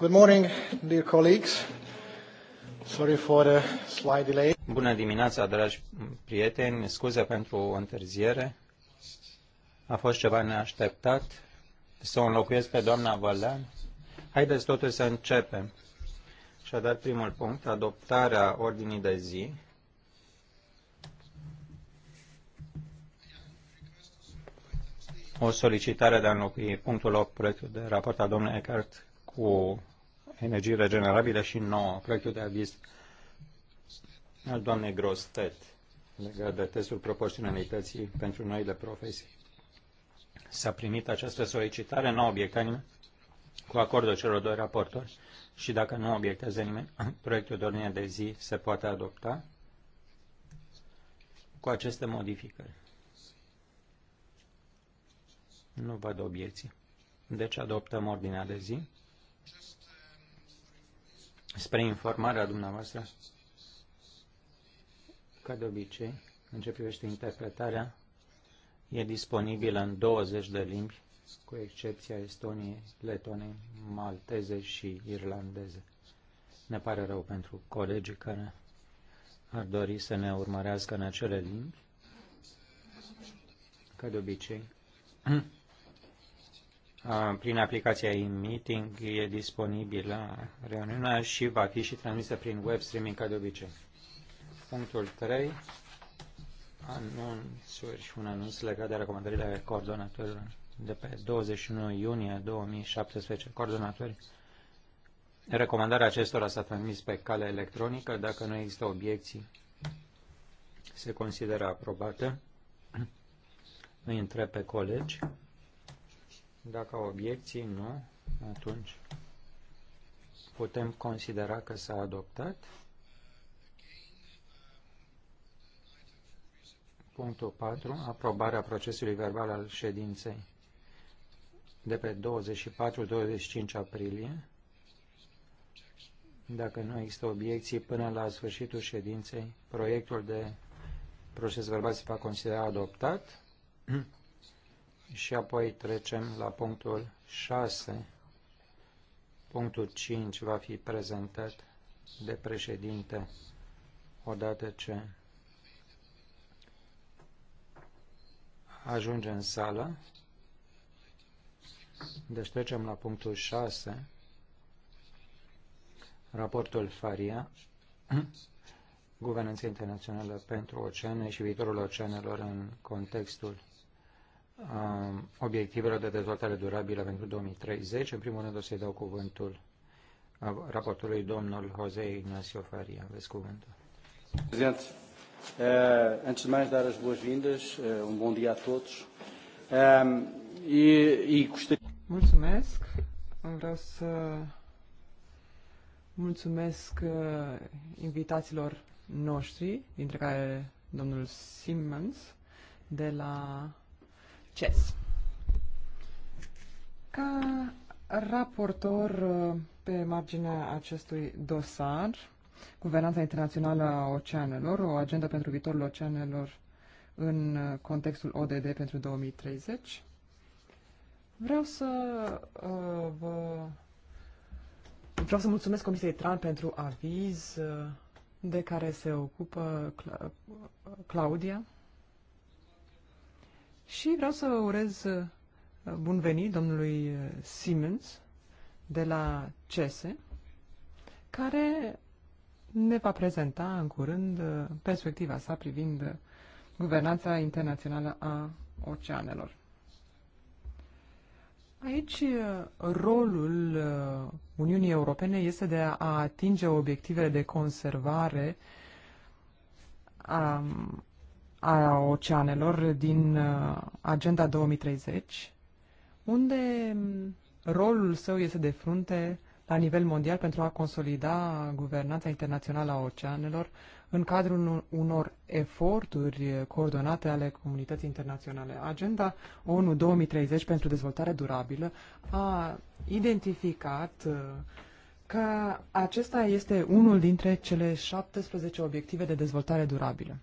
Good morning, dear colleagues. Sorry for slight delay. Bună dimineața, dragi prieteni. Scuze pentru întârziere. A fost ceva neașteptat. Să o înlocuiesc pe doamna Vălean. Haideți totuși să începem. Și a dat primul punct, adoptarea ordinii de zi. o solicitare de a înlocui punctul 8, proiectul de raport al domnului Eckert, cu energie regenerabile și nouă. Proiectul de aviz al doamnei Grostet legat de testul proporționalității pentru noile profesii. S-a primit această solicitare, nu obiecta nimeni, cu acordul celor doi raportori și dacă nu obiectează nimeni, proiectul de ordine de zi se poate adopta cu aceste modificări. Nu văd obiecții. Deci adoptăm ordinea de zi spre informarea dumneavoastră, ca de obicei, în ce privește interpretarea, e disponibilă în 20 de limbi, cu excepția Estoniei, Letonei, Malteze și Irlandeze. Ne pare rău pentru colegii care ar dori să ne urmărească în acele limbi, ca de obicei. prin aplicația e-meeting, e disponibilă reuniunea și va fi și transmisă prin web streaming ca de obicei. Punctul 3, anunțuri și un anunț legat de recomandările coordonatorilor de pe 21 iunie 2017. Coordonatorii Recomandarea acestora s-a transmis pe cale electronică. Dacă nu există obiecții, se consideră aprobată. Îi întreb pe colegi. Dacă obiecții nu, atunci putem considera că s-a adoptat. Punctul 4. Aprobarea procesului verbal al ședinței de pe 24-25 aprilie. Dacă nu există obiecții până la sfârșitul ședinței, proiectul de proces verbal se va considera adoptat. Și apoi trecem la punctul 6. Punctul 5 va fi prezentat de președinte odată ce ajunge în sală. Deci trecem la punctul 6, raportul Faria, Guvernanța Internațională pentru Oceane și viitorul oceanelor în contextul Um, obiectivelor de dezvoltare durabilă pentru 2030. În primul rând o să-i dau cuvântul uh, raportului domnul Jose Ignacio Faria. Aveți cuvântul. Presidente, uh, antes de mais dar as boas-vindas, uh, um bom dia a todos. Uh, e, e gostaria... Mulțumesc. Vreau să mulțumesc uh, invitaților noștri, dintre care domnul Simmons de la succes. Ca raportor uh, pe marginea acestui dosar, Guvernanța Internațională a Oceanelor, o agendă pentru viitorul oceanelor în uh, contextul ODD pentru 2030, vreau să uh, vă Vreau să mulțumesc Comisiei Tran pentru aviz uh, de care se ocupă Cla Claudia. Și vreau să urez uh, bun venit domnului uh, Siemens de la CESE, care ne va prezenta în curând uh, perspectiva sa privind guvernanța internațională a oceanelor. Aici rolul Uniunii Europene este de a atinge obiectivele de conservare a a oceanelor din uh, Agenda 2030, unde mm, rolul său este de frunte la nivel mondial pentru a consolida guvernanța internațională a oceanelor în cadrul unor eforturi coordonate ale comunității internaționale. Agenda ONU 2030 pentru dezvoltare durabilă a identificat uh, că acesta este unul dintre cele 17 obiective de dezvoltare durabilă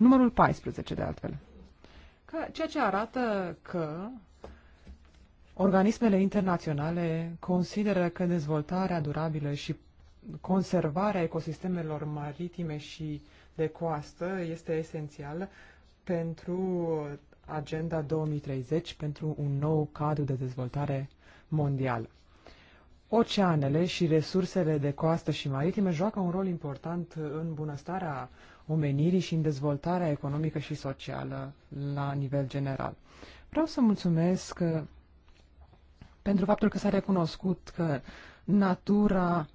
numărul 14 de altfel. Că, ceea ce arată că organismele internaționale consideră că dezvoltarea durabilă și conservarea ecosistemelor maritime și de coastă este esențială pentru Agenda 2030 pentru un nou cadru de dezvoltare mondial Oceanele și resursele de coastă și maritime joacă un rol important în bunăstarea omenirii și în dezvoltarea economică și socială la nivel general. Vreau să mulțumesc uh, pentru faptul că s-a recunoscut că natura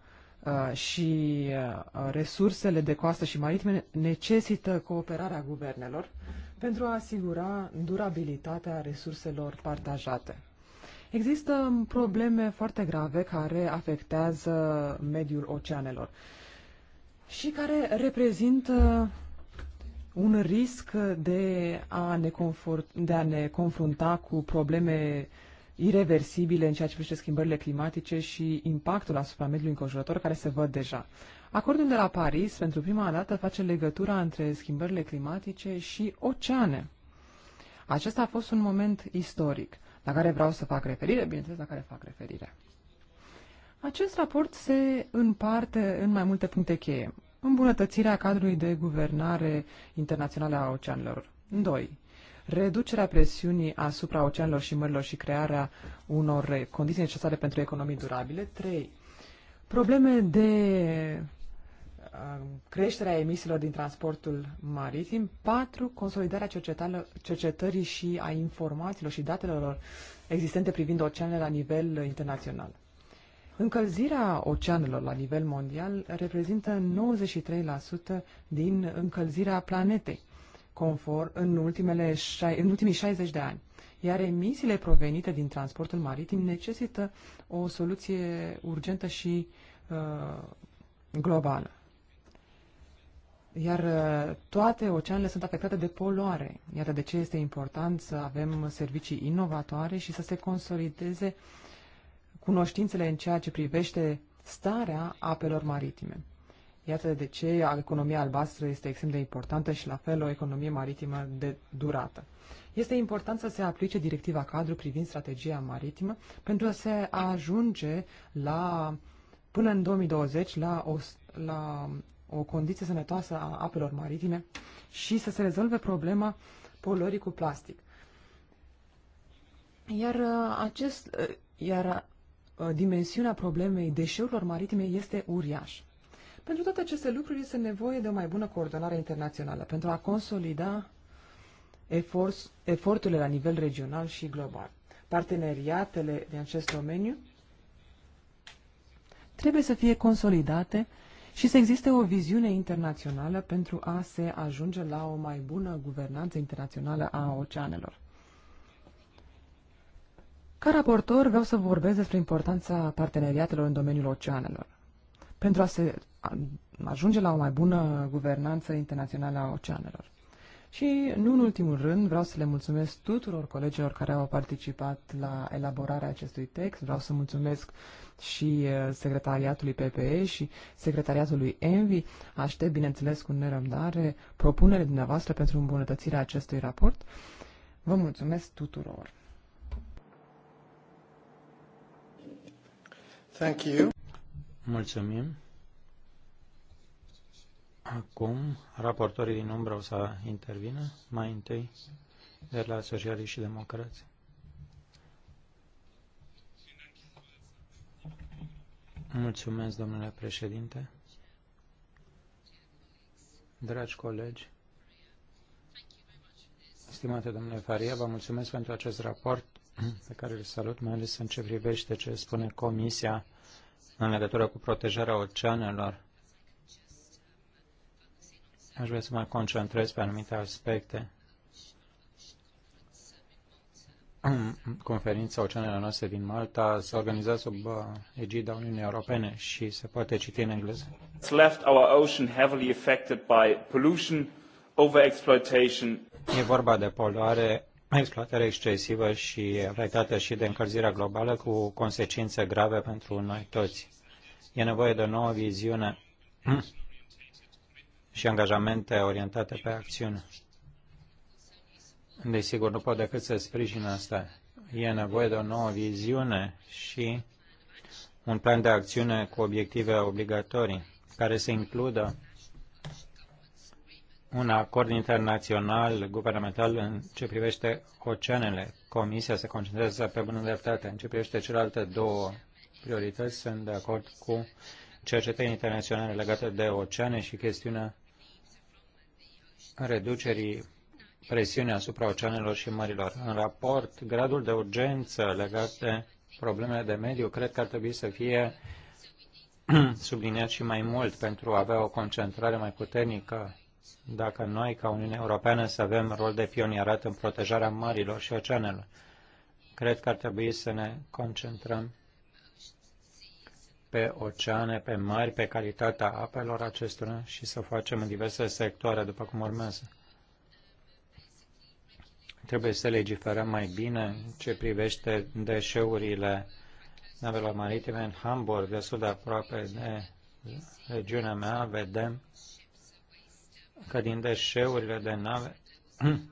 uh, și uh, resursele de coastă și maritime necesită cooperarea guvernelor pentru a asigura durabilitatea resurselor partajate. Există probleme foarte grave care afectează mediul oceanelor și care reprezintă un risc de a ne, confort, de a ne confrunta cu probleme ireversibile în ceea ce privește schimbările climatice și impactul asupra mediului înconjurător care se văd deja. Acordul de la Paris, pentru prima dată, face legătura între schimbările climatice și oceane. Acesta a fost un moment istoric, la care vreau să fac referire, bineînțeles, la care fac referire. Acest raport se împarte în mai multe puncte cheie. Îmbunătățirea cadrului de guvernare internaționale a oceanelor. 2 reducerea presiunii asupra oceanelor și mărilor și crearea unor condiții necesare pentru economii durabile. 3. Probleme de uh, creșterea emisiilor din transportul maritim. 4. Consolidarea cercetării și a informațiilor și datelor existente privind oceanele la nivel internațional. Încălzirea oceanelor la nivel mondial reprezintă 93% din încălzirea planetei, conform în, ultimele, în ultimii 60 de ani, iar emisiile provenite din transportul maritim necesită o soluție urgentă și uh, globală. Iar uh, toate oceanele sunt afectate de poluare. Iată de ce este important să avem servicii inovatoare și să se consolideze uh, cunoștințele în ceea ce privește starea apelor maritime. Iată de ce economia albastră este extrem de importantă și la fel o economie maritimă de durată. Este important să se aplice directiva cadru privind strategia maritimă pentru a se ajunge la, până în 2020 la o, la o condiție sănătoasă a apelor maritime și să se rezolve problema poluării cu plastic. Iar uh, acest, uh, iar Uh, dimensiunea problemei deșeurilor maritime este uriașă. Pentru toate aceste lucruri este nevoie de o mai bună coordonare internațională pentru a consolida efort, eforturile la nivel regional și global. Parteneriatele din acest domeniu trebuie să fie consolidate și să existe o viziune internațională pentru a se ajunge la o mai bună guvernanță internațională a oceanelor. Ca raportor vreau să vorbesc despre importanța parteneriatelor în domeniul oceanelor. Pentru a se ajunge la o mai bună guvernanță internațională a oceanelor. Și, nu în ultimul rând, vreau să le mulțumesc tuturor colegilor care au participat la elaborarea acestui text. Vreau să mulțumesc și uh, secretariatului PPE și secretariatului ENVI. Aștept, bineînțeles, cu nerăbdare propunerile dumneavoastră pentru îmbunătățirea acestui raport. Vă mulțumesc tuturor! Mulțumim. Acum, raportorii din umbră o să intervină, mai întâi de la Socialiști și Democrați. Mulțumesc, domnule președinte. Dragi colegi, stimate domnule Faria, vă mulțumesc pentru acest raport pe care îl salut, mai ales în ce privește ce spune Comisia în legătură cu protejarea oceanelor. Aș vrea să mă concentrez pe anumite aspecte. Conferința Oceanelor noastre din Malta s-a organizat sub uh, egida Uniunii Europene și se poate citi în engleză. It's left our ocean heavily affected by pollution, overexploitation. E vorba de poluare, exploatarea excesivă și afectată și de încălzirea globală cu consecințe grave pentru noi toți. E nevoie de o nouă viziune și angajamente orientate pe acțiune. Desigur, nu pot decât să sprijin asta. E nevoie de o nouă viziune și un plan de acțiune cu obiective obligatorii, care să includă un acord internațional guvernamental în ce privește oceanele. Comisia se concentrează pe bună dreptate. În ce privește celelalte două priorități, sunt de acord cu cercetări internaționale legate de oceane și chestiunea reducerii presiunii asupra oceanelor și mărilor. În raport, gradul de urgență legat de problemele de mediu cred că ar trebui să fie subliniat și mai mult pentru a avea o concentrare mai puternică dacă noi, ca Uniunea Europeană, să avem rol de pionierat în protejarea mărilor și oceanelor. Cred că ar trebui să ne concentrăm pe oceane, pe mari, pe calitatea apelor acestora și să o facem în diverse sectoare, după cum urmează. Trebuie să legiferăm mai bine ce privește deșeurile navelor maritime. În Hamburg, destul de aproape de regiunea mea, vedem că din deșeurile de nave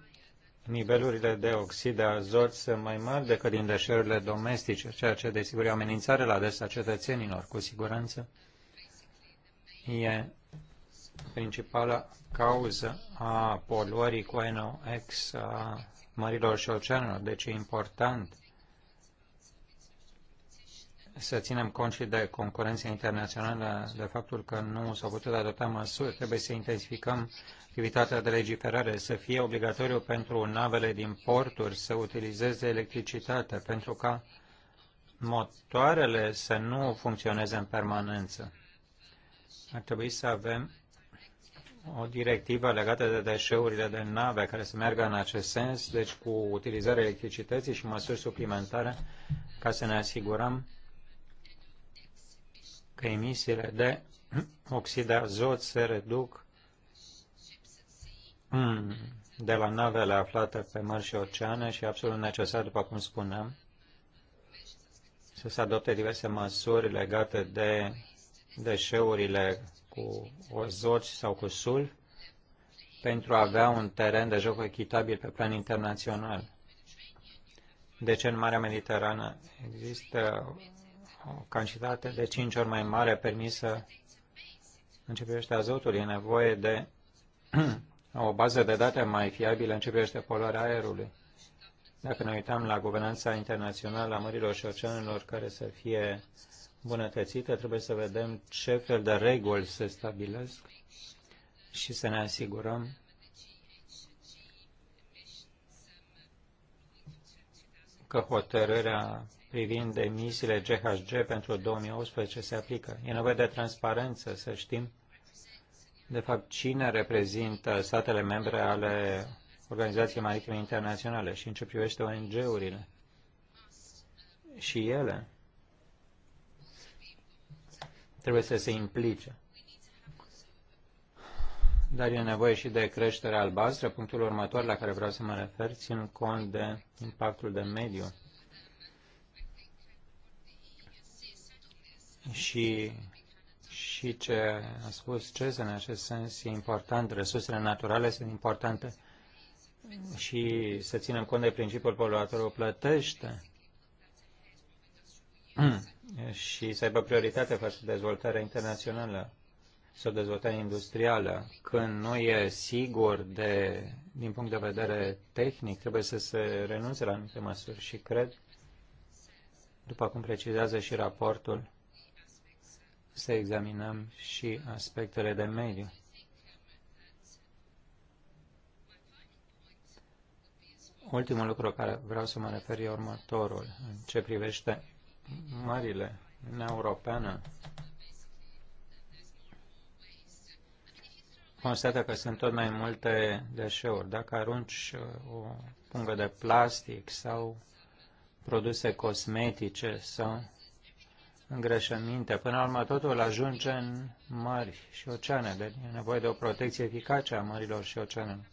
nivelurile de oxid de azot sunt mai mari decât din deșeurile domestice, ceea ce desigur e o amenințare la adresa cetățenilor, cu siguranță. E principala cauză a poluării cu NOx a mărilor și oceanelor, deci e important să ținem cont și de concurența internațională, de faptul că nu s-au putut adopta măsuri, trebuie să intensificăm activitatea de legiferare, să fie obligatoriu pentru navele din porturi să utilizeze electricitate, pentru ca motoarele să nu funcționeze în permanență. Ar trebui să avem o directivă legată de deșeurile de nave care să meargă în acest sens, deci cu utilizarea electricității și măsuri suplimentare ca să ne asigurăm că emisiile de oxid de azot se reduc mm, de la navele aflate pe mări și oceane și absolut necesar, după cum spuneam, să se adopte diverse măsuri legate de deșeurile cu ozot sau cu sulf pentru a avea un teren de joc echitabil pe plan internațional. De deci, ce în Marea Mediterană există o cantitate de 5 ori mai mare permisă în ce privește azotul. E nevoie de o bază de date mai fiabilă în ce privește poluarea aerului. Dacă ne uităm la guvernanța internațională a mărilor și oceanelor care să fie bunătățită, trebuie să vedem ce fel de reguli se stabilesc și să ne asigurăm că hotărârea privind emisiile GHG pentru 2018 se aplică. E nevoie de transparență, să știm de fapt cine reprezintă statele membre ale Organizației Maritime Internaționale și în ce privește ONG-urile. Și ele trebuie să se implice. Dar e nevoie și de creșterea albastră. Punctul următor la care vreau să mă refer țin cont de impactul de mediu și, și ce a spus CES în acest sens e important, resursele naturale sunt importante și să ținem cont de principiul poluatorul plătește și să aibă prioritate față de dezvoltarea internațională sau dezvoltarea industrială. Când nu e sigur de, din punct de vedere tehnic, trebuie să se renunțe la anumite măsuri și cred, după cum precizează și raportul, să examinăm și aspectele de mediu. Ultimul lucru care vreau să mă refer e următorul, în ce privește marile Uniunea Europeană constată că sunt tot mai multe deșeuri. Dacă arunci uh, o pungă de plastic sau produse cosmetice sau îngrășăminte. Până la urmă, totul ajunge în mări și oceane, deci e nevoie de o protecție eficace a mărilor și oceanelor.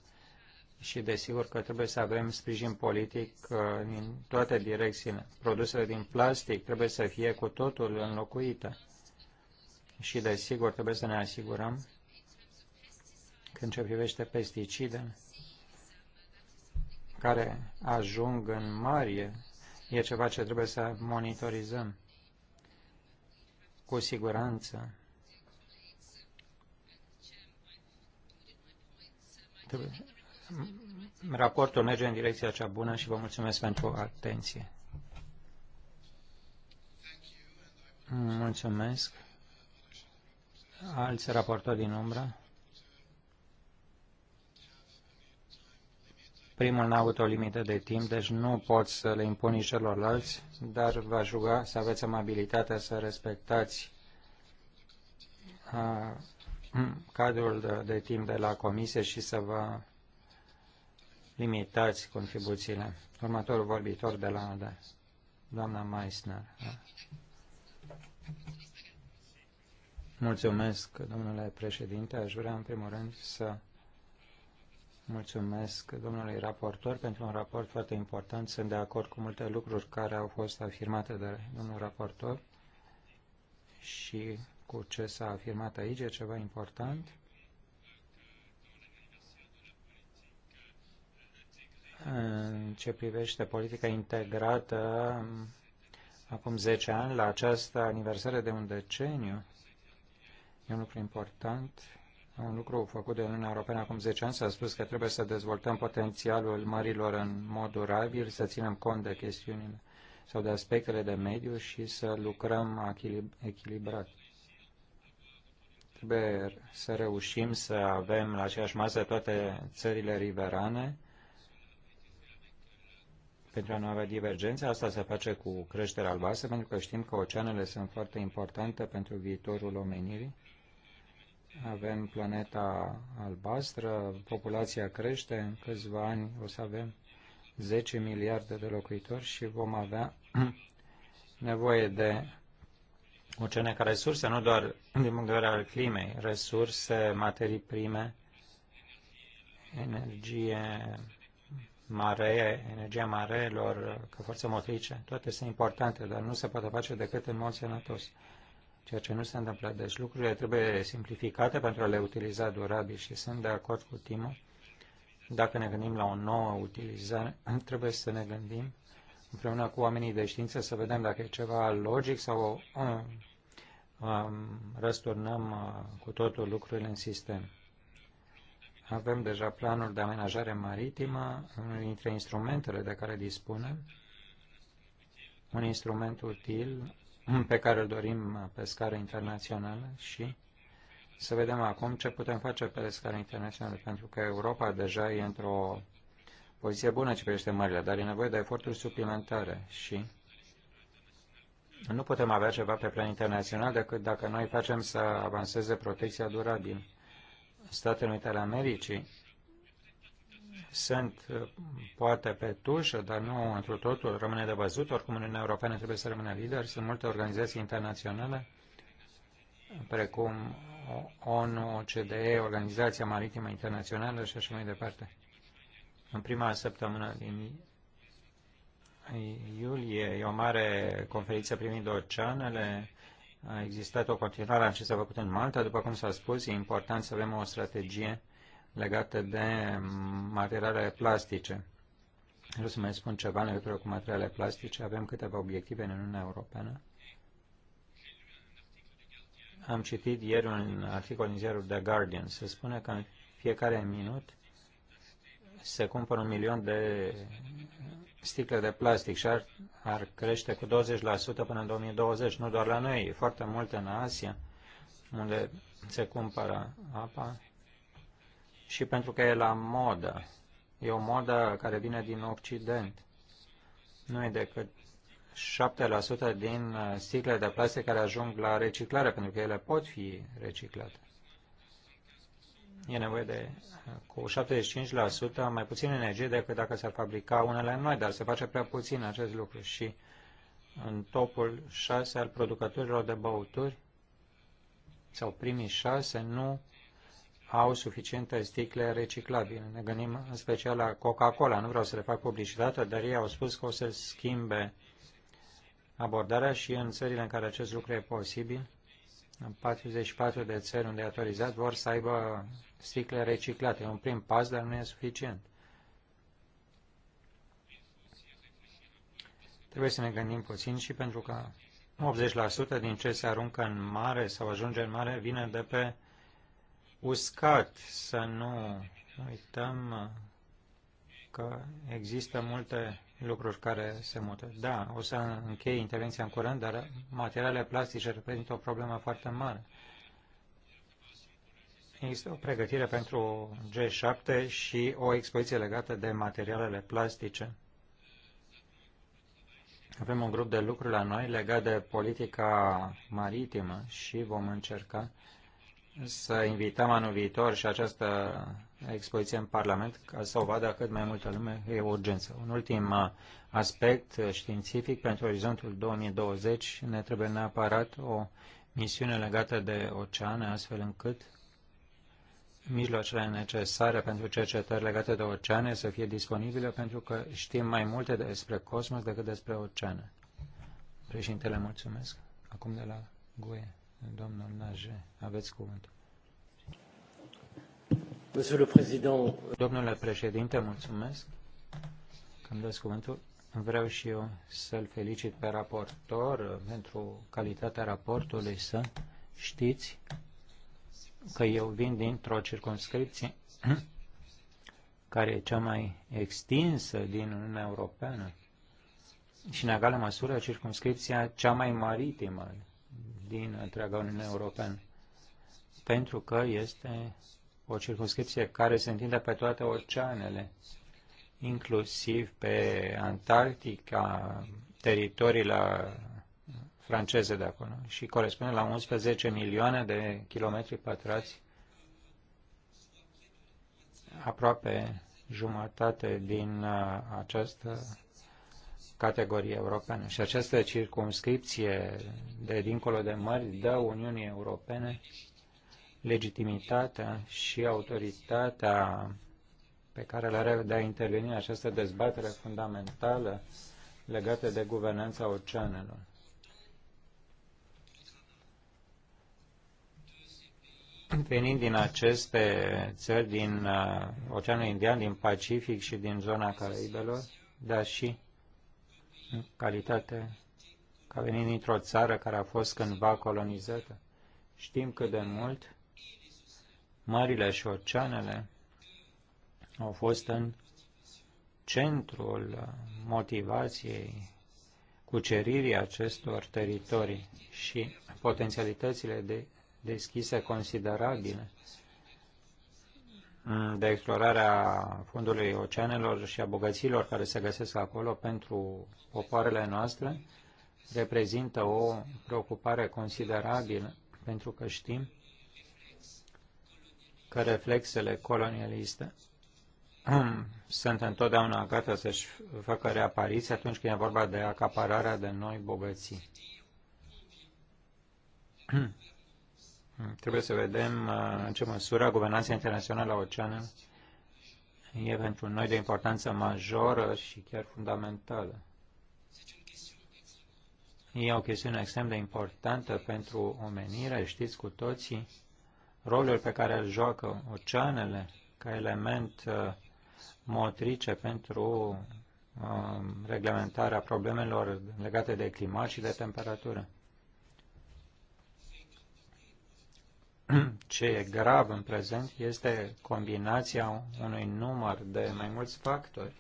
Și desigur că trebuie să avem sprijin politic uh, din toate direcțiile. Produsele din plastic trebuie să fie cu totul înlocuite. Și desigur trebuie să ne asigurăm când ce privește pesticide care ajung în mare, e ceva ce trebuie să monitorizăm cu siguranță raportul merge în direcția cea bună și vă mulțumesc pentru atenție. Mulțumesc. Alți raportori din umbră? Primul n-a avut o limită de timp, deci nu pot să le impun celorlalți, dar vă aș ruga să aveți amabilitatea să respectați uh, cadrul de, de timp de la comisie și să vă limitați contribuțiile. Următorul vorbitor de la ADA, doamna Meissner. Mulțumesc, domnule președinte. Aș vrea, în primul rând, să Mulțumesc domnului raportor pentru un raport foarte important. Sunt de acord cu multe lucruri care au fost afirmate de domnul raportor și cu ce s-a afirmat aici e ceva important. În ce privește politica integrată, acum 10 ani, la această aniversare de un deceniu, e un lucru important un lucru făcut de Uniunea Europeană acum 10 ani, s-a spus că trebuie să dezvoltăm potențialul mărilor în mod durabil, să ținem cont de chestiunile sau de aspectele de mediu și să lucrăm echilibrat. Trebuie să reușim să avem la aceeași masă toate țările riverane pentru a nu avea divergențe. Asta se face cu creșterea albastră, pentru că știm că oceanele sunt foarte importante pentru viitorul omenirii avem planeta albastră, populația crește, în câțiva ani o să avem 10 miliarde de locuitori și vom avea nevoie de oceane ca resurse, nu doar din punct de vedere al climei, resurse, materii prime, energie mare, energia mareelor, că forțe motrice, toate sunt importante, dar nu se poate face decât în mod sănătos ceea ce nu se întâmplă. Deci lucrurile trebuie simplificate pentru a le utiliza durabil și sunt de acord cu Timo. Dacă ne gândim la o nouă utilizare, trebuie să ne gândim împreună cu oamenii de știință să vedem dacă e ceva logic sau um, um, răsturnăm uh, cu totul lucrurile în sistem. Avem deja planul de amenajare maritimă, unul dintre instrumentele de care dispunem, un instrument util pe care îl dorim pe scară internațională și să vedem acum ce putem face pe scară internațională, pentru că Europa deja e într-o poziție bună ce privește mările, dar e nevoie de eforturi suplimentare și nu putem avea ceva pe plan internațional decât dacă noi facem să avanseze protecția durabilă. Statele Unite ale Americii sunt uh, poate pe tușă, dar nu întru totul, rămâne de văzut. Oricum, Uniunea Europeană trebuie să rămână lider. Sunt multe organizații internaționale, precum ONU, OCDE, Organizația Maritimă Internațională și așa mai departe. În prima săptămână din iulie e o mare conferință privind oceanele, a existat o continuare a ce s-a făcut în Malta. După cum s-a spus, e important să avem o strategie legate de materiale plastice. Vreau să mai spun ceva în legătură cu materiale plastice. Avem câteva obiective în Uniunea Europeană. Am citit ieri un articol în ziarul The Guardian. Se spune că în fiecare minut se cumpără un milion de sticle de plastic și ar, ar crește cu 20% până în 2020, nu doar la noi, foarte multe în Asia, unde se cumpără apa și pentru că e la modă. E o modă care vine din Occident. Nu e decât 7% din uh, sticle de plastic care ajung la reciclare, pentru că ele pot fi reciclate. E nevoie de uh, cu 75% mai puțin energie decât dacă s-ar fabrica unele noi, dar se face prea puțin acest lucru și în topul 6 al producătorilor de băuturi sau primii 6 nu au suficientă sticle reciclabile. Ne gândim în special la Coca-Cola. Nu vreau să le fac publicitate, dar ei au spus că o să schimbe abordarea și în țările în care acest lucru e posibil, în 44 de țări unde e autorizat, vor să aibă sticle reciclate. E un prim pas, dar nu e suficient. Trebuie să ne gândim puțin și pentru că 80% din ce se aruncă în mare sau ajunge în mare vine de pe uscat, să nu uităm că există multe lucruri care se mută. Da, o să închei intervenția în curând, dar materialele plastice reprezintă o problemă foarte mare. Există o pregătire pentru G7 și o expoziție legată de materialele plastice. Avem un grup de lucru la noi legat de politica maritimă și vom încerca să invităm anul viitor și această expoziție în Parlament ca să o vadă cât mai multă lume, e o urgență. Un ultim uh, aspect uh, științific pentru orizontul 2020 ne trebuie neapărat o misiune legată de oceane, astfel încât mijloacele necesare pentru cercetări legate de oceane să fie disponibile, pentru că știm mai multe despre cosmos decât despre oceane. Președintele, mulțumesc. Acum de la Guia. Domnul Naje, aveți cuvântul. Domnule președinte, mulțumesc că îmi dați cuvântul. Vreau și eu să-l felicit pe raportor pentru calitatea raportului să știți că eu vin dintr-o circunscripție care e cea mai extinsă din Uniunea Europeană și, în egală măsură, circunscripția cea mai maritimă din întreaga Uniune Europeană, pentru că este o circunscripție care se întinde pe toate oceanele, inclusiv pe Antarctica, teritoriile franceze de acolo și corespunde la 11 milioane de kilometri pătrați, aproape jumătate din uh, această categorie europene. Și această circumscripție de dincolo de mări dă Uniunii Europene legitimitatea și autoritatea pe care le are de a interveni în această dezbatere fundamentală legată de guvernanța oceanelor. Venind din aceste țări, din uh, Oceanul Indian, din Pacific și din zona Caraibelor, dar și calitate ca venind dintr-o țară care a fost cândva colonizată. Știm cât de mult mările și oceanele au fost în centrul motivației cuceririi acestor teritorii și potențialitățile de, deschise considerabile de explorare a oceanelor și a bogăților care se găsesc acolo pentru popoarele noastre reprezintă o preocupare considerabilă pentru că știm că reflexele colonialiste sunt întotdeauna gata să-și facă reapariție atunci când e vorba de acapararea de noi bogății. Mm, trebuie să vedem uh, în ce măsură guvernanța internațională a oceanelor e pentru noi de importanță majoră și chiar fundamentală. E o chestiune extrem de importantă pentru omenire, știți cu toții, rolul pe care îl joacă oceanele ca element uh, motrice pentru uh, reglementarea problemelor legate de climat și de temperatură. ce e grav în prezent este combinația unui număr de mai mulți factori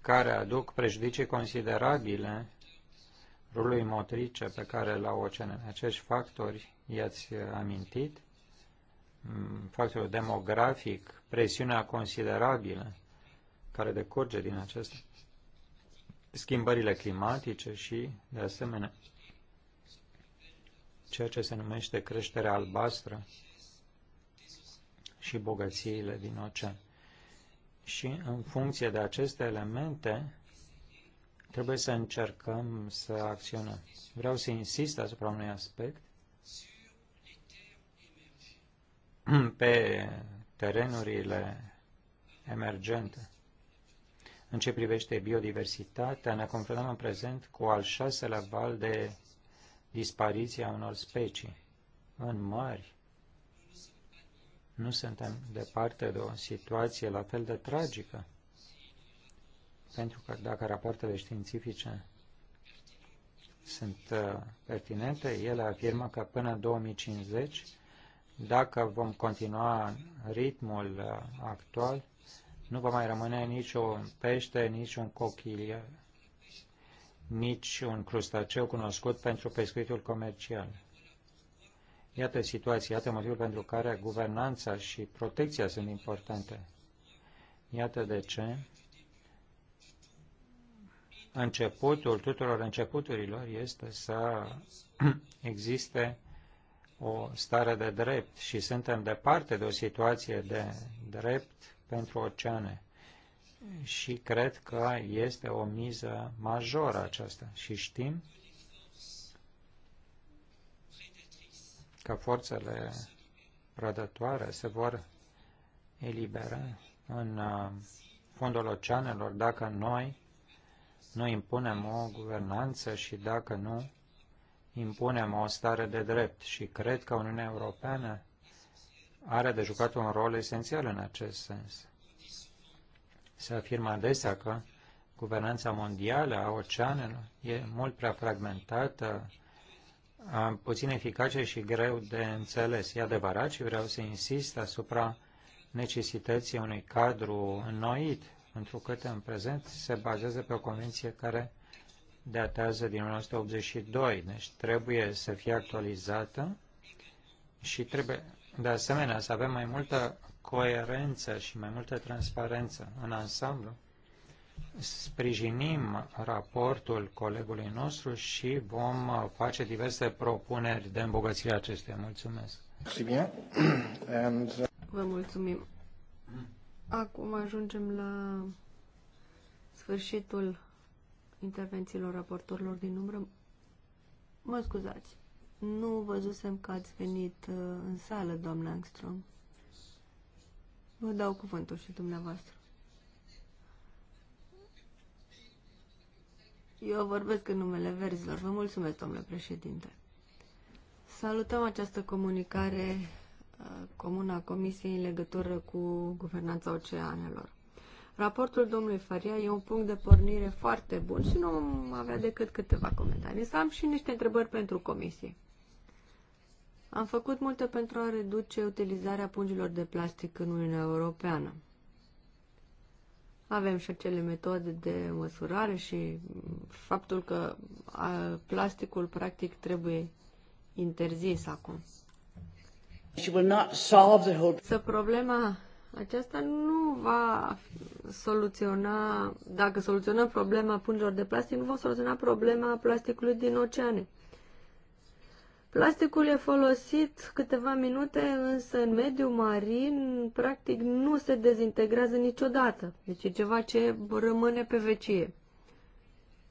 care aduc prejudicii considerabile rulului motrice pe care l-au OCN. Acești factori i-ați amintit, mm, factorul demografic, presiunea considerabilă care decurge din acestea, schimbările climatice și, de asemenea, ceea ce se numește creșterea albastră și bogățiile din ocean. Și în funcție de aceste elemente, trebuie să încercăm să acționăm. Vreau să insist asupra unui aspect pe terenurile emergente. În ce privește biodiversitatea, ne confruntăm în prezent cu al șaselea val de dispariția unor specii. În mări nu suntem departe de o situație la fel de tragică, pentru că dacă rapoartele științifice sunt uh, pertinente, ele afirmă că până în 2050, dacă vom continua ritmul uh, actual, nu va mai rămâne niciun pește, niciun cochilie nici un crustaceu cunoscut pentru pescuitul comercial. Iată situația, iată motivul pentru care guvernanța și protecția sunt importante. Iată de ce începutul tuturor începuturilor este să existe o stare de drept și suntem departe de o situație de drept pentru oceane și cred că este o miză majoră aceasta. Și știm că forțele prădătoare se vor elibera în uh, fundul oceanelor dacă noi nu impunem o guvernanță și dacă nu impunem o stare de drept. Și cred că Uniunea Europeană are de jucat un rol esențial în acest sens. Se afirmă adesea că guvernanța mondială a oceanelor e mult prea fragmentată, puțin eficace și greu de înțeles. E adevărat și vreau să insist asupra necesității unui cadru înnoit, întrucât în prezent se bazează pe o convenție care datează din 1982, deci trebuie să fie actualizată și trebuie de asemenea să avem mai multă coerență și mai multă transparență în ansamblu, sprijinim raportul colegului nostru și vom face diverse propuneri de îmbogățire a acestuia. Mulțumesc! Uh, Vă mulțumim! Acum ajungem la sfârșitul intervențiilor raportorilor din umbră. Mă scuzați, nu văzusem că ați venit uh, în sală, doamna Angstrom. Vă dau cuvântul și dumneavoastră. Eu vorbesc în numele verzilor. Vă mulțumesc, domnule președinte. Salutăm această comunicare uh, comună a Comisiei în legătură cu guvernanța oceanelor. Raportul domnului Faria e un punct de pornire foarte bun și nu avea decât câteva comentarii. Să am și niște întrebări pentru comisie. Am făcut multe pentru a reduce utilizarea pungilor de plastic în Uniunea Europeană. Avem și acele metode de măsurare și faptul că plasticul practic trebuie interzis acum. Să problema aceasta nu va soluționa, dacă soluționăm problema pungilor de plastic, nu va soluționa problema plasticului din oceane. Plasticul e folosit câteva minute, însă în mediul marin practic nu se dezintegrează niciodată. Deci e ceva ce rămâne pe vecie.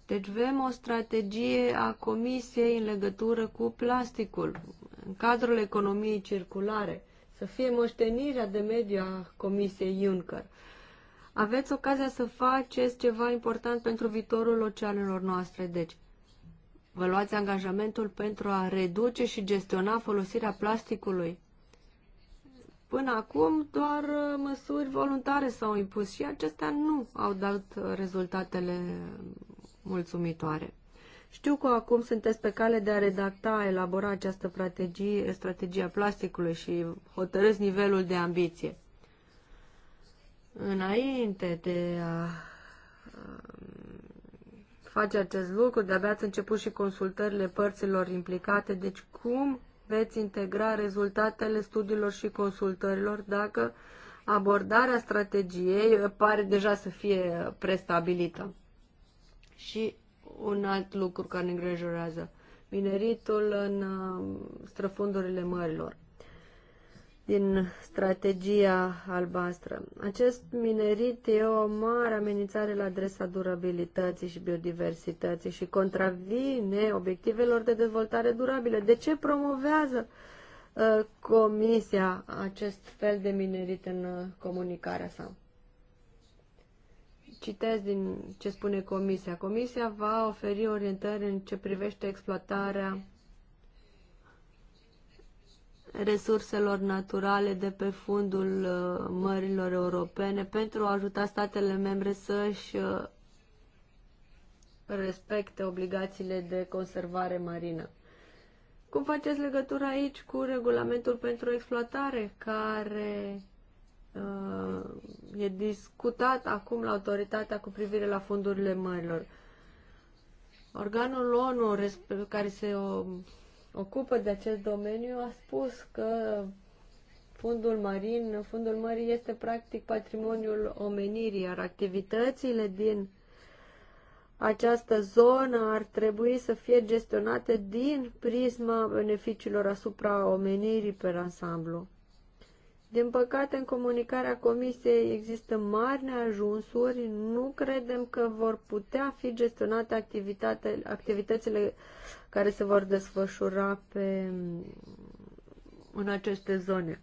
Deci vrem o strategie a Comisiei în legătură cu plasticul, în cadrul economiei circulare, să fie moștenirea de mediu a Comisiei Juncker. Aveți ocazia să faceți ceva important pentru viitorul oceanelor noastre, deci vă luați angajamentul pentru a reduce și gestiona folosirea plasticului. Până acum, doar uh, măsuri voluntare s-au impus și acestea nu au dat uh, rezultatele mm, mulțumitoare. Știu că acum sunteți pe cale de a redacta, a elabora această strategie, strategia plasticului și hotărâți nivelul de ambiție. Înainte de a uh, face acest lucru, de-abia ați început și consultările părților implicate, deci cum veți integra rezultatele studiilor și consultărilor dacă abordarea strategiei pare deja să fie prestabilită. Și un alt lucru care ne îngrijorează, mineritul în uh, străfundurile mărilor din strategia albastră. Acest minerit e o mare amenințare la adresa durabilității și biodiversității și contravine obiectivelor de dezvoltare durabile. De ce promovează uh, Comisia acest fel de minerit în uh, comunicarea sa? Citez din ce spune Comisia. Comisia va oferi orientări în ce privește exploatarea resurselor naturale de pe fundul uh, mărilor europene pentru a ajuta statele membre să-și uh, respecte obligațiile de conservare marină. Cum faceți legătura aici cu regulamentul pentru exploatare care uh, e discutat acum la autoritatea cu privire la fondurile mărilor? Organul ONU care se ocupă de acest domeniu a spus că fundul marin, fundul mării este practic patrimoniul omenirii, iar activitățile din această zonă ar trebui să fie gestionate din prisma beneficiilor asupra omenirii pe ansamblu. Din păcate, în comunicarea Comisiei există mari neajunsuri, nu credem că vor putea fi gestionate activitățile care se vor desfășura pe, în aceste zone.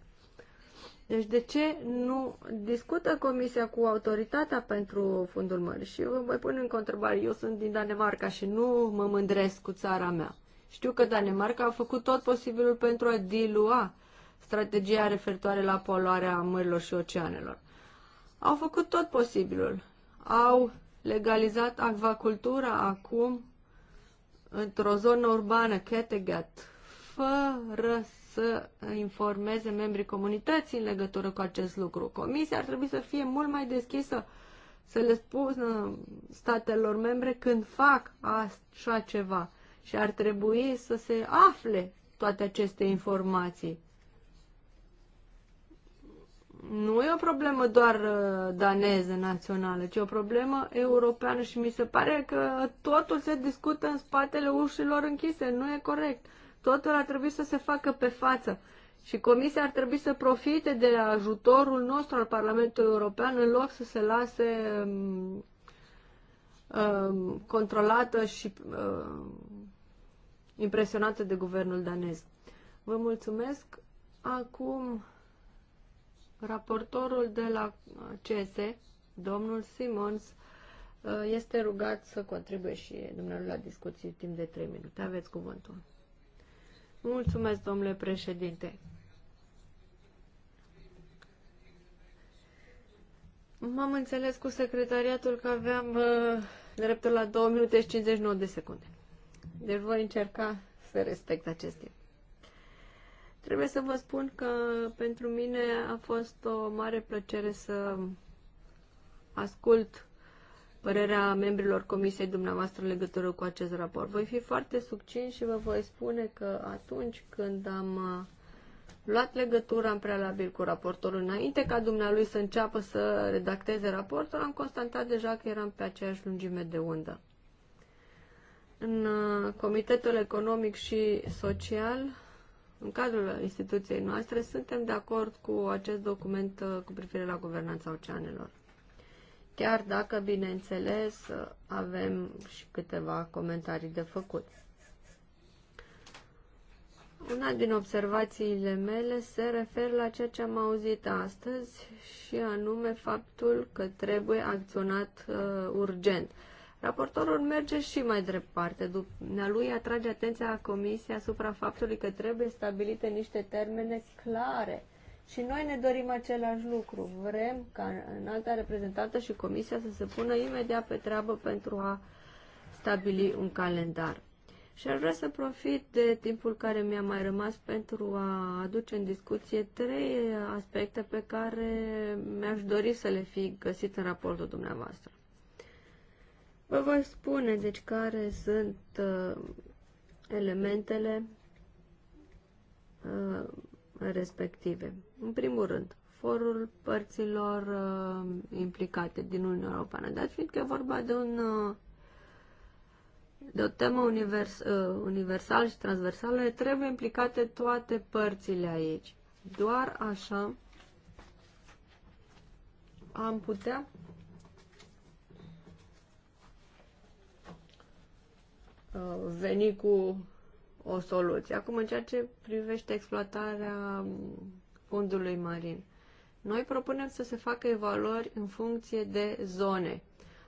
Deci de ce nu discută Comisia cu autoritatea pentru fundul mării? Și vă mai pun încă o întrebare. Eu sunt din Danemarca și nu mă mândresc cu țara mea. Știu că Danemarca a făcut tot posibilul pentru a dilua strategia referitoare la poluarea mărilor și oceanelor. Au făcut tot posibilul. Au legalizat acvacultura acum într-o zonă urbană, Kattegat, fără să informeze membrii comunității în legătură cu acest lucru. Comisia ar trebui să fie mult mai deschisă să le spună statelor membre când fac așa ceva și ar trebui să se afle toate aceste informații nu e o problemă doar uh, daneză națională, ci o problemă europeană și mi se pare că totul se discută în spatele ușilor închise. Nu e corect. Totul ar trebui să se facă pe față. Și Comisia ar trebui să profite de ajutorul nostru al Parlamentului European în loc să se lase um, um, controlată și um, impresionată de guvernul danez. Vă mulțumesc. Acum Raportorul de la CESE, domnul Simons, uh, este rugat să contribuie și dumneavoastră la discuții timp de 3 minute. Aveți cuvântul. Mulțumesc, domnule președinte. M-am înțeles cu secretariatul că aveam uh, dreptul la 2 minute și 59 de secunde. Deci voi încerca să respect acest timp. Trebuie să vă spun că pentru mine a fost o mare plăcere să ascult părerea membrilor comisiei dumneavoastră în legătură cu acest raport. Voi fi foarte succint și vă voi spune că atunci când am uh, luat legătura în prealabil cu raportorul, înainte ca dumnealui să înceapă să redacteze raportul, am constatat deja că eram pe aceeași lungime de undă. În uh, Comitetul Economic și Social în cadrul instituției noastre suntem de acord cu acest document uh, cu privire la guvernanța oceanelor. Chiar dacă, bineînțeles, uh, avem și câteva comentarii de făcut. Una din observațiile mele se referă la ceea ce am auzit astăzi și anume faptul că trebuie acționat uh, urgent. Raportorul merge și mai departe. După lui atrage atenția Comisiei asupra faptului că trebuie stabilite niște termene clare. Și noi ne dorim același lucru. Vrem ca în alta reprezentantă și Comisia să se pună imediat pe treabă pentru a stabili un calendar. Și aș vrea să profit de timpul care mi-a mai rămas pentru a aduce în discuție trei aspecte pe care mi-aș dori să le fi găsit în raportul dumneavoastră. Vă voi spune, deci, care sunt uh, elementele uh, respective. În primul rând, forul părților uh, implicate din Uniunea Europeană, dar fiindcă e vorba de un uh, de o temă univers, uh, universală și transversală, trebuie implicate toate părțile aici. Doar așa am putea Uh, veni cu o soluție. Acum, în ceea ce privește exploatarea fundului marin, noi propunem să se facă evaluări în funcție de zone.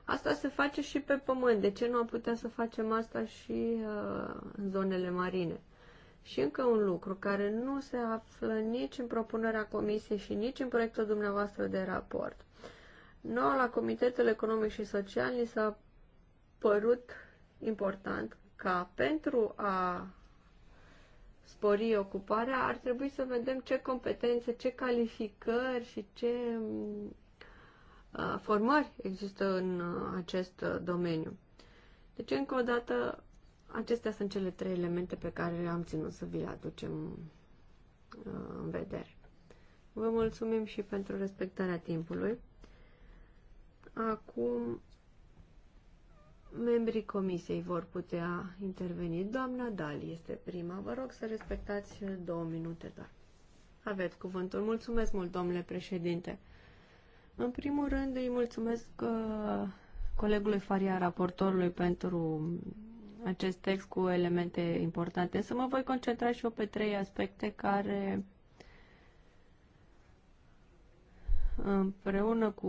Asta se face și pe pământ. De ce nu am putea să facem asta și uh, în zonele marine? Și încă un lucru care nu se află nici în propunerea comisiei și nici în proiectul dumneavoastră de raport. Noi la Comitetul Economic și Social ni s-a părut important ca pentru a spori ocuparea, ar trebui să vedem ce competențe, ce calificări și ce uh, formări există în uh, acest uh, domeniu. Deci, încă o dată, acestea sunt cele trei elemente pe care am ținut să vi le aducem în vedere. Vă mulțumim și pentru respectarea timpului. Acum Membrii comisiei vor putea interveni. Doamna Dali este prima. Vă rog să respectați două minute doar. Aveți cuvântul. Mulțumesc mult, domnule președinte. În primul rând îi mulțumesc uh, colegului Faria, raportorului, pentru acest text cu elemente importante. Să mă voi concentra și eu pe trei aspecte care împreună cu,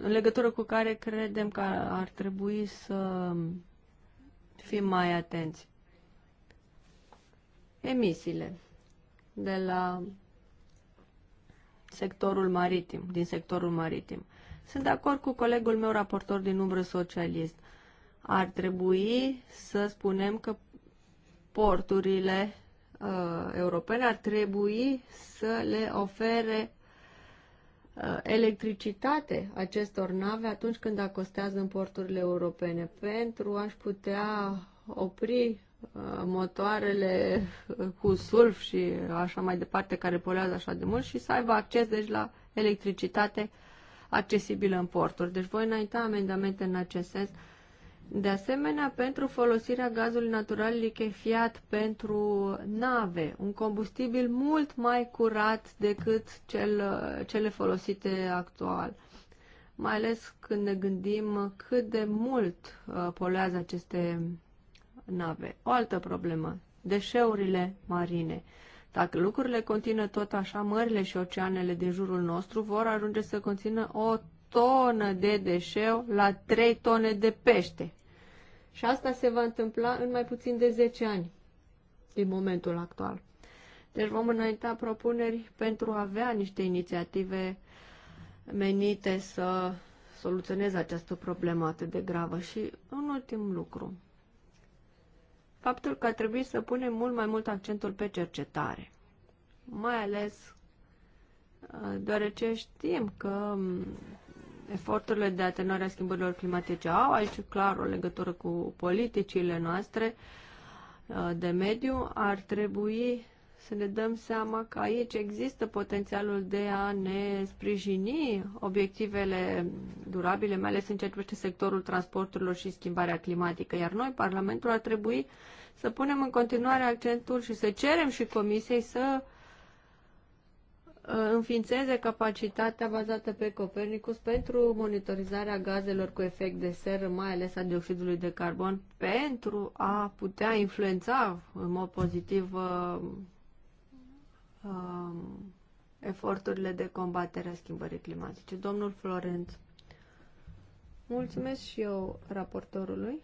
în legătură cu care credem că ar trebui să fim mai atenți. Emisiile de la sectorul maritim, din sectorul maritim. Sunt de acord cu colegul meu raportor din umbră socialist. Ar trebui să spunem că porturile uh, europene ar trebui să le ofere Uh, electricitate acestor nave atunci când acostează în porturile europene pentru a-și putea opri uh, motoarele uh, cu sulf și așa mai departe care poluează așa de mult și să aibă acces deci la electricitate accesibilă în porturi. Deci voi înainta amendamente în acest sens de asemenea, pentru folosirea gazului natural lichefiat pentru nave, un combustibil mult mai curat decât cel, cele folosite actual. Mai ales când ne gândim cât de mult uh, poluează aceste nave. O altă problemă, deșeurile marine. Dacă lucrurile continuă tot așa, mările și oceanele din jurul nostru vor ajunge să conțină o tonă de deșeu la 3 tone de pește. Și asta se va întâmpla în mai puțin de 10 ani din momentul actual. Deci vom înainta propuneri pentru a avea niște inițiative menite să soluționeze această problemă atât de gravă. Și un ultim lucru. Faptul că trebuie să punem mult mai mult accentul pe cercetare. Mai ales uh, deoarece știm că um, eforturile de atenuare a schimbărilor climatice au aici clar o legătură cu politicile noastre uh, de mediu, ar trebui să ne dăm seama că aici există potențialul de a ne sprijini obiectivele durabile, mai ales în ceea ce privește sectorul transporturilor și schimbarea climatică. Iar noi, Parlamentul, ar trebui să punem în continuare accentul și să cerem și Comisiei să înființeze capacitatea bazată pe Copernicus pentru monitorizarea gazelor cu efect de seră, mai ales a dioxidului de carbon, pentru a putea influența în mod pozitiv uh, uh, eforturile de combatere a schimbării climatice. Domnul Florent, mulțumesc și eu raportorului.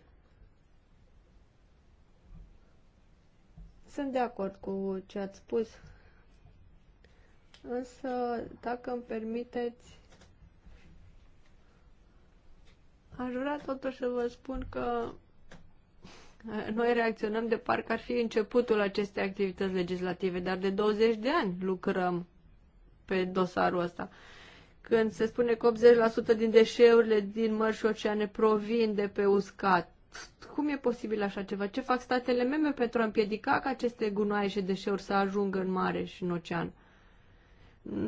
Sunt de acord cu ce ați spus Însă, dacă îmi permiteți, aș vrea totuși să vă spun că noi reacționăm de parcă ar fi începutul acestei activități legislative, dar de 20 de ani lucrăm pe dosarul ăsta. Când se spune că 80% din deșeurile din mări și oceane provin de pe uscat, cum e posibil așa ceva? Ce fac statele membre pentru a împiedica ca aceste gunoaie și deșeuri să ajungă în mare și în ocean?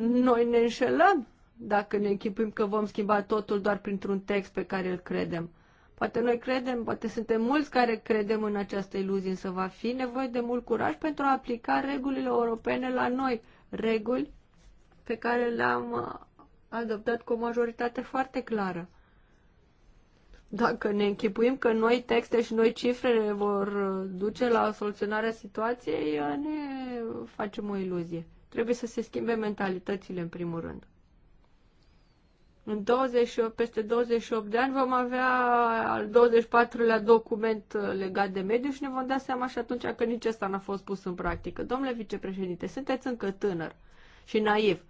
Noi ne înșelăm dacă ne închipuim că vom schimba totul doar printr-un text pe care îl credem. Poate noi credem, poate suntem mulți care credem în această iluzie, însă va fi nevoie de mult curaj pentru a aplica regulile europene la noi, reguli pe care le-am uh, adoptat cu o majoritate foarte clară. Dacă ne închipuim că noi texte și noi cifre vor uh, duce la soluționarea situației, uh, ne facem o iluzie. Trebuie să se schimbe mentalitățile în primul rând. În 28, peste 28 de ani vom avea al 24-lea document legat de mediu și ne vom da seama și atunci că nici ăsta n-a fost pus în practică. Domnule vicepreședinte, sunteți încă tânăr și naiv.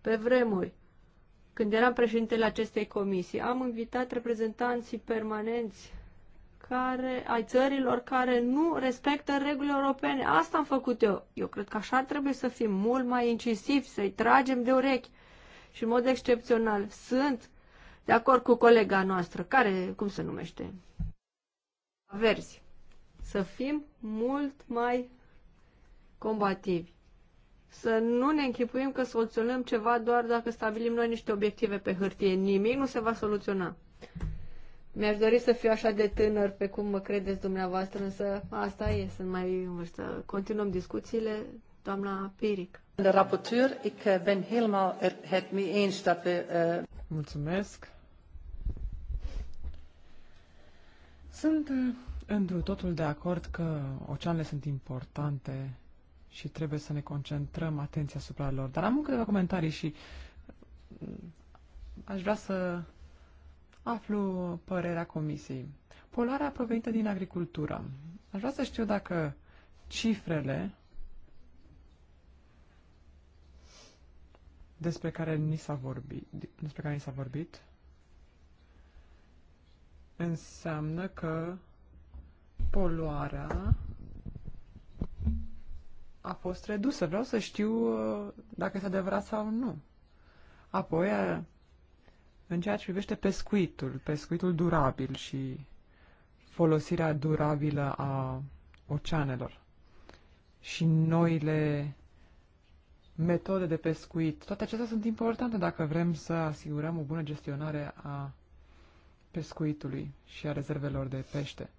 Pe vremuri, când eram președintele acestei comisii, am invitat reprezentanții permanenți care, ai țărilor care nu respectă regulile europene. Asta am făcut eu. Eu cred că așa trebuie să fim mult mai incisivi, să-i tragem de urechi. Și în mod excepțional sunt de acord cu colega noastră, care, cum se numește, verzi. Să fim mult mai combativi. Să nu ne închipuim că soluționăm ceva doar dacă stabilim noi niște obiective pe hârtie. Nimic nu se va soluționa. Mi-aș dori să fiu așa de tânăr pe cum mă credeți dumneavoastră, însă asta e, sunt mai în vârstă. Continuăm discuțiile, doamna Piric. De raporteur, ik eh, ben helemaal er-, het mee eens dat we... Eh, Mulțumesc. Sunt eh, întru totul de acord că oceanele sunt importante și trebuie să ne concentrăm atenția asupra lor. Dar am câteva comentarii și mm, aș vrea să aflu părerea comisiei. Poluarea provenită din agricultură. Aș vrea să știu dacă cifrele despre care ni s-a vorbit, despre care ni s-a vorbit înseamnă că poluarea a fost redusă. Vreau să știu uh, dacă este adevărat sau nu. Apoi, uh, în ceea ce privește pescuitul, pescuitul durabil și folosirea durabilă a oceanelor și noile metode de pescuit, toate acestea sunt importante dacă vrem să asigurăm o bună gestionare a pescuitului și a rezervelor de pește.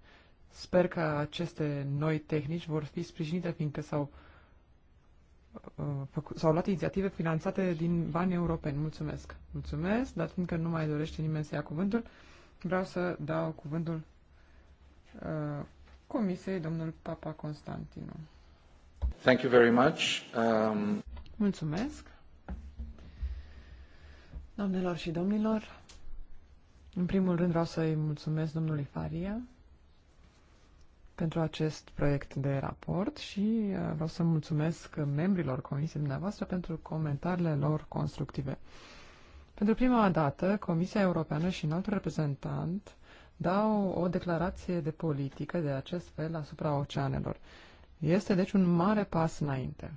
Sper că aceste noi tehnici vor fi sprijinite, fiindcă s-au Uh, s-au luat inițiative finanțate din bani europeni. Mulțumesc! Mulțumesc, dar fiindcă nu mai dorește nimeni să ia cuvântul, vreau să dau cuvântul uh, Comisiei domnul Papa Constantinu. Thank you very much. Um... Mulțumesc! Doamnelor și domnilor, în primul rând vreau să-i mulțumesc domnului Faria pentru acest proiect de raport și uh, vreau să mulțumesc membrilor comisiei dumneavoastră pentru comentariile lor constructive. Pentru prima dată, Comisia Europeană și un alt reprezentant dau o declarație de politică de acest fel asupra oceanelor. Este deci un mare pas înainte.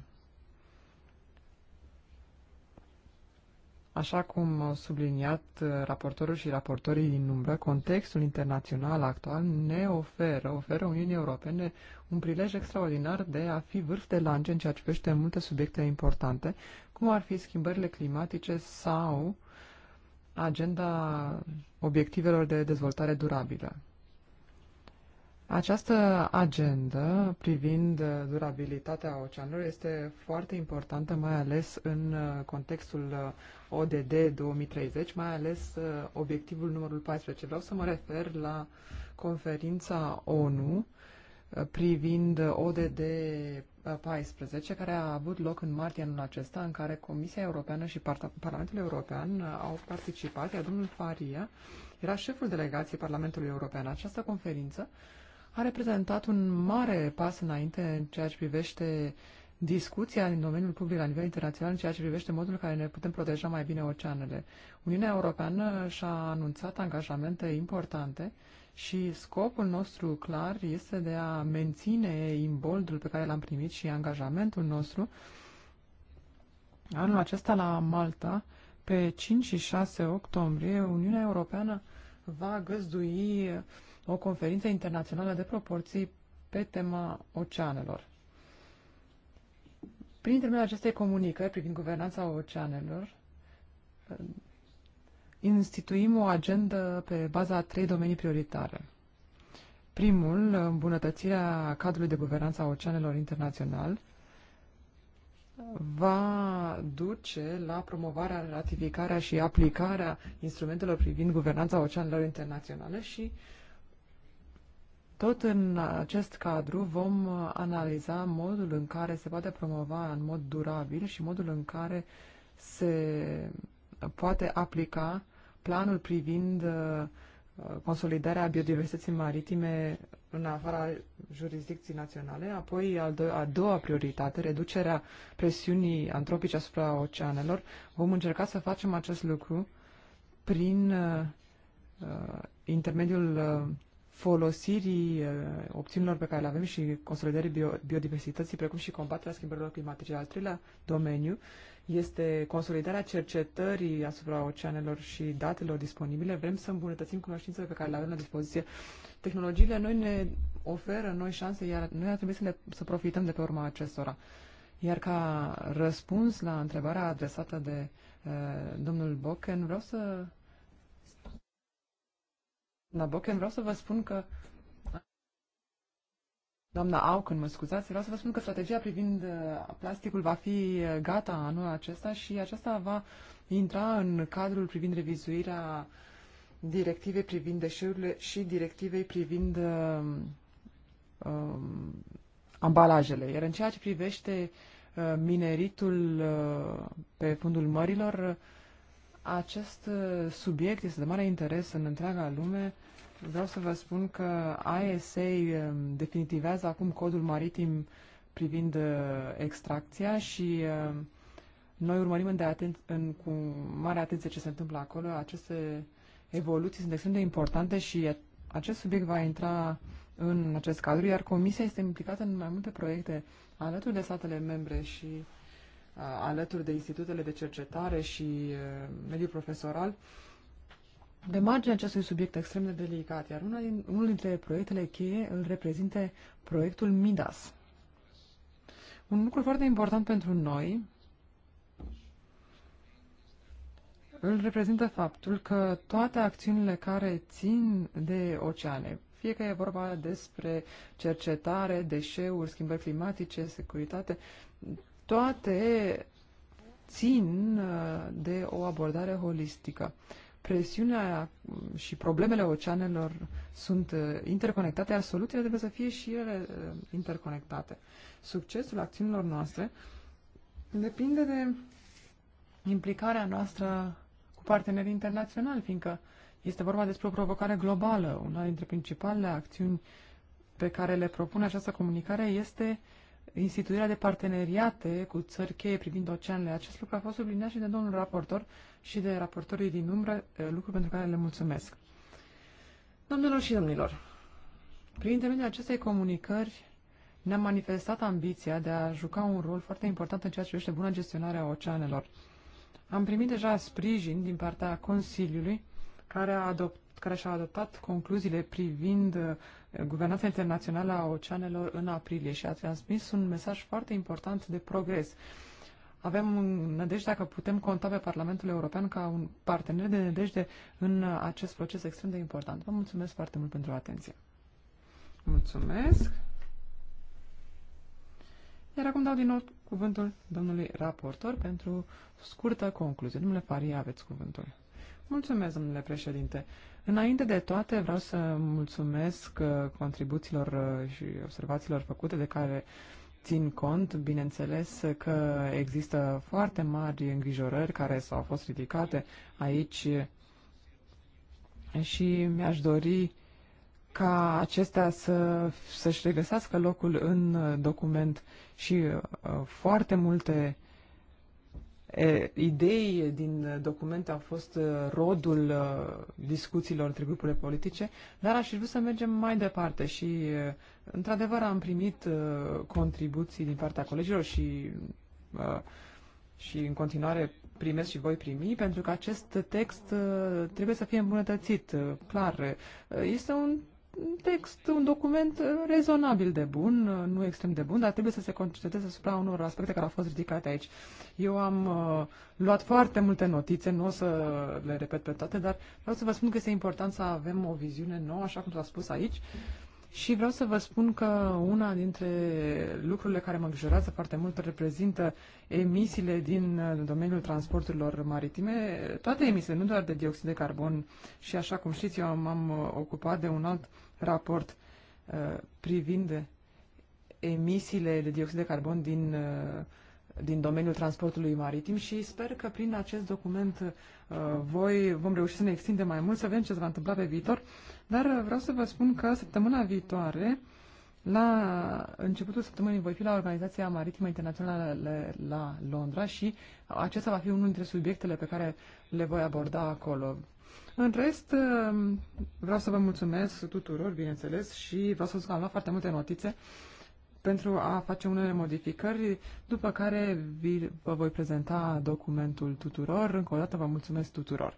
Așa cum au subliniat uh, raportorul și raportorii din umbră, contextul internațional actual ne oferă, oferă Uniunii Europene un prilej extraordinar de a fi vârf de lance în ceea ce privește multe subiecte importante, cum ar fi schimbările climatice sau agenda obiectivelor de dezvoltare durabilă. Această agendă privind durabilitatea oceanelor este foarte importantă, mai ales în contextul ODD 2030, mai ales uh, obiectivul numărul 14. Vreau să mă refer la conferința ONU uh, privind ODD 14, care a avut loc în martie anul acesta, în care Comisia Europeană și Parlamentul European uh, au participat, iar domnul Faria era șeful delegației Parlamentului European. Această conferință a reprezentat un mare pas înainte în ceea ce privește discuția din domeniul public la nivel internațional în ceea ce privește modul în care ne putem proteja mai bine oceanele. Uniunea Europeană și-a anunțat angajamente importante și scopul nostru clar este de a menține imboldul pe care l-am primit și angajamentul nostru anul acesta la Malta, pe 5 și 6 octombrie, Uniunea Europeană va găzdui o conferință internațională de proporții pe tema oceanelor. Prin intermediul acestei comunicări privind guvernanța oceanelor, eh, instituim o agendă pe baza a trei domenii prioritare. Primul, îmbunătățirea cadrului de guvernanță a oceanelor internațional, va duce la promovarea, ratificarea și aplicarea instrumentelor privind guvernanța oceanelor internaționale și uh, tot în acest cadru vom uh, analiza modul în care se poate promova în mod durabil și modul în care se uh, poate aplica planul privind uh, consolidarea biodiversității maritime în afara jurisdicției naționale, apoi a doua prioritate, reducerea presiunii antropice asupra oceanelor. Vom încerca să facem acest lucru prin intermediul folosirii uh, opțiunilor pe care le avem și consolidării biodiversității, precum și combaterea schimbărilor climatice. Al treilea domeniu este consolidarea cercetării asupra oceanelor și datelor disponibile. Vrem să îmbunătățim cunoștințele pe care le avem la dispoziție. Tehnologiile noi ne oferă noi șanse, iar noi ar trebui să, ne, să profităm de pe urma acestora. Iar ca răspuns la întrebarea adresată de uh, domnul Bocken, vreau să Doamna Bochen, vreau să vă spun că Doamna Aucăn, mă scuzați, vreau să vă spun că strategia privind uh, plasticul va fi uh, gata anul acesta și aceasta va intra în cadrul privind revizuirea directivei privind deșeurile și directivei privind um, um ambalajele. Iar în ceea ce privește uh, mineritul pe fundul mărilor, acest uh, subiect este de mare interes în întreaga lume. Vreau să vă spun că ISA um, definitivează acum codul maritim privind uh, extracția și um, noi urmărim de în, cu mare atenție ce se întâmplă acolo. Aceste evoluții sunt extrem de importante și acest subiect va intra în acest cadru, iar Comisia este implicată în mai multe proiecte alături de statele membre și Uh, alături de institutele de cercetare și uh, mediul profesoral, pe marginea acestui subiect extrem de delicat, iar una din, unul dintre proiectele cheie îl reprezinte proiectul MIDAS. Un lucru foarte important pentru noi îl reprezintă faptul că toate acțiunile care țin de oceane, fie că e vorba despre cercetare, deșeuri, schimbări climatice, securitate, toate țin uh, de o abordare holistică. Presiunea mm, și problemele oceanelor sunt uh, interconectate, iar soluțiile trebuie să fie și ele uh, interconectate. Succesul acțiunilor noastre depinde de implicarea noastră cu partenerii internaționali, fiindcă este vorba despre o provocare globală. Una dintre principalele acțiuni pe care le propune această comunicare este uh, instituirea de parteneriate cu țări cheie privind oceanele. Acest lucru a fost subliniat și de domnul raportor și de raportorii din umbră, eh, lucru pentru care le mulțumesc. Domnilor și domnilor, prin intermediul acestei comunicări ne-am manifestat ambiția de a juca un rol foarte important în ceea ce privește bună gestionare a oceanelor. Am primit deja sprijin din partea Consiliului, care a adoptat care și-a adoptat concluziile privind eh, guvernanța internațională a oceanelor în aprilie și a transmis un mesaj foarte important de progres. Avem nădejde, dacă putem conta pe Parlamentul European ca un partener de nădejde în acest proces extrem de important. Vă mulțumesc foarte mult pentru atenție. Mulțumesc. Iar acum dau din nou cuvântul domnului raportor pentru scurtă concluzie. Domnule Faria, aveți cuvântul. Mulțumesc, domnule președinte. Înainte de toate, vreau să mulțumesc uh, contribuțiilor uh, și observațiilor făcute de care țin cont, bineînțeles, că există foarte mari îngrijorări care s-au fost ridicate aici și mi-aș dori ca acestea să, să-și regăsească locul în document și uh, foarte multe uh, idei din documente au fost rodul discuțiilor între grupurile politice, dar aș vrea să mergem mai departe și, într-adevăr, am primit contribuții din partea colegilor și, și în continuare primesc și voi primi, pentru că acest text trebuie să fie îmbunătățit, clar. Este un text, un document uh, rezonabil de bun, uh, nu extrem de bun, dar trebuie să se concentreze asupra unor aspecte care au fost ridicate aici. Eu am uh, luat foarte multe notițe, nu o să le repet pe toate, dar vreau să vă spun că este important să avem o viziune nouă, așa cum s-a spus aici. Și vreau să vă spun că una dintre lucrurile care mă îngrijorează foarte mult reprezintă emisiile din uh, domeniul transporturilor maritime, toate emisiile, nu doar de dioxid de carbon. Și așa cum știți, eu m-am ocupat de un alt uh, raport uh, privind emisiile de dioxid de carbon din, uh, din domeniul transportului maritim și sper că prin acest document uh, voi vom reuși să ne extindem mai mult, să vedem ce se va întâmpla pe viitor, dar vreau să vă spun că săptămâna viitoare la începutul săptămânii voi fi la Organizația Maritimă Internațională la Londra și acesta va fi unul dintre subiectele pe care le voi aborda acolo. În rest, um, vreau să vă mulțumesc tuturor, bineînțeles, și vreau să spun că am luat foarte multe notițe pentru a face unele modificări, după care vi, vă voi prezenta documentul tuturor. Încă o dată vă mulțumesc tuturor.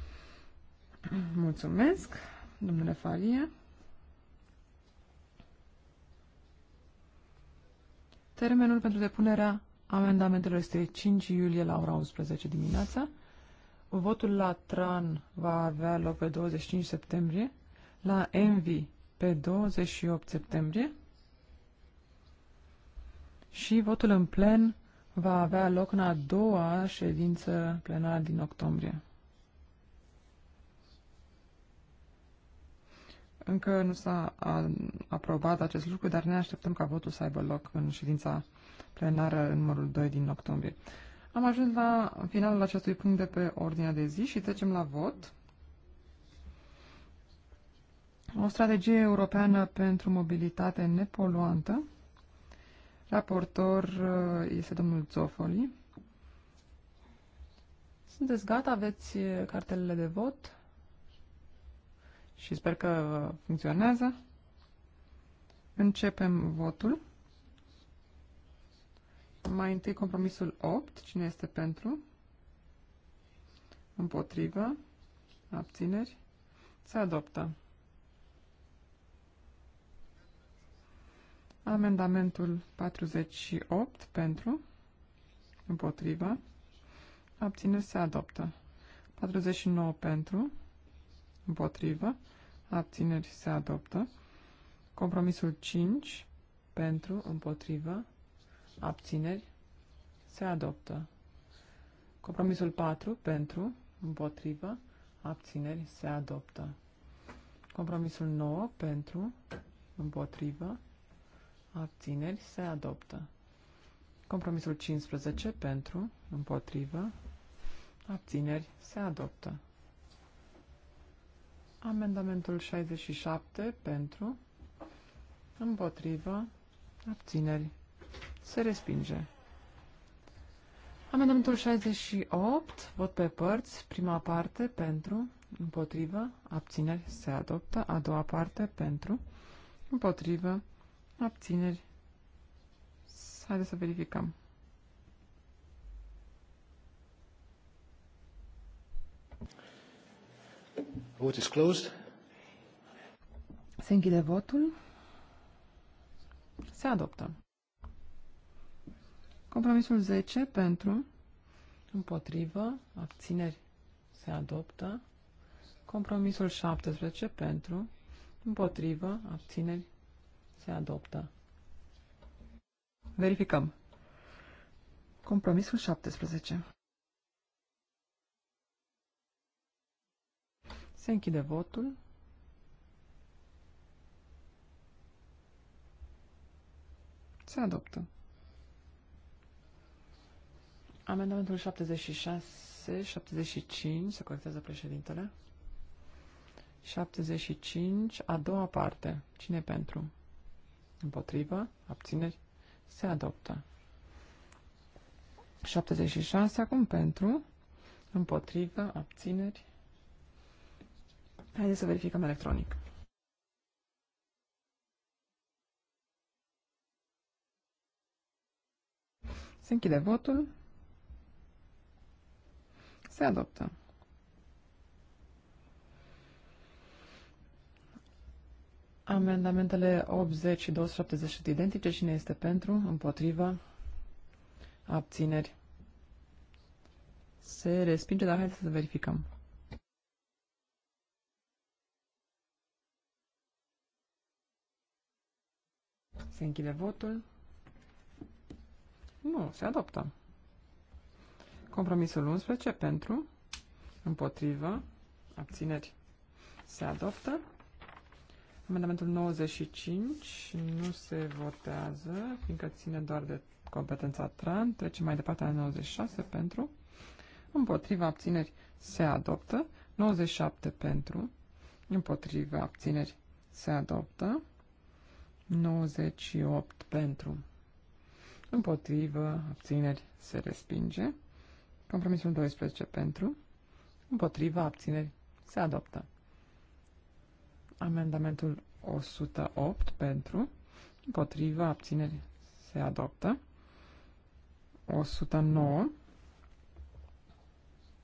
Mulțumesc, domnule Farie. Termenul pentru depunerea amendamentelor este 5 iulie la ora 11 dimineața. Votul la TRAN va avea loc pe 25 septembrie, la ENVI pe 28 septembrie și votul în plen va avea loc în a doua ședință plenară din octombrie. Încă nu s-a aprobat acest lucru, dar ne așteptăm ca votul să aibă loc în ședința plenară numărul 2 din octombrie. Am ajuns la finalul acestui punct de pe ordinea de zi și trecem la vot. O strategie europeană pentru mobilitate nepoluantă. Raportor uh, este domnul Zofoli. Sunteți gata? Aveți uh, cartelele de vot? Și sper că uh, funcționează. Începem votul. Mai întâi compromisul 8. Cine este pentru? Împotrivă. Abțineri. Se adoptă. Amendamentul 48 pentru, împotrivă, abțineri se adoptă. 49 pentru, împotrivă, abțineri se adoptă. Compromisul 5 pentru, împotrivă, abțineri, se adoptă. Compromisul 4 pentru, împotrivă, abțineri, se adoptă. Compromisul 9 pentru, împotrivă, abțineri, se adoptă. Compromisul 15 pentru, împotrivă, abțineri, se adoptă. Amendamentul 67 pentru, împotrivă, abțineri, se respinge. Amendamentul 68, vot pe părți, prima parte pentru, împotrivă, abțineri, se adoptă, a doua parte pentru, împotrivă, abțineri. Haideți să verificăm. Vote is closed. Se închide votul. Se adoptă. Compromisul 10 pentru, împotrivă, abțineri se adoptă. Compromisul 17 pentru, împotrivă, abțineri se adoptă. Verificăm. Compromisul 17. Se închide votul. Se adoptă. Amendamentul 76, 75, se corectează președintele. 75, a doua parte. Cine pentru? Împotrivă? Abțineri? Se adoptă. 76, acum pentru? Împotrivă? Abțineri? Haideți să verificăm electronic. Se închide votul. Se adoptă. Amendamentele 80 și 270 identice. Cine este pentru? Împotriva? Abțineri? Se respinge, dar haideți să verificăm. Se închide votul. Nu, se adoptă. Compromisul 11 pentru, împotrivă, abțineri se adoptă. Amendamentul 95 nu se votează, fiindcă ține doar de competența TRAN. Trecem mai departe la 96 pentru, împotrivă, abțineri se adoptă. 97 pentru, împotrivă, abțineri se adoptă. 98 pentru, împotrivă, abțineri se respinge. Compromisul 12 pentru, împotriva, abțineri, se adoptă. Amendamentul 108 pentru, împotriva, abțineri, se adoptă. 109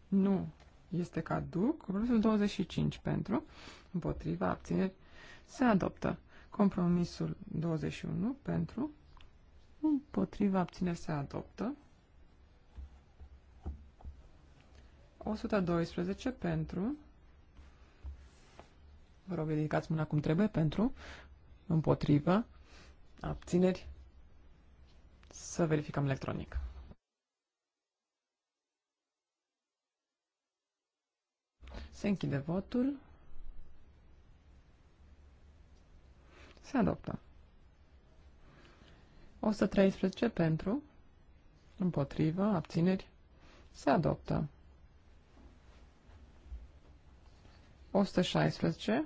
nu este caduc. Compromisul 25 pentru, împotriva, abțineri, se adoptă. Compromisul 21 pentru, împotriva, abțineri, se adoptă. 112 pentru. Vă rog, ridicați mâna cum trebuie pentru. Împotrivă. Abțineri. Să verificăm electronic. Se închide votul. Se adoptă. 113 pentru, împotrivă, abțineri, se adoptă. 116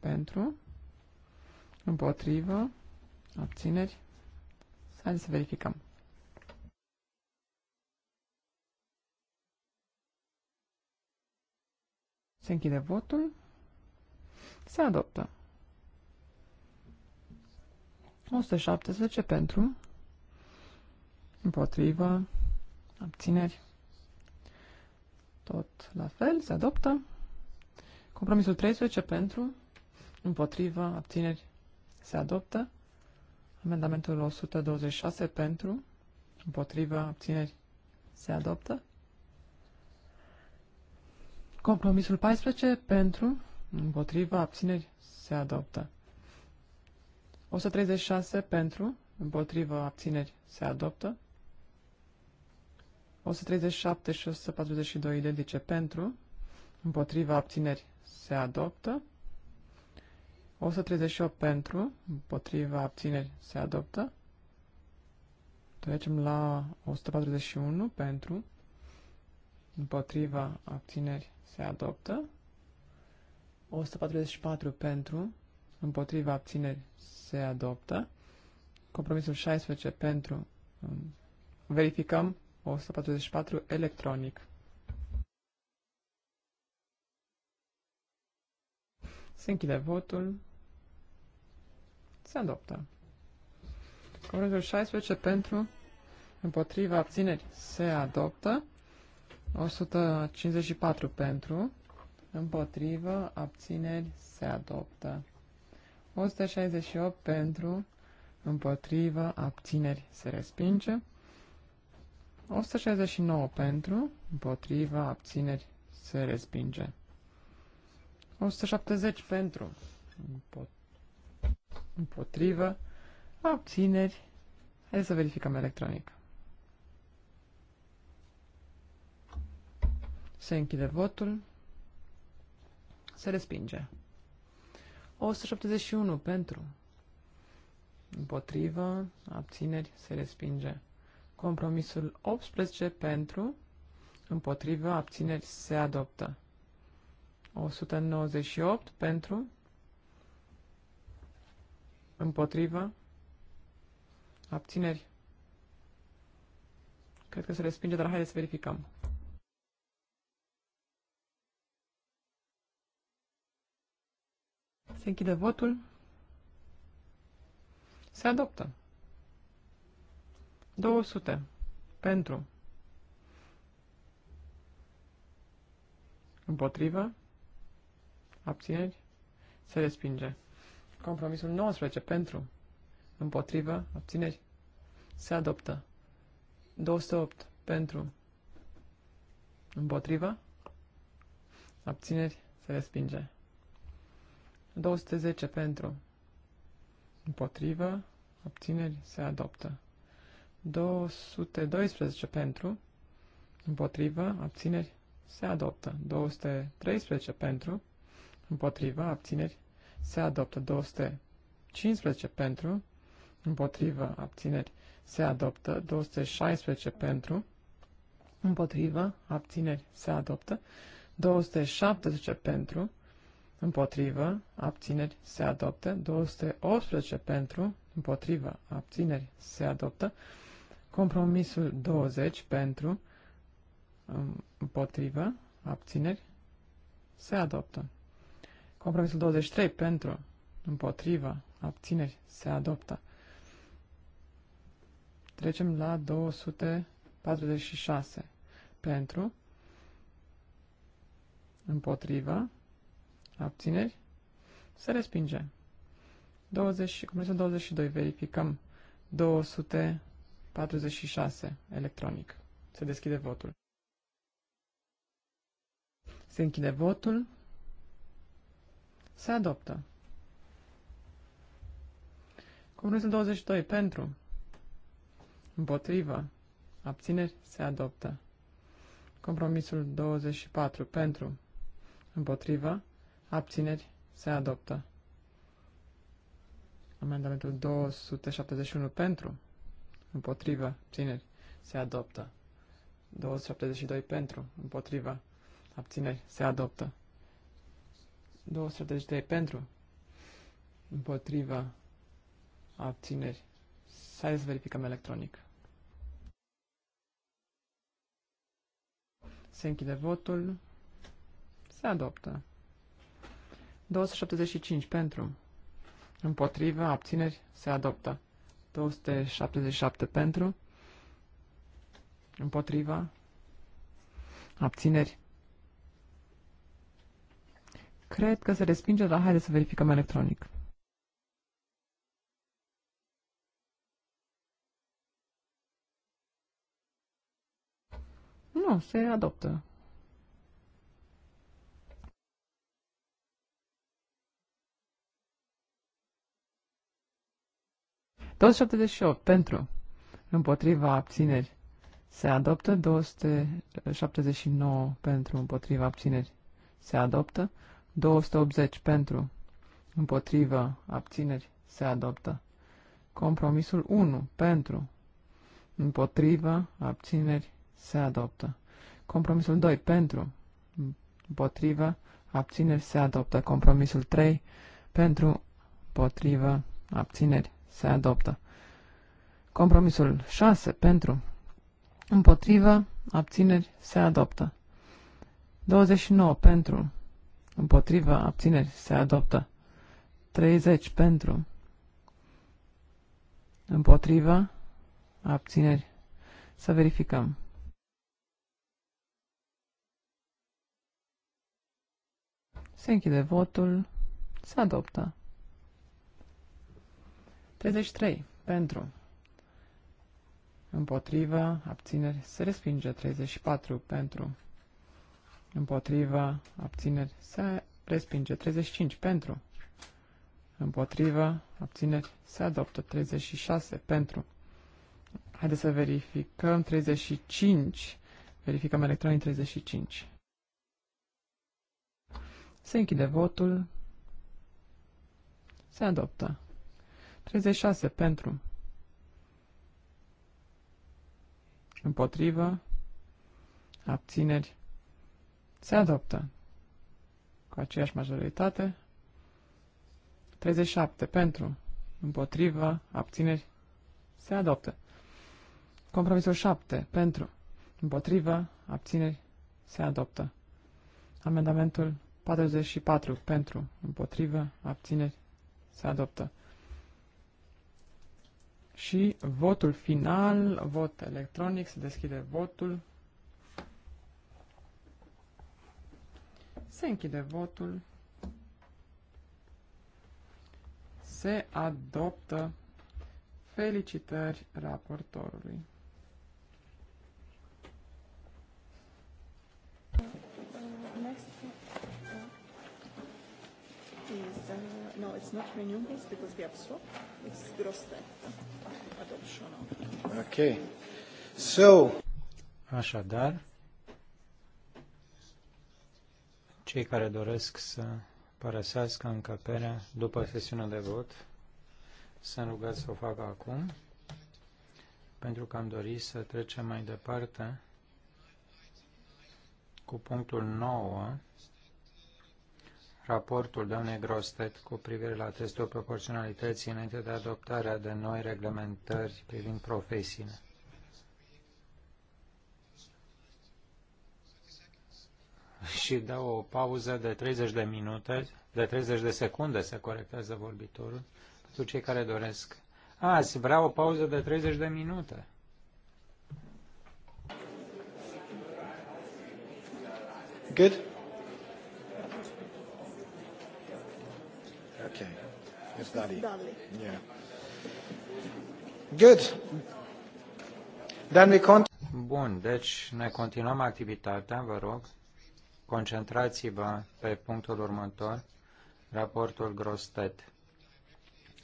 pentru, împotrivă, abțineri. Haideți să verificăm. Se închide votul. Se adoptă. 117 pentru, împotrivă, abțineri. Tot la fel, se adoptă. Compromisul 13 pentru, împotrivă, abțineri, se adoptă. Amendamentul 126 pentru, împotrivă, abțineri, se adoptă. Compromisul 14 pentru, împotrivă, abțineri, se adoptă. 136 pentru, împotrivă, abțineri, se adoptă. 137 și 142 identice pentru, împotriva abțineri se adoptă. 138 pentru, împotriva abțineri se adoptă. Trecem la 141 pentru, împotriva abțineri se adoptă. 144 pentru, împotriva abțineri se adoptă. Compromisul 16 pentru, verificăm 144 electronic. Se închide votul. Se adoptă. Compromisul 16 pentru, împotriva abțineri, se adoptă. 154 pentru, împotriva abțineri, se adoptă. 168 pentru, împotriva abțineri, se respinge. 169 pentru, împotriva, abțineri, se respinge. 170 pentru. Împotrivă. Abțineri. Haideți să verificăm electronic. Se închide votul. Se respinge. 171 pentru. Împotrivă. Abțineri. Se respinge. Compromisul 18 pentru. Împotrivă. Abțineri. Se adoptă. 198 pentru, împotrivă, abțineri. Cred că se respinge, dar haideți să verificăm. Se închide votul. Se adoptă. 200 pentru, împotrivă, abțineri, se respinge. Compromisul 19 pentru, împotrivă, abțineri, se adoptă. 208 pentru, împotrivă, abțineri, se respinge. 210 pentru, împotrivă, abțineri, se adoptă. 212 pentru, împotrivă, abțineri, se adoptă. 213 pentru, împotriva, abțineri, se adoptă 215 pentru, împotriva, abțineri, se adoptă 216 pentru, împotriva, abțineri, se adoptă 217 pentru, împotriva abțineri, se adoptă, 218 pentru, împotriva abțineri, se adoptă, compromisul 20 pentru, împotriva abțineri, se adoptă. Compromisul 23 pentru, împotrivă, abțineri, se adoptă. Trecem la 246 pentru, împotrivă, abțineri, se respinge. 20, compromisul 22, verificăm 246 electronic. Se deschide votul. Se închide votul. Se adoptă. Compromisul 22. Pentru. Împotrivă. Abțineri. Se adoptă. Compromisul 24. Pentru. Împotrivă. Abțineri. Se adoptă. Amendamentul 271. Pentru. Împotrivă. Abțineri. Se adoptă. 272. Pentru. Împotrivă. Abțineri. Se adoptă. 273 pentru, împotriva, abțineri. Să verificăm electronic. Se închide votul. Se adoptă. 275 pentru. împotriva abțineri, se adoptă. 277 pentru. Împotriva. Abțineri. Cred că se respinge, dar haideți să verificăm electronic. Nu, se adoptă. Toți 78 pentru, împotriva abțineri. Se adoptă 279 pentru împotriva abțineri. Se adoptă 280 pentru, împotrivă, abțineri, se adoptă. Compromisul 1 pentru, împotrivă, abțineri, se adoptă. Compromisul 2 pentru, împotrivă, abțineri, se adoptă. Compromisul 3 pentru, împotrivă, abțineri, se adoptă. Compromisul 6 pentru, împotrivă, abțineri, se adoptă. 29 pentru, Împotrivă, abțineri, se adoptă. 30 pentru. Împotrivă, abțineri. Să verificăm. Se închide votul. Se adoptă. 33 pentru. Împotrivă, abțineri, se respinge. 34 pentru împotriva, abțineri, se respinge. 35 pentru, împotriva, abțineri, se adoptă. 36 pentru. Haideți să verificăm 35. Verificăm electronii 35. Se închide votul. Se adoptă. 36 pentru. Împotriva, Abțineri. Se adoptă. Cu aceeași majoritate. 37. Pentru. Împotrivă. Abțineri. Se adoptă. Compromisul 7. Pentru. Împotrivă. Abțineri. Se adoptă. Amendamentul 44. Pentru. Împotrivă. Abțineri. Se adoptă. Și votul final, vot electronic, se deschide votul. Se închide votul. Se adoptă. Felicitări raportorului. is, uh, no, it's not renewables because we have swap. It's gross debt adoption Okay. So. Așadar, cei care doresc să părăsească încăperea după sesiunea de vot să rugați să o facă acum, pentru că am dorit să trecem mai departe cu punctul 9, raportul doamnei Grostet cu privire la testul proporționalității înainte de adoptarea de noi reglementări privind profesiile. și dă o pauză de 30 de minute, de 30 de secunde se corectează vorbitorul, pentru cei care doresc. Azi vreau o pauză de 30 de minute. Good? Okay. It's Dali. Dali. Yeah. Good. Then we Bun, deci ne continuăm activitatea, vă rog. Concentrați-vă pe punctul următor, raportul Grostet.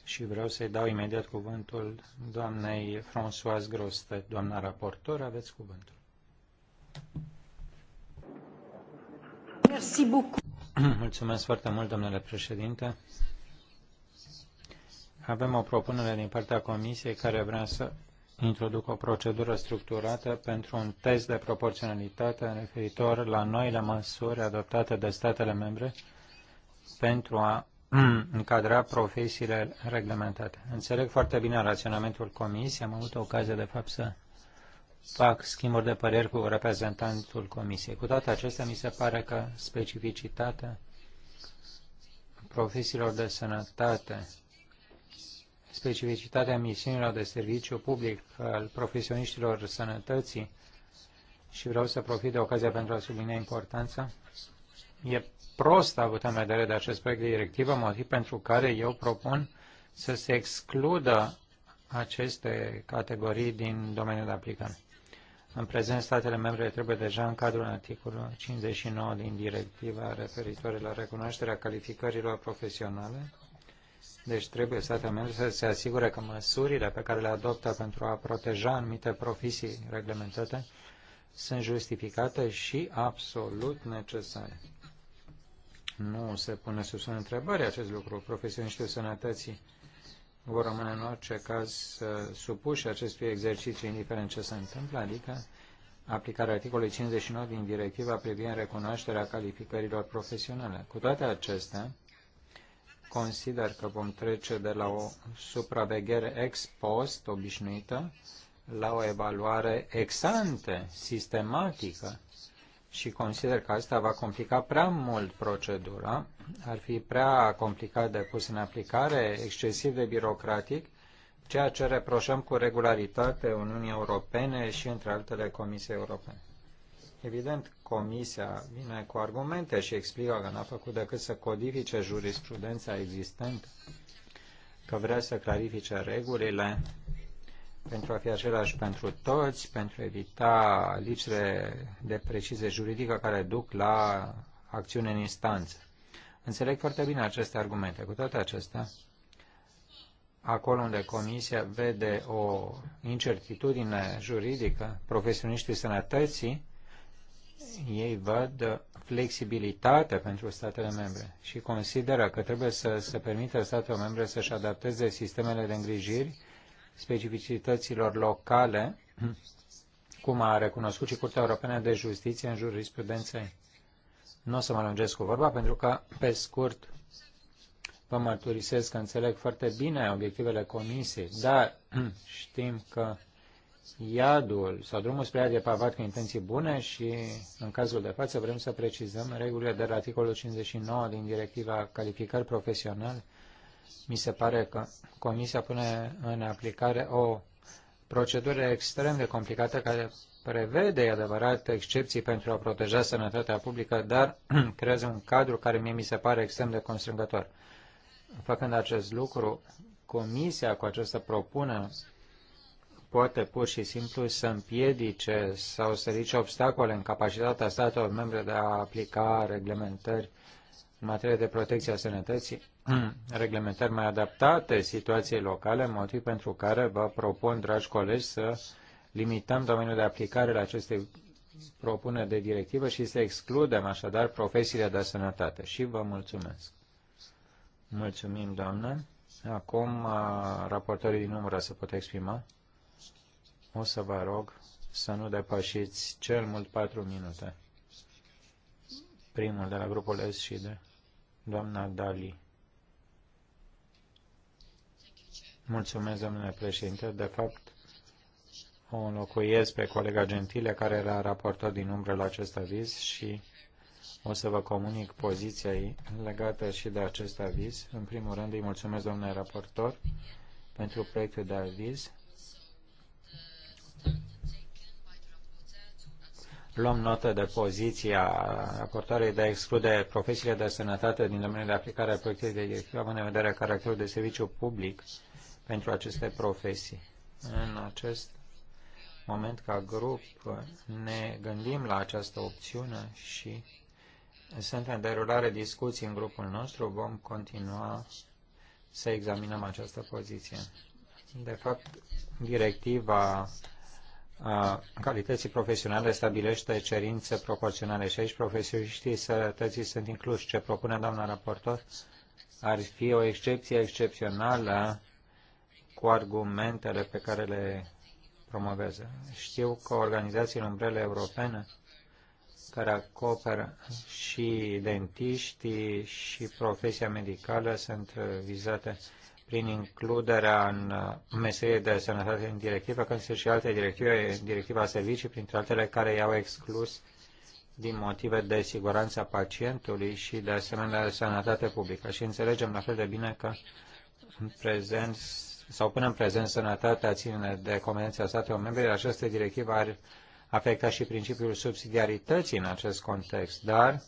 Și vreau să-i dau imediat cuvântul doamnei Françoise Grostet. Doamna raportor, aveți cuvântul. Merci Mulțumesc foarte mult, domnule președinte. Avem o propunere din partea Comisiei care vrea să introduc o procedură structurată pentru un test de proporționalitate referitor la noile măsuri adoptate de statele membre pentru a încadra profesiile reglementate. Înțeleg foarte bine raționamentul comisiei. Am avut ocazia, de fapt, să fac schimburi de păreri cu reprezentantul comisiei. Cu toate acestea, mi se pare că specificitatea profesiilor de sănătate specificitatea misiunilor de serviciu public al profesioniștilor sănătății și vreau să profit de ocazia pentru a sublinia importanța. E prost avut în vedere de acest proiect de directivă, motiv pentru care eu propun să se excludă aceste categorii din domeniul de aplicare. În prezent, statele membre trebuie deja în cadrul articolului 59 din directiva referitoare la recunoașterea calificărilor profesionale deci trebuie statele membre să se asigure că măsurile pe care le adoptă pentru a proteja anumite profesii reglementate sunt justificate și absolut necesare. Nu se pune sub semn întrebări acest lucru. Profesioniștii sănătății vor rămâne în orice caz uh, supuși acestui exercițiu, indiferent ce se întâmplă, adică aplicarea articolului 59 din directiva privind recunoașterea calificărilor profesionale. Cu toate acestea, consider că vom trece de la o supraveghere ex post obișnuită la o evaluare ex ante, sistematică, și consider că asta va complica prea mult procedura, ar fi prea complicat de pus în aplicare, excesiv de birocratic, ceea ce reproșăm cu regularitate Uniunii Europene și între altele Comisiei Europene. Evident, Comisia vine cu argumente și explică că n-a făcut decât să codifice jurisprudența existentă, că vrea să clarifice regulile pentru a fi același pentru toți, pentru a evita lipsele de precizie juridică care duc la acțiune în instanță. Înțeleg foarte bine aceste argumente. Cu toate acestea, acolo unde Comisia vede o incertitudine juridică, profesioniștii sănătății ei văd flexibilitate pentru statele membre și consideră că trebuie să se permită statelor membre să-și adapteze sistemele de îngrijiri specificităților locale, cum a recunoscut și Curtea Europeană de Justiție în jurisprudenței. Nu o să mă lungesc cu vorba, pentru că, pe scurt, vă mărturisesc că înțeleg foarte bine obiectivele comisiei, dar știm că iadul sau drumul spre iad e pavat cu intenții bune și, în cazul de față, vrem să precizăm regulile de la articolul 59 din directiva calificări profesionale. Mi se pare că Comisia pune în aplicare o procedură extrem de complicată care prevede, adevărat, excepții pentru a proteja sănătatea publică, dar creează un cadru care mie mi se pare extrem de constrângător. Făcând acest lucru, Comisia cu această propună poate pur și simplu să împiedice sau să ridice obstacole în capacitatea statelor membre de a aplica reglementări în materie de protecție a sănătății, reglementări mai adaptate situației locale, motiv pentru care vă propun, dragi colegi, să limităm domeniul de aplicare la aceste propuneri de directivă și să excludem așadar profesiile de sănătate. Și vă mulțumesc. Mulțumim, doamnă. Acum, raportorii din umbră se pot exprima o să vă rog să nu depășiți cel mult patru minute. Primul de la grupul S și de doamna Dali. Mulțumesc, domnule președinte. De fapt, o înlocuiesc pe colega Gentile, care era raportor din umbră la acest aviz și o să vă comunic poziția ei legată și de acest aviz. În primul rând, îi mulțumesc, domnule raportor, pentru proiectul de aviz Luăm notă de poziția raportoarei de a exclude profesiile de sănătate din domeniul de aplicare a proiectului de directivă, având în vedere caracterul de serviciu public pentru aceste profesii. În acest moment, ca grup, ne gândim la această opțiune și sunt în derulare discuții în grupul nostru. Vom continua să examinăm această poziție. De fapt, directiva a calității profesionale stabilește cerințe proporționale și aici profesioniștii sănătății sunt incluși. Ce propune doamna raportor ar fi o excepție excepțională cu argumentele pe care le promovează. Știu că organizațiile umbrele europene care acoperă și dentiștii și profesia medicală sunt vizate prin includerea în uh, meserie de sănătate în directivă, când sunt și alte directive, directiva servicii, printre altele care i-au exclus din motive de siguranță a pacientului și de asemenea de sănătate publică. Și înțelegem la fel de bine că în prezent sau până în prezent sănătatea ține de competența statelor membre, această directivă ar afecta și principiul subsidiarității în acest context, dar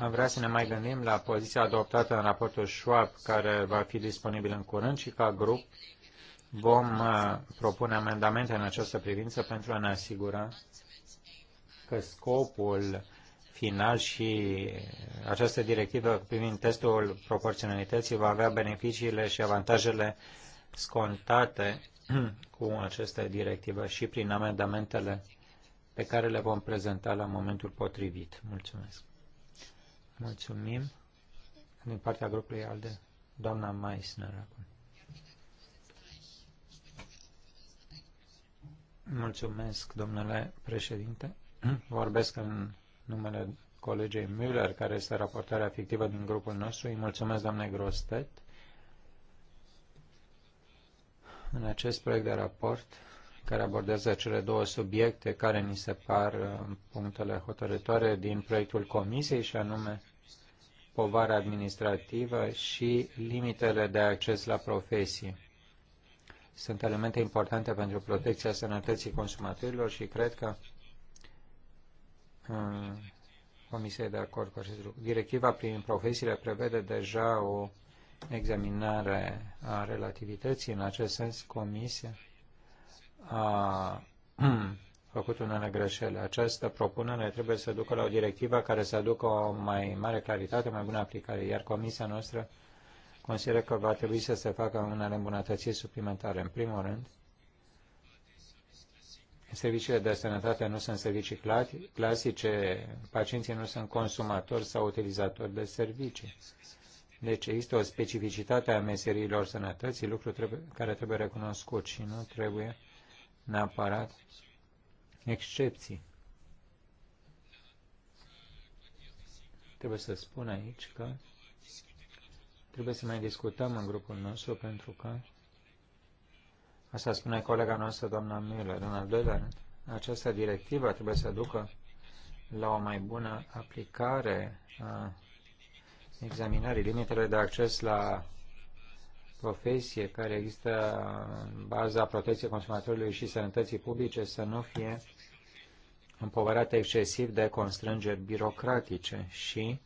am vrea să ne mai gândim la poziția adoptată în raportul Schwab, care va fi disponibil în curând și ca grup vom uh, propune amendamente în această privință pentru a ne asigura că scopul final și această directivă privind testul proporționalității va avea beneficiile și avantajele scontate cu această directivă și prin amendamentele pe care le vom prezenta la momentul potrivit. Mulțumesc. Mulțumim. Din partea grupului al de, doamna Meissner acum. Mulțumesc, domnule președinte. Vorbesc în numele colegei Müller, care este raportarea fictivă din grupul nostru. Îi mulțumesc, doamne Grostet. În acest proiect de raport, care abordează cele două subiecte care ni se par uh, punctele hotărătoare din proiectul comisiei, și anume povara administrativă și limitele de acces la profesie. Sunt elemente importante pentru protecția sănătății consumatorilor și cred că Comisia uh, de acord cu acest lucru. Directiva privind profesiile prevede deja o examinare a relativității. În acest sens, Comisia a făcut an greșel. Această propunere trebuie să ducă la o directivă care să aducă o mai mare claritate, o mai bună aplicare, iar comisia noastră consideră că va trebui să se facă unele îmbunătățiri suplimentare. În primul rând, serviciile de sănătate nu sunt servicii clasice, pacienții nu sunt consumatori sau utilizatori de servicii. Deci există o specificitate a meseriilor sănătății, lucru trebuie, care trebuie recunoscut și nu trebuie neapărat excepții. Trebuie să spun aici că trebuie să mai discutăm în grupul nostru pentru că asta spune colega noastră, doamna Miller, În al doilea rând, această directivă trebuie să ducă la o mai bună aplicare a examinării limitele de acces la profesie care există în baza protecției consumatorului și sănătății publice să nu fie împovărate excesiv de constrângeri birocratice și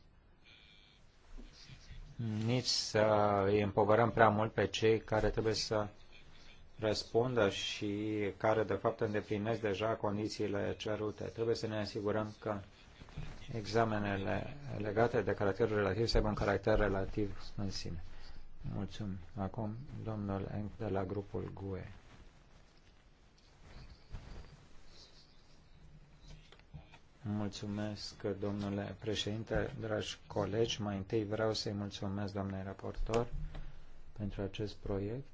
nici să îi împovărăm prea mult pe cei care trebuie să răspundă și care de fapt îndeplinesc deja condițiile cerute. Trebuie să ne asigurăm că examenele legate de caracterul relativ să aibă un caracter relativ în sine. Mulțumim. Acum, domnul Enc de la grupul GUE. Mulțumesc, domnule președinte, dragi colegi. Mai întâi vreau să-i mulțumesc, doamnei raportor, pentru acest proiect.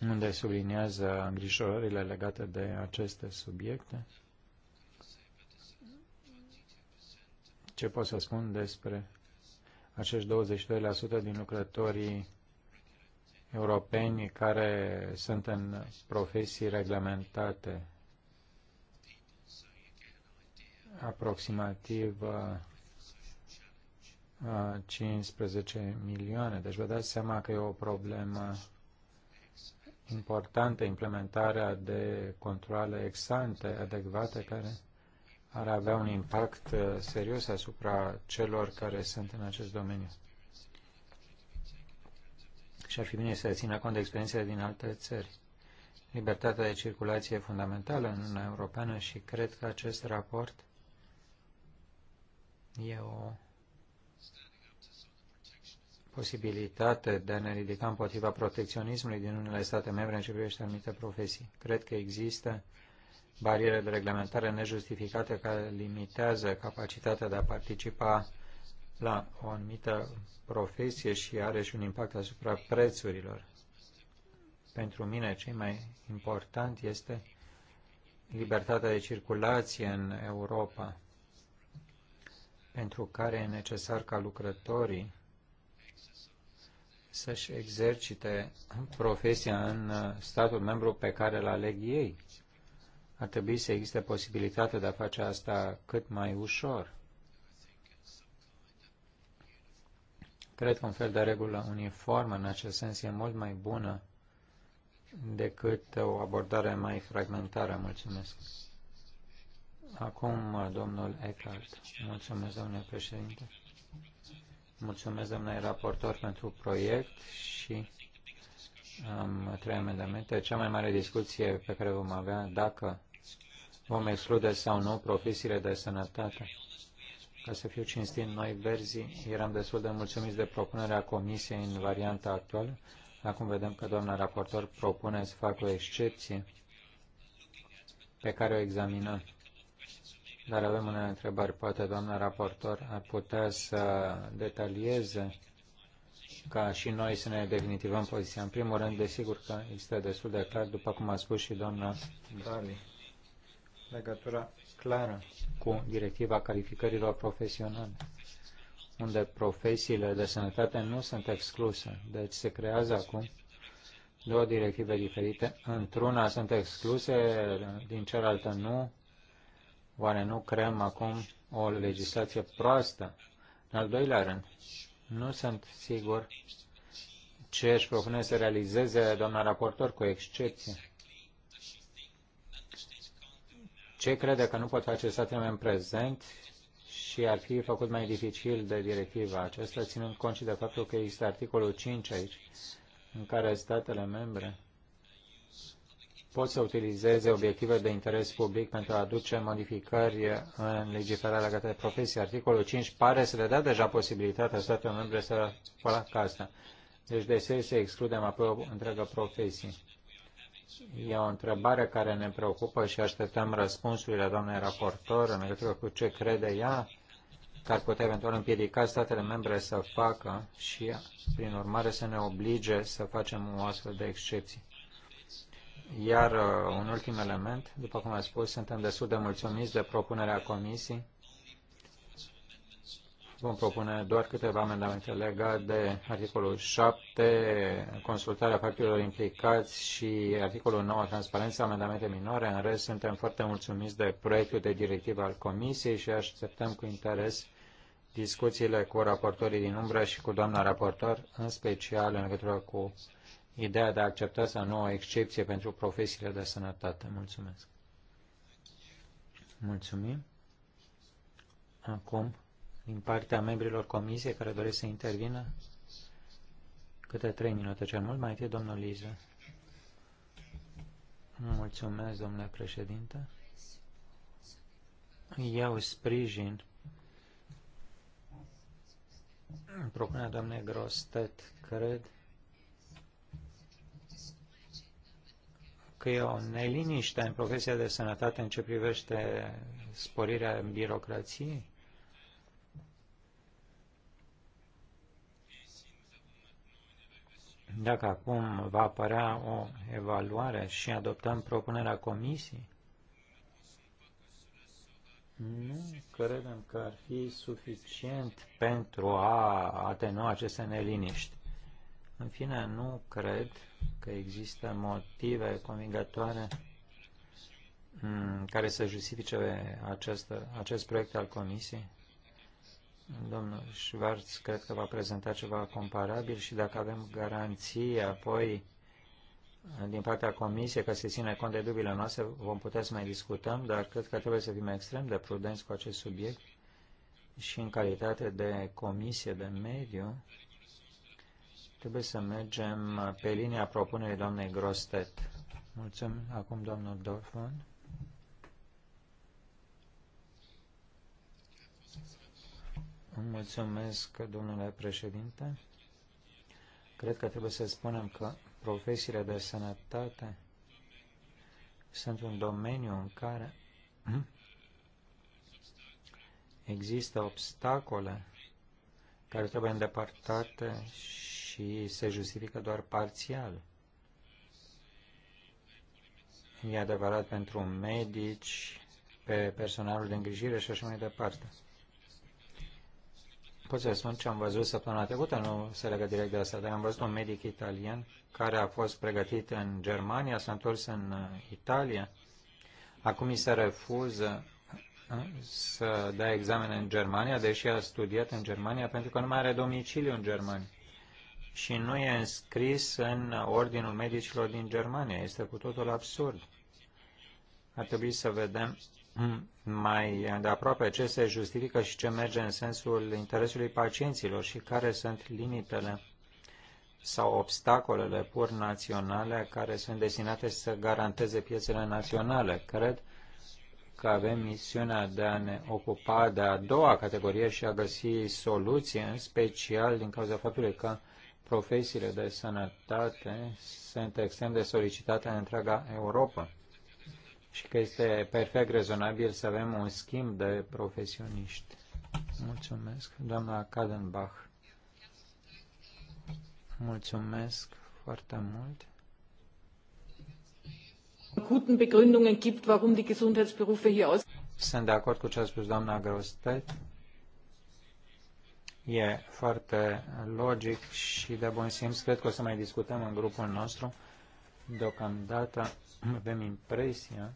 unde subliniază îngrijorările legate de aceste subiecte. Ce pot să spun despre acești 22% din lucrătorii europeni care sunt în profesii reglementate. Aproximativ 15 uh, milioane. Deci vă dați seama că e o problemă importantă implementarea de controle exante adecvate care ar avea un impact uh, serios asupra celor care sunt în acest domeniu și ar fi bine să țină cont de experiențele din alte țări. Libertatea de circulație e fundamentală în Uniunea Europeană și cred că acest raport e o posibilitate de a ne ridica împotriva protecționismului din unele state membre în ce privește anumite profesii. Cred că există bariere de reglementare nejustificate care limitează capacitatea de a participa la o anumită profesie și are și un impact asupra prețurilor. Pentru mine, cel mai important este libertatea de circulație în Europa, pentru care e necesar ca lucrătorii să-și exercite profesia în statul membru pe care îl aleg ei. Ar trebui să existe posibilitatea de a face asta cât mai ușor. Cred că un fel de regulă uniformă în acest sens e mult mai bună decât o abordare mai fragmentară. Mulțumesc. Acum, domnul Eckhart. Mulțumesc, domnule președinte. Mulțumesc, domnule raportor, pentru proiect și am trei amendamente. Cea mai mare discuție pe care vom avea dacă vom exclude sau nu profesiile de sănătate ca să fiu cinstit, noi, Berzi, eram destul de mulțumiți de propunerea comisiei în varianta actuală. Acum vedem că doamna raportor propune să facă o excepție pe care o examinăm. Dar avem unele întrebări. Poate doamna raportor ar putea să detalieze ca și noi să ne definitivăm poziția. În primul rând, desigur că este destul de clar, după cum a spus și doamna Dali, legătura clară cu directiva calificărilor profesionale, unde profesiile de sănătate nu sunt excluse. Deci se creează acum două directive diferite. Într-una sunt excluse, din cealaltă nu. Oare nu creăm acum o legislație proastă? În al doilea rând, nu sunt sigur ce își propune să realizeze doamna raportor, cu excepție ce crede că nu pot face statele în prezent și ar fi făcut mai dificil de directiva aceasta, ținând cont și de faptul că există articolul 5 aici, în care statele membre pot să utilizeze obiective de interes public pentru a aduce modificări în legiferarea legată de profesie. Articolul 5 pare să le dea deja posibilitatea statelor membre să facă asta. Deci de se excludem apoi o întreagă profesie. E o întrebare care ne preocupă și așteptăm răspunsurile doamnei raportor în legătură cu ce crede ea că ar putea eventual împiedica statele membre să facă și, prin urmare, să ne oblige să facem o astfel de excepție. Iar uh, un ultim element, după cum am spus, suntem destul de mulțumiți de propunerea Comisiei Vom propune doar câteva amendamente legate de articolul 7, consultarea partidelor implicați și articolul 9, transparența, amendamente minore. În rest, suntem foarte mulțumiți de proiectul de directivă al Comisiei și așteptăm cu interes discuțiile cu raportorii din umbră și cu doamna raportor, în special în legătură cu ideea de a accepta sau nu o excepție pentru profesiile de sănătate. Mulțumesc. Mulțumim. Acum din partea membrilor comisiei care doresc să intervină? Câte trei minute cel mult. Mai întâi, domnul Liza. Mulțumesc, domnule președinte. Iau sprijin propunerea doamnei Grostet, cred că e o neliniște în profesia de sănătate în ce privește sporirea birocrației. Dacă acum va apărea o evaluare și adoptăm propunerea comisiei, nu credem că ar fi suficient pentru a atenua aceste neliniști. În fine, nu cred că există motive convingătoare mm, care să justifice acest, acest proiect al Comisiei. Domnul Schwarz cred că va prezenta ceva comparabil și dacă avem garanții apoi din partea Comisiei că se ține cont de dubile noastre, vom putea să mai discutăm, dar cred că trebuie să fim extrem de prudenți cu acest subiect și în calitate de Comisie de Mediu trebuie să mergem pe linia propunerii doamnei Grostet. Mulțumim acum, doamnul Dorfman. Mulțumesc, domnule președinte. Cred că trebuie să spunem că profesiile de sănătate sunt un domeniu în care există obstacole care trebuie îndepărtate și se justifică doar parțial. E adevărat pentru medici, pe personalul de îngrijire și așa mai departe. Pot să spun ce am văzut săptămâna trecută, nu se legă direct de asta, dar am văzut un medic italian care a fost pregătit în Germania, s-a întors în uh, Italia, acum i se refuză uh, să dea examene în Germania, deși a studiat în Germania, pentru că nu mai are domiciliu în Germania. Și nu e înscris în Ordinul Medicilor din Germania. Este cu totul absurd. Ar trebui să vedem uh, mai de aproape ce se justifică și ce merge în sensul interesului pacienților și care sunt limitele sau obstacolele pur naționale care sunt destinate să garanteze piețele naționale. Cred că avem misiunea de a ne ocupa de a doua categorie și a găsi soluții, în special din cauza faptului că profesiile de sănătate sunt extrem de solicitate în întreaga Europa și că este perfect rezonabil să avem un schimb de profesioniști. Mulțumesc, doamna Kadenbach. Mulțumesc foarte mult. Guten Begründungen gibt, warum die Gesundheitsberufe hier aus. Sunt de acord cu ce a spus doamna Grostet. E foarte logic și de bun simț. Cred că o să mai discutăm în grupul nostru Deocamdată avem impresia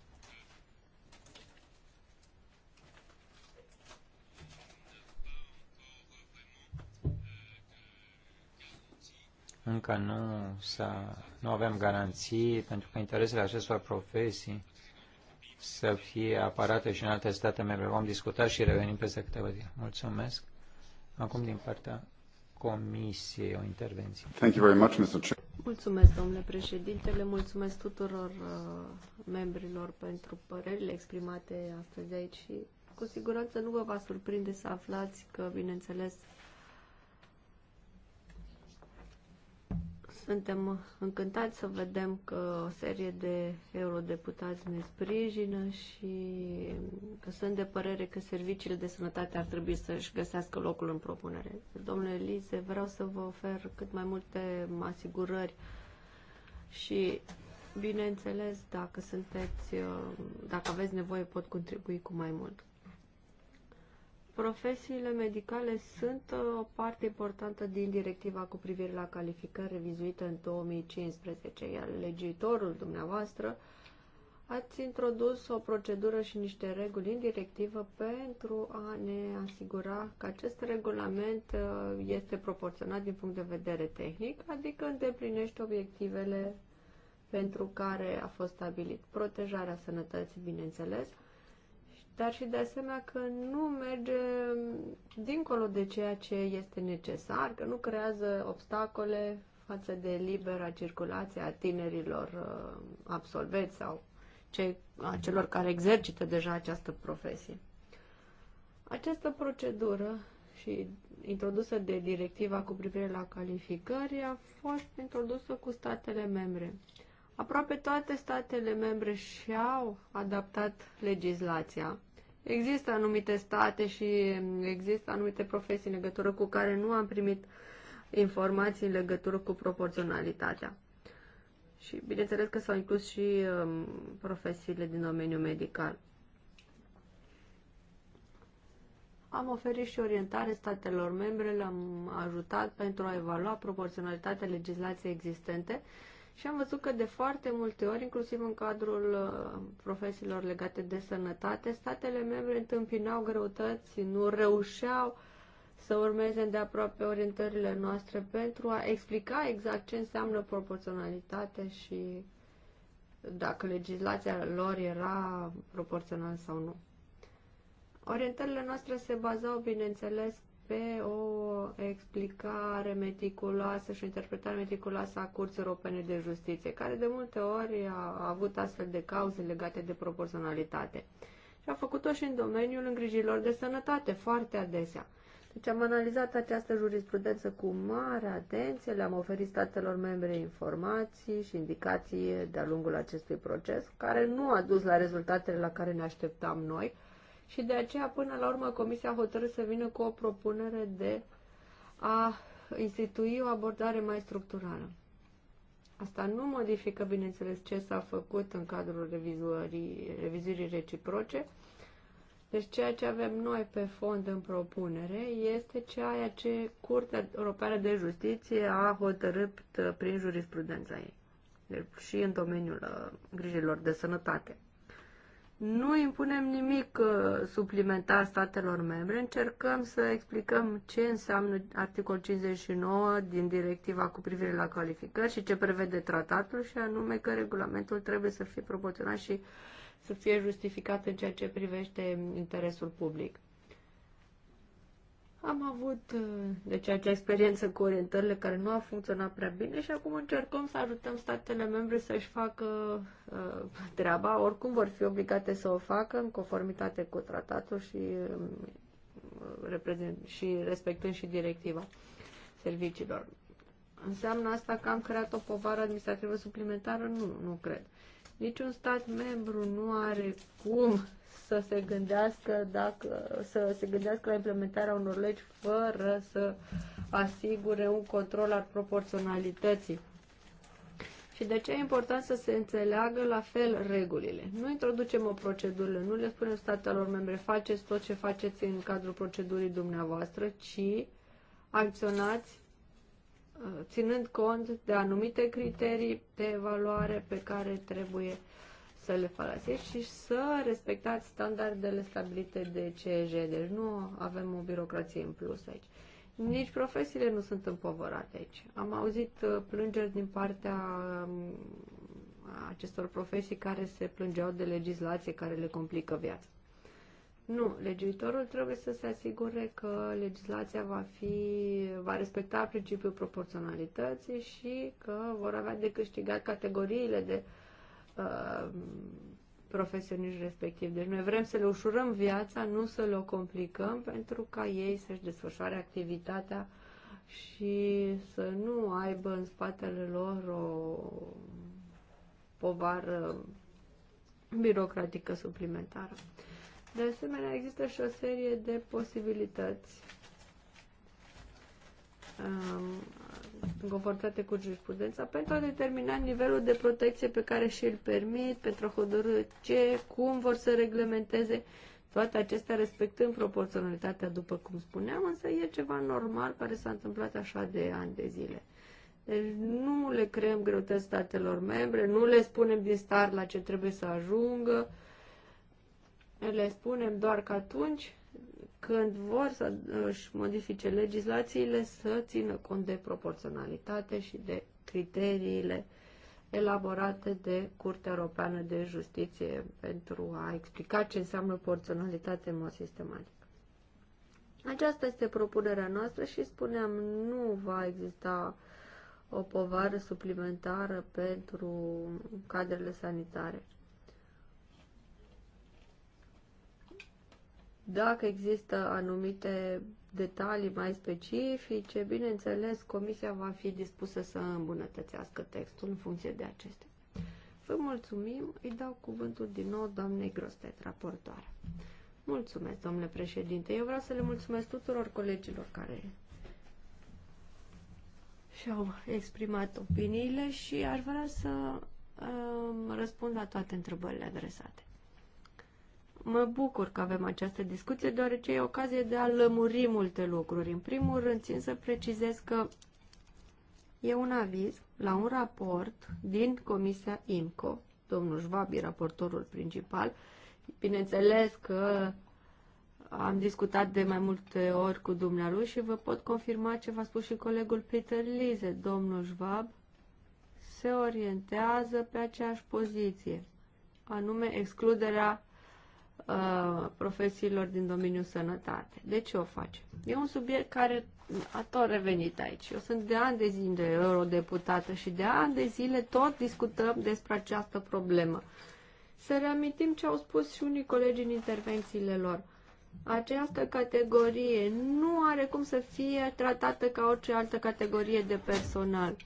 încă nu, să, nu avem garanții pentru că interesele acestor profesii să fie aparate și în alte state membre. Vom discuta și revenim peste câteva zile. Mulțumesc. Acum din partea Comisiei o intervenție. Thank you very much, Mr. Chair. Mulțumesc, domnule președinte, le mulțumesc tuturor uh, membrilor pentru părerile exprimate astăzi aici și cu siguranță nu vă va surprinde să aflați că, bineînțeles, Suntem încântați să vedem că o serie de eurodeputați ne sprijină și sunt de părere că serviciile de sănătate ar trebui să-și găsească locul în propunere. Domnule Elize, vreau să vă ofer cât mai multe asigurări și, bineînțeles, dacă sunteți, dacă aveți nevoie, pot contribui cu mai mult. Profesiile medicale sunt uh, o parte importantă din directiva cu privire la calificări revizuită în 2015, iar legiuitorul dumneavoastră ați introdus o procedură și niște reguli în directivă pentru a ne asigura că acest regulament uh, este proporționat din punct de vedere tehnic, adică îndeplinește obiectivele pentru care a fost stabilit protejarea sănătății, bineînțeles, dar și de asemenea că nu merge dincolo de ceea ce este necesar, că nu creează obstacole față de libera circulație a tinerilor uh, absolveți sau cei, a celor care exercită deja această profesie. Această procedură și introdusă de directiva cu privire la calificări a fost introdusă cu statele membre Aproape toate statele membre și-au adaptat legislația. Există anumite state și există anumite profesii în legătură cu care nu am primit informații în legătură cu proporționalitatea. Și bineînțeles că s-au inclus și um, profesiile din domeniul medical. Am oferit și orientare statelor membre, le-am ajutat pentru a evalua proporționalitatea legislației existente și am văzut că de foarte multe ori, inclusiv în cadrul uh, profesiilor legate de sănătate, statele membre întâmpinau greutăți, nu reușeau să urmeze de aproape orientările noastre pentru a explica exact ce înseamnă proporționalitate și dacă legislația lor era proporțională sau nu. Orientările noastre se bazau, bineînțeles, pe o explicare meticuloasă și o interpretare meticuloasă a Curții Europene de Justiție, care de multe ori a avut astfel de cauze legate de proporționalitate. Și a făcut-o și în domeniul îngrijilor de sănătate, foarte adesea. Deci am analizat această jurisprudență cu mare atenție, le-am oferit statelor membre informații și indicații de-a lungul acestui proces, care nu a dus la rezultatele la care ne așteptam noi, și de aceea până la urmă Comisia a hotărât să vină cu o propunere de a institui o abordare mai structurală. Asta nu modifică, bineînțeles, ce s-a făcut în cadrul revizuirii, revizuirii reciproce. Deci ceea ce avem noi pe fond în propunere este ceea ce Curtea Europeană de Justiție a hotărât uh, prin jurisprudența ei. Deci și în domeniul uh, grijilor de sănătate. Nu impunem nimic uh, suplimentar statelor membre, încercăm să explicăm ce înseamnă articol 59 din directiva cu privire la calificări și ce prevede tratatul și anume că regulamentul trebuie să fie proporționat și să fie justificat în ceea ce privește interesul public. Am avut uh, deci acea experiență cu orientările care nu a funcționat prea bine și acum încercăm să ajutăm statele membre să-și facă uh, treaba. Oricum vor fi obligate să o facă în conformitate cu tratatul și, uh, și respectând și directiva serviciilor. Înseamnă asta că am creat o povară administrativă suplimentară? Nu, nu cred. Niciun stat membru nu are cum să se gândească dacă să se gândească la implementarea unor legi fără să asigure un control al proporționalității. Și de ce e important să se înțeleagă la fel regulile? Nu introducem o procedură, nu le spunem statelor membre, faceți tot ce faceți în cadrul procedurii dumneavoastră, ci acționați ținând cont de anumite criterii de evaluare pe care trebuie să le folosești și să respectați standardele stabilite de CEJ. Deci nu avem o birocrație în plus aici. Nici profesiile nu sunt împovărate aici. Am auzit uh, plângeri din partea um, acestor profesii care se plângeau de legislație care le complică viața. Nu, legiuitorul trebuie să se asigure că legislația va, fi, va respecta principiul proporționalității și că vor avea de câștigat categoriile de uh, profesioniști respectiv. Deci noi vrem să le ușurăm viața, nu să le o complicăm pentru ca ei să-și desfășoare activitatea și să nu aibă în spatele lor o povară birocratică suplimentară. De asemenea, există și o serie de posibilități um, confortate cu jurisprudența pentru a determina nivelul de protecție pe care și îl permit, pentru a hotărâ ce, cum vor să reglementeze toate acestea respectând proporționalitatea, după cum spuneam, însă e ceva normal care s-a întâmplat așa de ani de zile. Deci nu le creăm greutăți statelor membre, nu le spunem din start la ce trebuie să ajungă, le spunem doar că atunci când vor să își modifice legislațiile, să țină cont de proporționalitate și de criteriile elaborate de Curtea Europeană de Justiție pentru a explica ce înseamnă proporționalitate în mod sistematic. Aceasta este propunerea noastră și spuneam, nu va exista o povară suplimentară pentru cadrele sanitare. Dacă există anumite detalii mai specifice, bineînțeles, comisia va fi dispusă să îmbunătățească textul în funcție de acestea. Vă mulțumim, îi dau cuvântul din nou doamnei Grostet, raportoare. Mulțumesc, domnule președinte. Eu vreau să le mulțumesc tuturor colegilor care și-au exprimat opiniile și aș vrea să uh, răspund la toate întrebările adresate. Mă bucur că avem această discuție, deoarece e ocazie de a lămuri multe lucruri. În primul rând, țin să precizez că e un aviz la un raport din Comisia IMCO. Domnul Schwab raportorul principal. Bineînțeles că am discutat de mai multe ori cu dumnealui și vă pot confirma ce v-a spus și colegul Peter Lize. Domnul Schwab se orientează pe aceeași poziție, anume excluderea profesiilor din domeniul sănătate. De ce o face? E un subiect care a tot revenit aici. Eu sunt de ani de zile de eurodeputată și de ani de zile tot discutăm despre această problemă. Să reamintim ce au spus și unii colegi în intervențiile lor. Această categorie nu are cum să fie tratată ca orice altă categorie de personal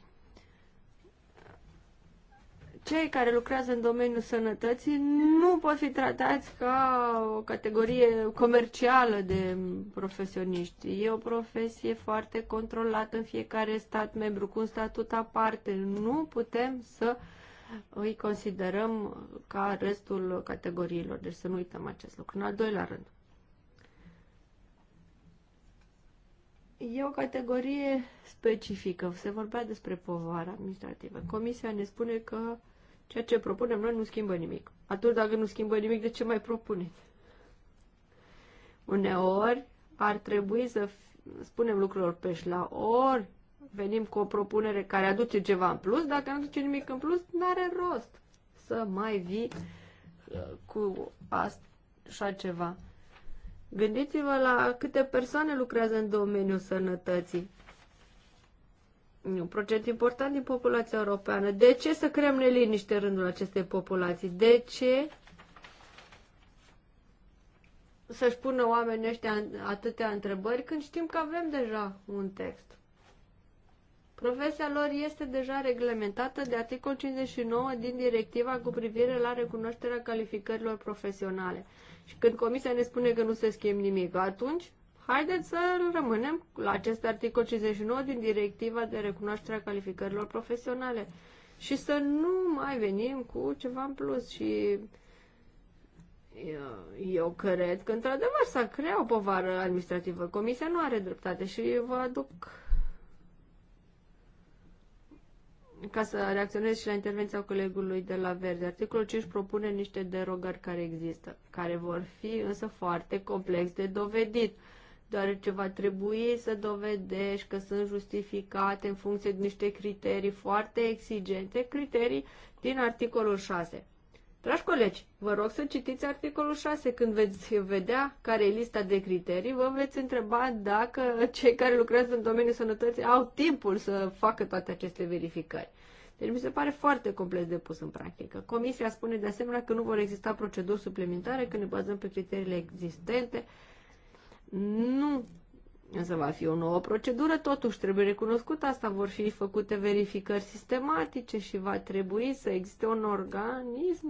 cei care lucrează în domeniul sănătății nu pot fi tratați ca o categorie comercială de profesioniști. E o profesie foarte controlată în fiecare stat membru, cu un statut aparte. Nu putem să îi considerăm ca restul categoriilor, deci să nu uităm acest lucru. În al doilea rând, E o categorie specifică. Se vorbea despre povara administrativă. Comisia ne spune că Ceea ce propunem noi nu schimbă nimic. Atunci, dacă nu schimbă nimic, de ce mai propuneți? Uneori ar trebui să spunem lucrurilor pe la ori venim cu o propunere care aduce ceva în plus, dacă nu aduce nimic în plus, nu are rost să mai vii uh, cu așa ceva. Gândiți-vă la câte persoane lucrează în domeniul sănătății un procent important din populația europeană. De ce să creăm neliniște în rândul acestei populații? De ce să-și pună oamenii ăștia atâtea întrebări când știm că avem deja un text? Profesia lor este deja reglementată de articol 59 din directiva cu privire la recunoașterea calificărilor profesionale. Și când comisia ne spune că nu se schimb nimic, atunci Haideți să rămânem la acest articol 59 din directiva de recunoaștere a calificărilor profesionale și să nu mai venim cu ceva în plus și uh, eu, cred că într-adevăr s-a creat o povară administrativă. Comisia nu are dreptate și vă aduc ca să reacționez și la intervenția colegului de la Verde. Articolul 5 propune niște derogări care există, care vor fi însă foarte complex de dovedit deoarece va trebui să dovedești că sunt justificate în funcție de niște criterii foarte exigente, criterii din articolul 6. Dragi colegi, vă rog să citiți articolul 6. Când veți vedea care e lista de criterii, vă veți întreba dacă cei care lucrează în domeniul sănătății au timpul să facă toate aceste verificări. Deci mi se pare foarte complex de pus în practică. Comisia spune de asemenea că nu vor exista proceduri suplimentare, că ne bazăm pe criteriile existente nu însă va fi o nouă procedură, totuși trebuie recunoscut asta, vor fi făcute verificări sistematice și va trebui să existe un organism,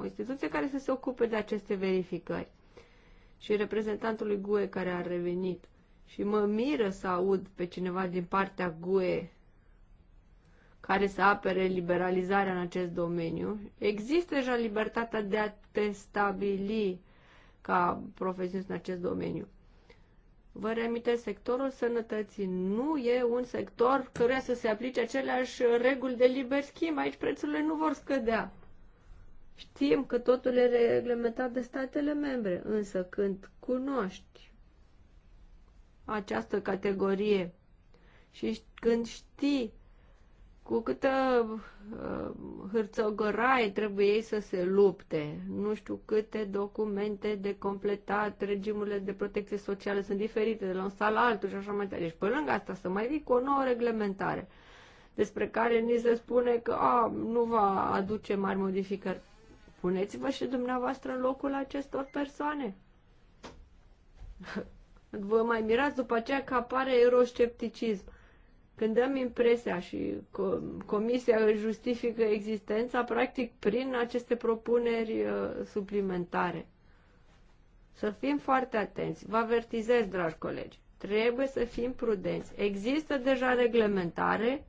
o instituție care să se ocupe de aceste verificări. Și reprezentantului GUE care a revenit. Și mă miră să aud pe cineva din partea GUE care să apere liberalizarea în acest domeniu. Există deja libertatea de a te stabili ca profesionist în acest domeniu. Vă reamintesc, sectorul sănătății nu e un sector căruia să se aplice aceleași reguli de liber schimb. Aici prețurile nu vor scădea. Știm că totul e reglementat de statele membre, însă când cunoști această categorie și când știi cu câtă uh, hârțogărai trebuie ei să se lupte, nu știu câte documente de completat, regimurile de protecție socială sunt diferite de la un stat la altul și așa mai departe. Deci, pe lângă asta, să mai vii cu o nouă reglementare despre care ni se spune că a, nu va aduce mari modificări. Puneți-vă și dumneavoastră în locul acestor persoane. Vă mai mirați după aceea că apare euroscepticism. Când dăm impresia și comisia își justifică existența, practic, prin aceste propuneri uh, suplimentare. Să fim foarte atenți. Vă avertizez, dragi colegi. Trebuie să fim prudenți. Există deja reglementare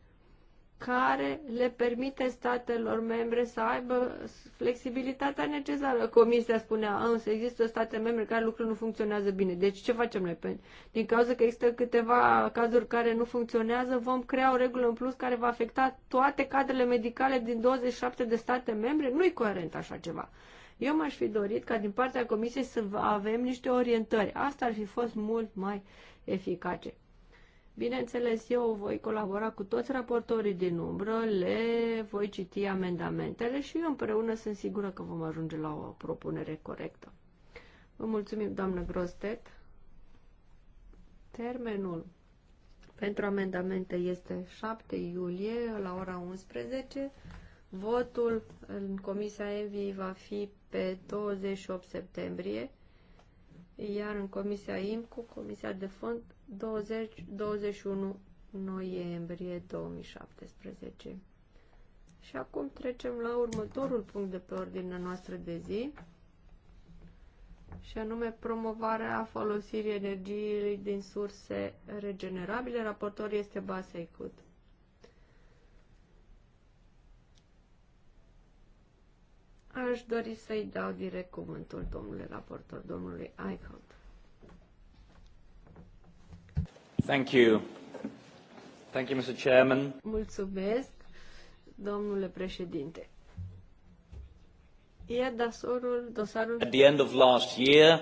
care le permite statelor membre să aibă flexibilitatea necesară. Comisia spunea, însă există state membre care lucrurile nu funcționează bine. Deci ce facem noi? Din cauza că există câteva cazuri care nu funcționează, vom crea o regulă în plus care va afecta toate cadrele medicale din 27 de state membre? Nu-i coerent așa ceva. Eu m-aș fi dorit ca din partea Comisiei să avem niște orientări. Asta ar fi fost mult mai eficace. Bineînțeles, eu voi colabora cu toți raportorii din umbră, le voi citi amendamentele și eu împreună sunt sigură că vom ajunge la o propunere corectă. Vă mulțumim, doamnă Grostet. Termenul pentru amendamente este 7 iulie la ora 11. Votul în Comisia Envi va fi pe 28 septembrie, iar în Comisia IMCU, Comisia de Fond, 20-21 noiembrie 2017. Și acum trecem la următorul punct de pe ordinea noastră de zi, și anume promovarea folosirii energiei din surse regenerabile. Raportor este Baseicut. Aș dori să-i dau direct cuvântul domnului raportor, domnului Eichhoff. Thank you. Thank you, Mr. Chairman. Mulțumesc, domnule președinte. E dosarul, dosarul At the end of last year,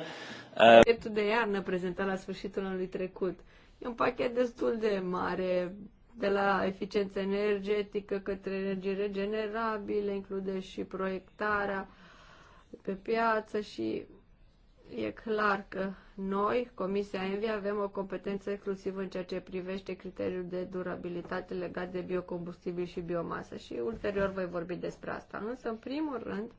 uh... de iarnă prezentat la sfârșitul anului trecut. E un pachet destul de mare, de la eficiență energetică către energie regenerabile, include și proiectarea pe piață și E clar că noi, Comisia Envi, avem o competență exclusivă în ceea ce privește criteriul de durabilitate legat de biocombustibil și biomasă și ulterior voi vorbi despre asta. Însă, în primul rând,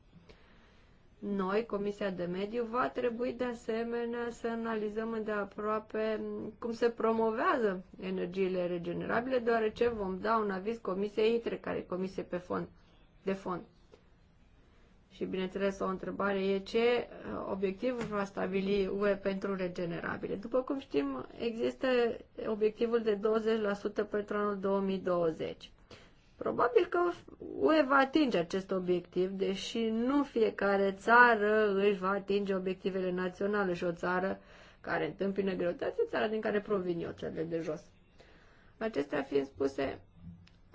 noi, Comisia de Mediu, va trebui de asemenea să analizăm de aproape cum se promovează energiile regenerabile, deoarece vom da un aviz Comisiei ITRE, care e comisie pe fond, de fond. Și bineînțeles, o întrebare e ce uh, obiectiv va stabili UE pentru regenerabile. După cum știm, există obiectivul de 20% pentru anul 2020. Probabil că UE va atinge acest obiectiv, deși nu fiecare țară își va atinge obiectivele naționale și o țară care întâmpină greutăți, țara din care provin eu, cele de jos. Acestea fiind spuse,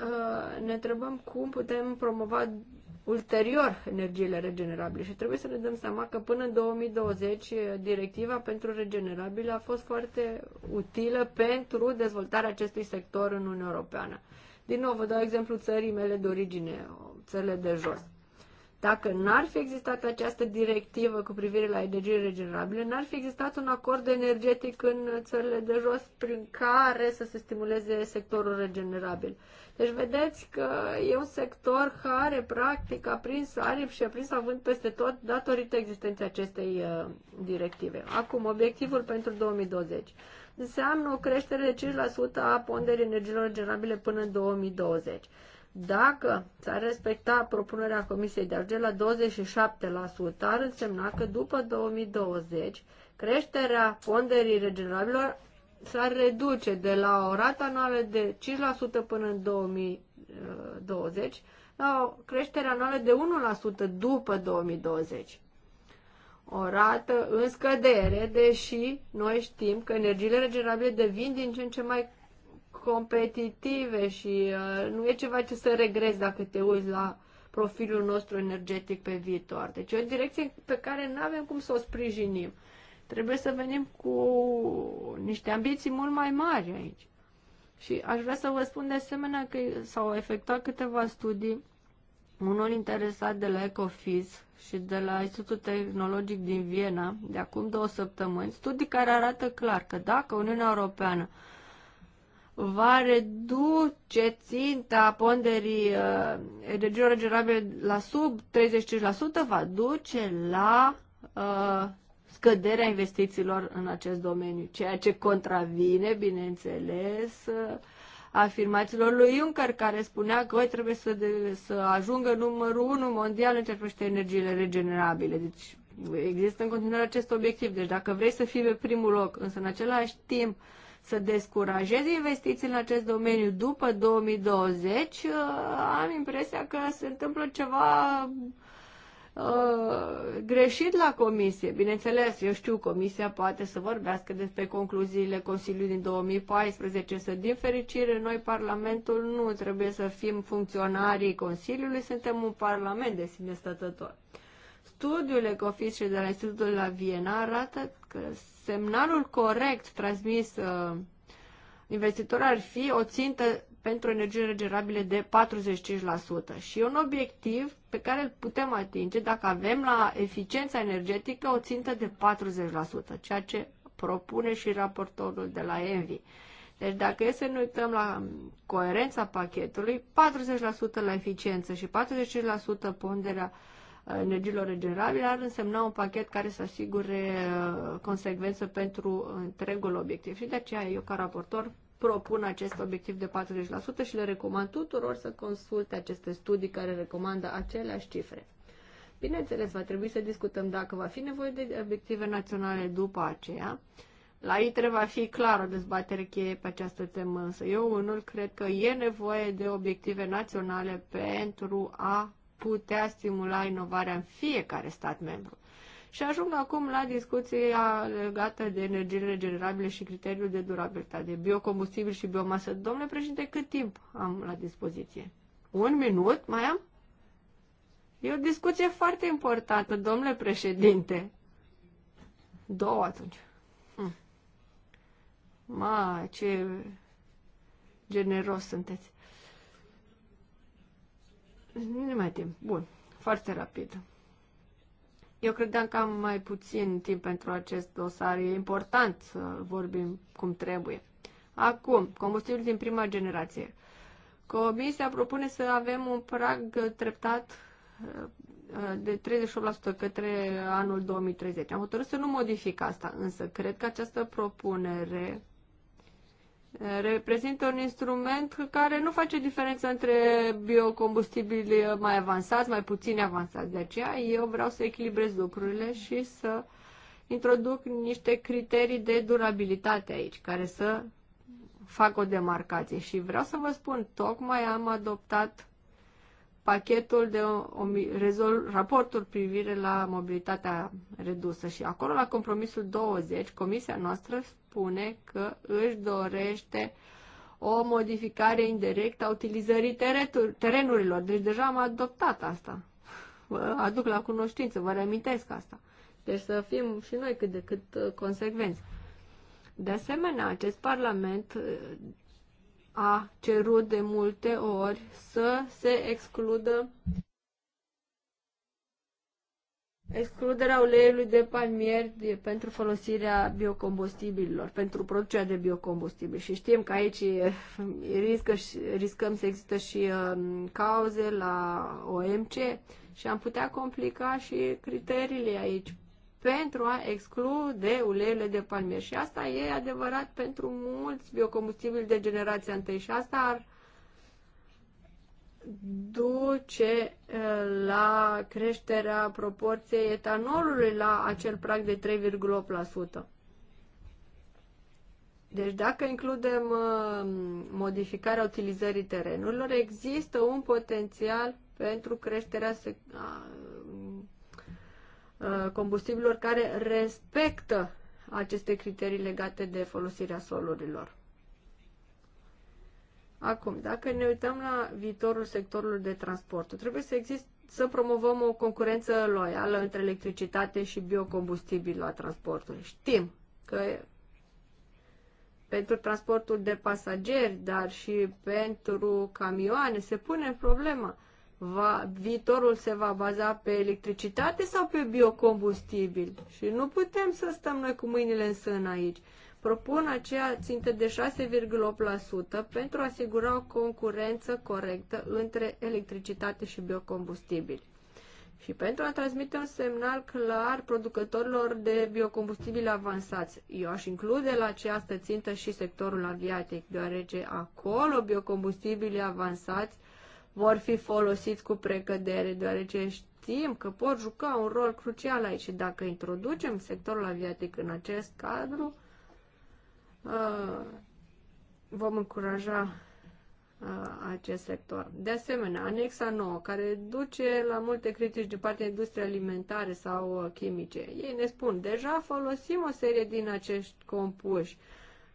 uh, ne întrebăm cum putem promova ulterior energiile regenerabile și trebuie să ne dăm seama că până în 2020 directiva pentru regenerabile a fost foarte utilă pentru dezvoltarea acestui sector în Uniunea Europeană. Din nou, vă dau exemplu țării mele de origine, țările de jos. Dacă n-ar fi existat această directivă cu privire la energie regenerabile, n-ar fi existat un acord energetic în țările de jos prin care să se stimuleze sectorul regenerabil. Deci vedeți că e un sector care practic a prins aripi și a prins având peste tot datorită existenței acestei uh, directive. Acum, obiectivul pentru 2020 înseamnă o creștere de 5% a ponderii energiilor regenerabile până în 2020. Dacă s-ar respecta propunerea Comisiei de a la 27%, ar însemna că după 2020 creșterea ponderii regenerabilor s-ar reduce de la o rată anuală de 5% până în 2020 uh, la o creștere anuală de 1% după 2020. O rată în scădere, deși noi știm că energiile regenerabile devin din ce în ce mai competitive și uh, nu e ceva ce să regrezi dacă te uiți la profilul nostru energetic pe viitor. Deci e o direcție pe care nu avem cum să o sprijinim. Trebuie să venim cu niște ambiții mult mai mari aici. Și aș vrea să vă spun de asemenea că s-au efectuat câteva studii, unul interesat de la Ecofiz și de la Institutul Tehnologic din Viena, de acum două săptămâni, studii care arată clar că dacă Uniunea Europeană va reduce ținta ponderii uh, energiilor regenerabile la sub 35%, va duce la uh, scăderea investițiilor în acest domeniu, ceea ce contravine, bineînțeles, afirmațiilor lui Juncker, care spunea că oi, trebuie să, de, să ajungă numărul unu mondial în ce privește energiile regenerabile. Deci există în continuare acest obiectiv. Deci dacă vrei să fii pe primul loc, însă în același timp să descurajezi investițiile în acest domeniu după 2020, am impresia că se întâmplă ceva Uh, greșit la comisie. Bineînțeles, eu știu, comisia poate să vorbească despre concluziile Consiliului din 2014, să din fericire noi, Parlamentul, nu trebuie să fim funcționarii Consiliului, suntem un Parlament de sine stătător. Studiul Ecofis și de la Institutul la Viena arată că semnalul corect transmis uh, investitor ar fi o țintă pentru energie regenerabile de 45% și e un obiectiv pe care îl putem atinge dacă avem la eficiența energetică o țintă de 40%, ceea ce propune și raportorul de la ENVI. Deci dacă e să ne uităm la coerența pachetului, 40% la eficiență și 45% ponderea uh, energiilor regenerabile ar însemna un pachet care să asigure uh, consecvență pentru întregul obiectiv. Și de aceea eu, ca raportor, propun acest obiectiv de 40% și le recomand tuturor să consulte aceste studii care recomandă aceleași cifre. Bineînțeles, va trebui să discutăm dacă va fi nevoie de obiective naționale după aceea. La ITRE va fi clar o dezbatere cheie pe această temă, însă eu unul cred că e nevoie de obiective naționale pentru a putea stimula inovarea în fiecare stat membru. Și ajung acum la discuția legată de energiile regenerabile și criteriul de durabilitate, biocombustibil și biomasă. Domnule președinte, cât timp am la dispoziție? Un minut mai am? E o discuție foarte importantă, domnule președinte. Două atunci. Hm. Ma, ce generos sunteți. Nu mai timp. Bun. Foarte rapid. Eu credeam că am mai puțin timp pentru acest dosar. E important să vorbim cum trebuie. Acum, combustibil din prima generație. Comisia propune să avem un prag treptat eh, de 38% către anul 2030. Am hotărât să nu modific asta, însă cred că această propunere reprezintă un instrument care nu face diferență între biocombustibili mai avansați, mai puțin avansați. De aceea eu vreau să echilibrez lucrurile și să introduc niște criterii de durabilitate aici, care să fac o demarcație. Și vreau să vă spun, tocmai am adoptat pachetul de rezol, raportul privire la mobilitatea redusă și acolo la compromisul 20 comisia noastră spune că își dorește o modificare indirectă a utilizării terenurilor. Deci deja am adoptat asta. Vă aduc la cunoștință, vă reamintesc asta. Deci să fim și noi cât de cât uh, consecvenți. De asemenea, acest Parlament uh, a cerut de multe ori să se excludă excluderea uleiului de palmier pentru folosirea biocombustibililor, pentru producerea de biocombustibil. Și știm că aici riscă, riscăm să există și um, cauze la OMC și am putea complica și criteriile aici pentru a exclude uleiurile de palmier. Și asta e adevărat pentru mulți biocombustibili de generația întâi și asta ar duce la creșterea proporției etanolului la acel prag de 3,8%. Deci dacă includem modificarea utilizării terenurilor, există un potențial pentru creșterea Uh, combustibilor care respectă aceste criterii legate de folosirea solurilor. Acum, dacă ne uităm la viitorul sectorului de transport, trebuie să existe să promovăm o concurență loială între electricitate și biocombustibil la transportul. Știm că pentru transportul de pasageri, dar și pentru camioane se pune problema va, viitorul se va baza pe electricitate sau pe biocombustibil. Și nu putem să stăm noi cu mâinile în sân aici. Propun aceea țintă de 6,8% pentru a asigura o concurență corectă între electricitate și biocombustibili. Și pentru a transmite un semnal clar producătorilor de biocombustibili avansați, eu aș include la această țintă și sectorul aviatic, deoarece acolo biocombustibilii avansați vor fi folosiți cu precădere, deoarece știm că pot juca un rol crucial aici. Dacă introducem sectorul aviatic în acest cadru, uh, vom încuraja uh, acest sector. De asemenea, anexa 9, care duce la multe critici de partea industriei alimentare sau uh, chimice. Ei ne spun, deja folosim o serie din acești compuși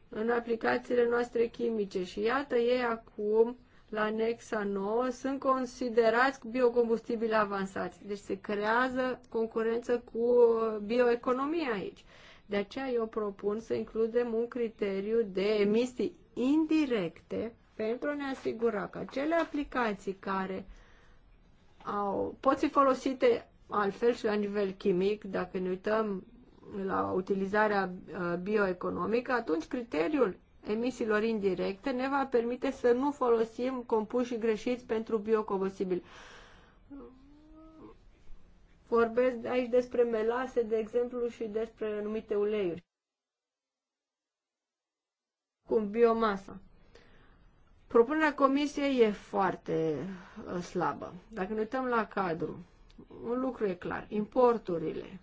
în aplicațiile noastre chimice și iată ei acum la anexa 9 sunt considerați biocombustibili avansați. Deci se creează concurență cu bioeconomia aici. De aceea eu propun să includem un criteriu de emisii indirecte pentru a ne asigura că acele aplicații care au, pot fi folosite altfel și la nivel chimic, dacă ne uităm la utilizarea uh, bioeconomică, atunci criteriul emisiilor indirecte ne va permite să nu folosim compuși greșiți pentru biocombustibil. Vorbesc aici despre melase, de exemplu, și despre anumite uleiuri. Cum biomasa. Propunerea comisiei e foarte uh, slabă. Dacă ne uităm la cadru, un lucru e clar. Importurile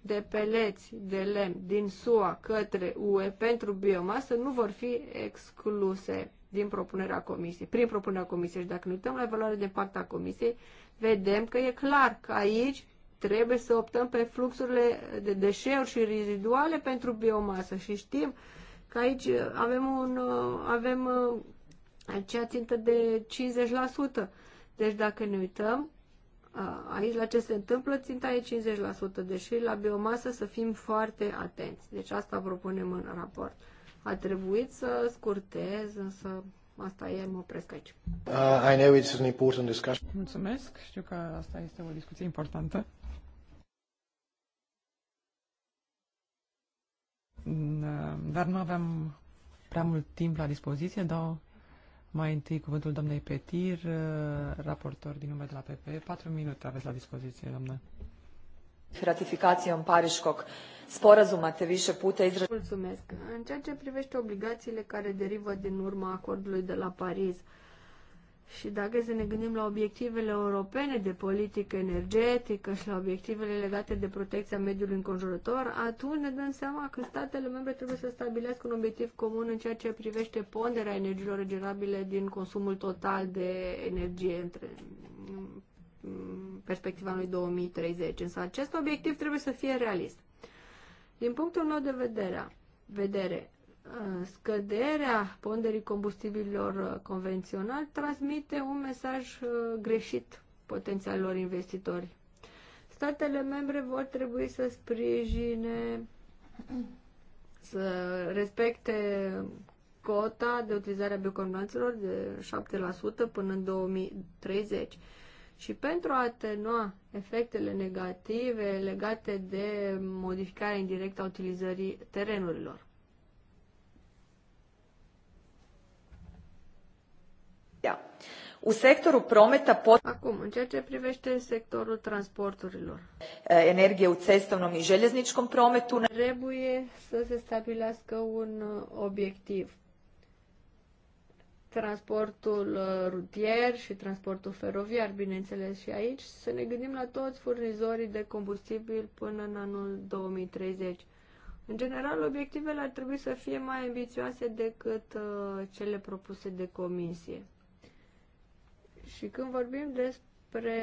de peleți de lemn din SUA către UE pentru biomasă nu vor fi excluse din propunerea comisiei, prin propunerea comisiei. Și dacă ne uităm la evaluare de impact a comisiei, vedem că e clar că aici trebuie să optăm pe fluxurile de deșeuri și reziduale pentru biomasă și știm că aici avem, un, avem uh, acea țintă de 50%. Deci dacă ne uităm, Aici la ce se întâmplă, ținta e 50%, deși la biomasă să fim foarte atenți. Deci asta propunem în raport. A trebuit să scurtez, însă asta e, mă opresc aici. Uh, I know it's an important discussion. Mulțumesc, știu că asta este o discuție importantă. Uh, dar nu avem prea mult timp la dispoziție, dar. Mai întâi cuvântul domnei Petir, uh, raportor din numele de la PP. Patru minute aveți la dispoziție, doamnă. Ratifikacijom Pariškog sporazuma te više puta izra... Mulțumesc. În ceea ce privește obligațiile care derivă din urma acordului de la Paris, și dacă să ne gândim la obiectivele europene de politică energetică și la obiectivele legate de protecția mediului înconjurător, atunci ne dăm seama că statele membre trebuie să stabilească un obiectiv comun în ceea ce privește ponderea energiilor regenerabile din consumul total de energie între în perspectiva lui 2030. Însă acest obiectiv trebuie să fie realist. Din punctul meu de vedere, vedere scăderea ponderii combustibililor convenționali transmite un mesaj uh, greșit potențialilor investitori. Statele membre vor trebui să sprijine, să respecte cota de utilizare a biocarburanților de 7% până în 2030. Și pentru a atenua efectele negative legate de modificarea indirectă a utilizării terenurilor. U sectorul prometa pot... Acum, în ceea ce privește sectorul transporturilor. Energie u cestovnom i železničkom prometu. Trebuie să se stabilească un uh, obiectiv. Transportul uh, rutier și transportul feroviar, bineînțeles, și aici să ne gândim la toți furnizorii de combustibil până în anul 2030. În general, obiectivele ar trebui să fie mai ambițioase decât uh, cele propuse de comisie. Și când vorbim despre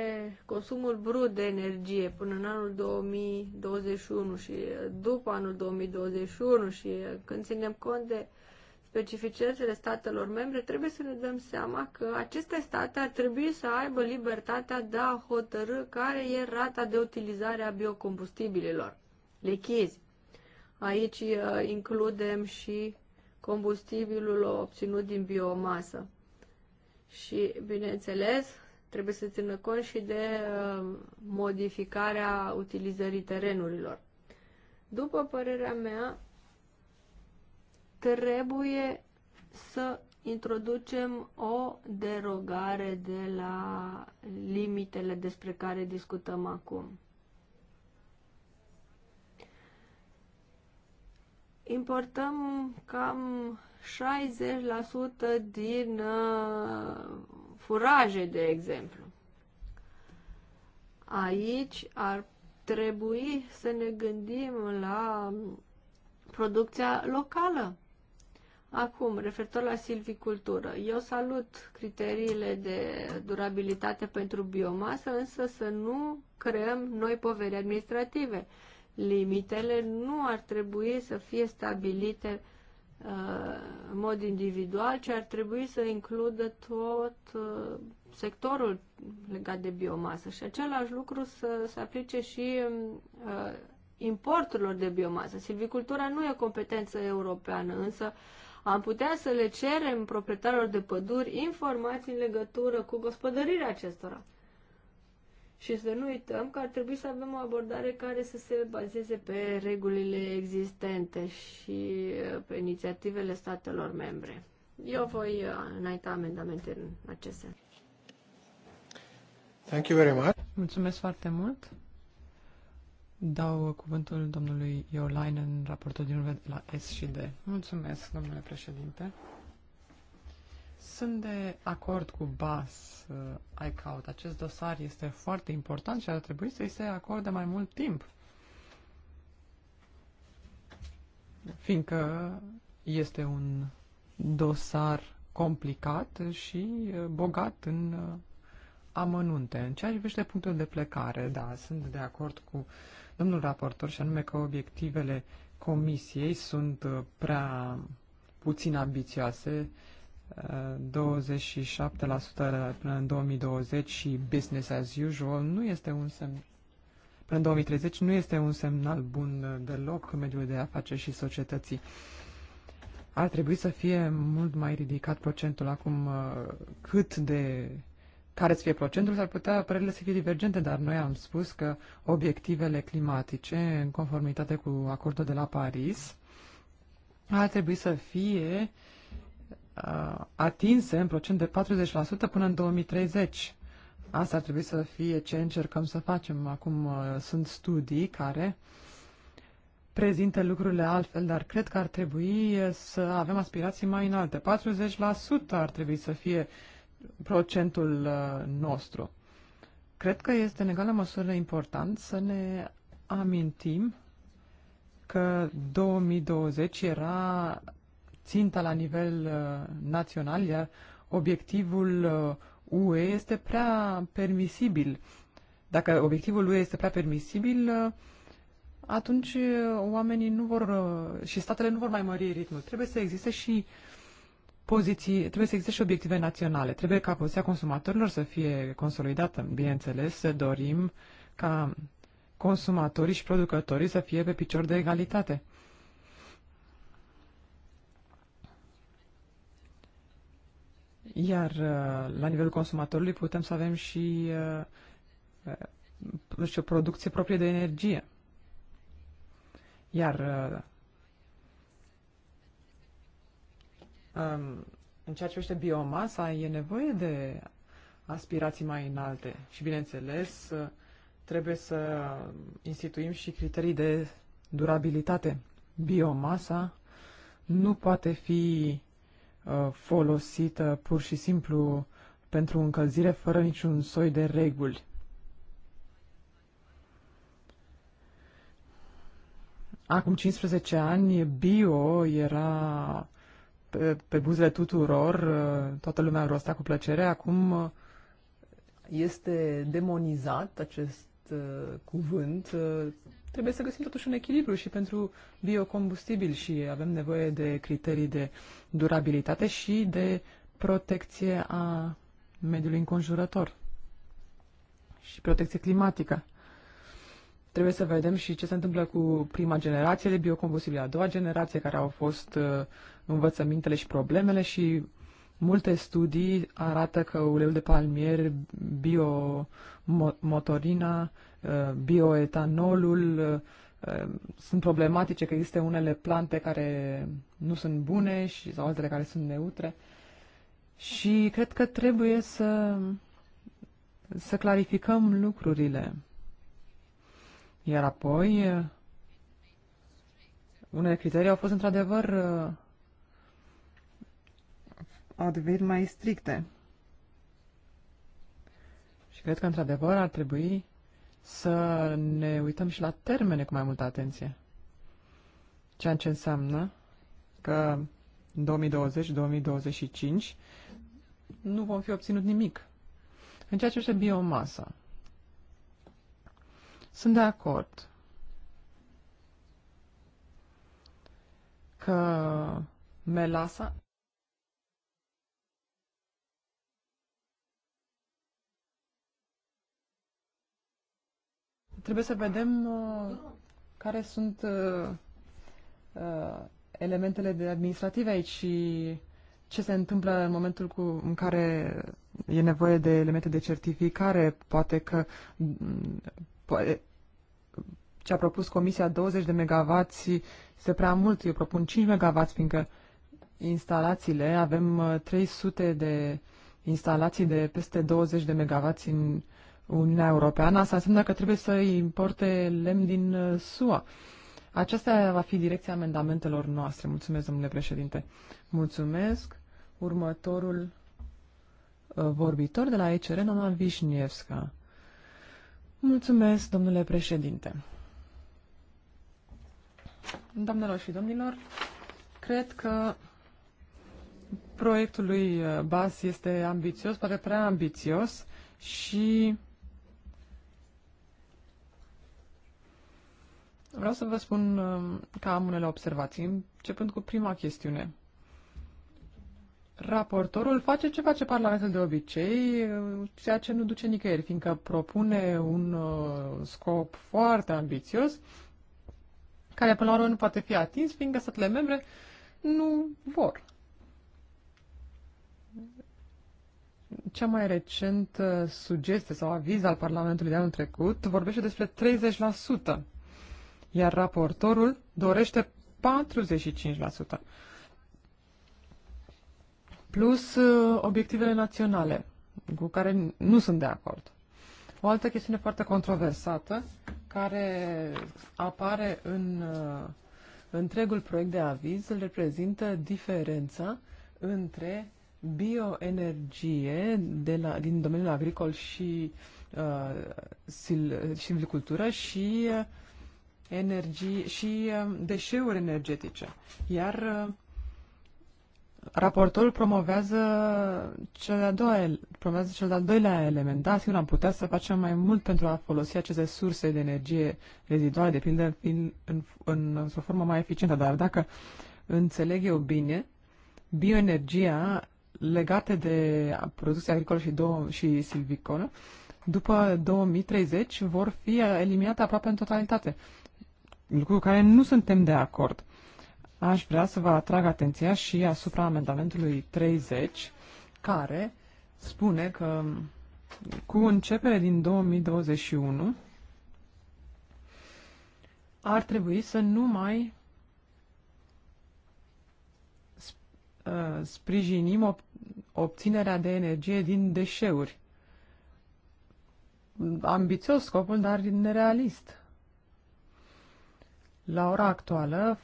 consumul brut de energie până în anul 2021 și după anul 2021 și când ținem cont de specificitățile statelor membre, trebuie să ne dăm seama că aceste state ar trebui să aibă libertatea de a hotărâ care e rata de utilizare a biocombustibililor, lechizi. Aici includem și combustibilul obținut din biomasă și, bineînțeles, trebuie să țină cont și de uh, modificarea utilizării terenurilor. După părerea mea, trebuie să introducem o derogare de la limitele despre care discutăm acum. Importăm cam 60% din uh, furaje, de exemplu. Aici ar trebui să ne gândim la producția locală. Acum, referitor la silvicultură, eu salut criteriile de durabilitate pentru biomasă, însă să nu creăm noi poveri administrative. Limitele nu ar trebui să fie stabilite uh, Uh, în mod individual, ci ar trebui să includă tot uh, sectorul legat de biomasă și același lucru să se aplice și um, uh, importurilor de biomasă. Silvicultura nu e competență europeană, însă am putea să le cerem proprietarilor de păduri informații în legătură cu gospodărirea acestora. Și să nu uităm că ar trebui să avem o abordare care să se bazeze pe regulile existente și uh, pe inițiativele statelor membre. Eu voi uh, înainta amendamente în acest sens. Thank you very much. Mulțumesc foarte mult. Dau cuvântul domnului Iolainen, raportor din la S și D. Mulțumesc, domnule președinte. Sunt de acord cu BAS uh, iCloud. Acest dosar este foarte important și ar trebui să-i se acorde mai mult timp. Fiindcă este un dosar complicat și uh, bogat în uh, amănunte. În ceea ce privește punctul de plecare, da, sunt de acord cu domnul raportor și anume că obiectivele comisiei sunt uh, prea puțin ambițioase 27% până în 2020 și business as usual nu este un semn până în 2030 nu este un semnal bun deloc mediul de afaceri și societății. Ar trebui să fie mult mai ridicat procentul acum uh, cât de care să fie procentul, s-ar putea părerile să fie divergente, dar noi am spus că obiectivele climatice, în conformitate cu acordul de la Paris, ar trebui să fie uh, uh, atinse în procent de 40% până în 2030. Asta ar trebui să fie ce încercăm să facem. Acum uh, sunt studii care prezintă lucrurile altfel, dar cred că ar trebui uh, să avem aspirații mai înalte. 40% ar trebui să fie procentul uh, nostru. Cred că este în egală măsură important să ne amintim că 2020 era ținta la nivel uh, național, iar obiectivul uh, UE este prea permisibil. Dacă obiectivul UE este prea permisibil, uh, atunci uh, oamenii nu vor uh, și statele nu vor mai mări ritmul. Trebuie să existe și poziții, trebuie să existe și obiective naționale. Trebuie ca poziția consumatorilor să fie consolidată, bineînțeles, să dorim ca consumatorii și producătorii să fie pe picior de egalitate. Iar uh, la nivelul consumatorului putem să avem și, uh, uh, și o producție proprie de energie. Iar um, în ceea ce privește biomasa, e nevoie de aspirații mai înalte și, bineînțeles, trebuie să instituim și criterii de durabilitate. Biomasa nu poate fi Uh, folosită pur și simplu pentru încălzire fără niciun soi de reguli. Acum 15 ani bio era pe, pe buzele tuturor, uh, toată lumea rosta cu plăcere, acum uh, este demonizat acest acest uh, cuvânt, uh, trebuie să găsim totuși un echilibru și pentru biocombustibil și avem nevoie de criterii de durabilitate și de protecție a mediului înconjurător și protecție climatică. Trebuie să vedem și ce se întâmplă cu prima generație de biocombustibili, a doua generație, care au fost uh, învățămintele și problemele și Multe studii arată că uleiul de palmier, biomotorina, eh, bioetanolul eh, sunt problematice, că există unele plante care nu sunt bune și, sau altele care sunt neutre. Și cred că trebuie să, să clarificăm lucrurile. Iar apoi, eh, unele criterii au fost într-adevăr au devenit mai stricte. Și cred că, într-adevăr, ar trebui să ne uităm și la termene cu mai multă atenție. Ceea ce înseamnă că în 2020-2025 nu vom fi obținut nimic. În ceea ce este biomasa, sunt de acord că melasa Trebuie să vedem uh, care sunt uh, uh, elementele de administrative aici și ce se întâmplă în momentul cu, în care e nevoie de elemente de certificare. Poate că mm, poate, ce a propus Comisia 20 de megavați este prea mult. Eu propun 5 megavați, fiindcă instalațiile, avem 300 uh, de instalații de peste 20 de megavați în Uniunea Europeană, asta înseamnă că trebuie să importe lemn din uh, SUA. Aceasta va fi direcția amendamentelor noastre. Mulțumesc, domnule președinte. Mulțumesc. Următorul uh, vorbitor de la ECR, doamna Vișnievska. Mulțumesc, domnule președinte. Doamnelor și domnilor, cred că proiectul lui uh, BAS este ambițios, poate prea ambițios și Vreau să vă spun um, că am unele observații, începând cu prima chestiune. Raportorul face ce face Parlamentul de obicei, uh, ceea ce nu duce nicăieri, fiindcă propune un uh, scop foarte ambițios, care până la urmă nu poate fi atins, fiindcă statele membre nu vor. Cea mai recentă uh, sugestie sau aviz al Parlamentului de anul trecut vorbește despre 30% iar raportorul dorește 45%, plus uh, obiectivele naționale, cu care nu sunt de acord. O altă chestiune foarte controversată, care apare în uh, întregul proiect de aviz, îl reprezintă diferența între bioenergie de la, din domeniul agricol și uh, silvicultură și uh, energii și um, deșeuri energetice. Iar uh, raportorul promovează cel de-al doilea, promovează cel de-al doilea element. Da, sigur, am putea să facem mai mult pentru a folosi aceste surse de energie reziduale, de pildă, în, în, în, într-o formă mai eficientă. Dar dacă înțeleg eu bine, bioenergia legate de producția agricolă și, do- și silvicolă, după 2030 vor fi eliminate aproape în totalitate lucru cu care nu suntem de acord. Aș vrea să vă atrag atenția și asupra amendamentului 30, care spune că cu începere din 2021 ar trebui să nu mai uh, sprijinim obținerea de energie din deșeuri. Ambițios scopul, dar nerealist. La ora actuală,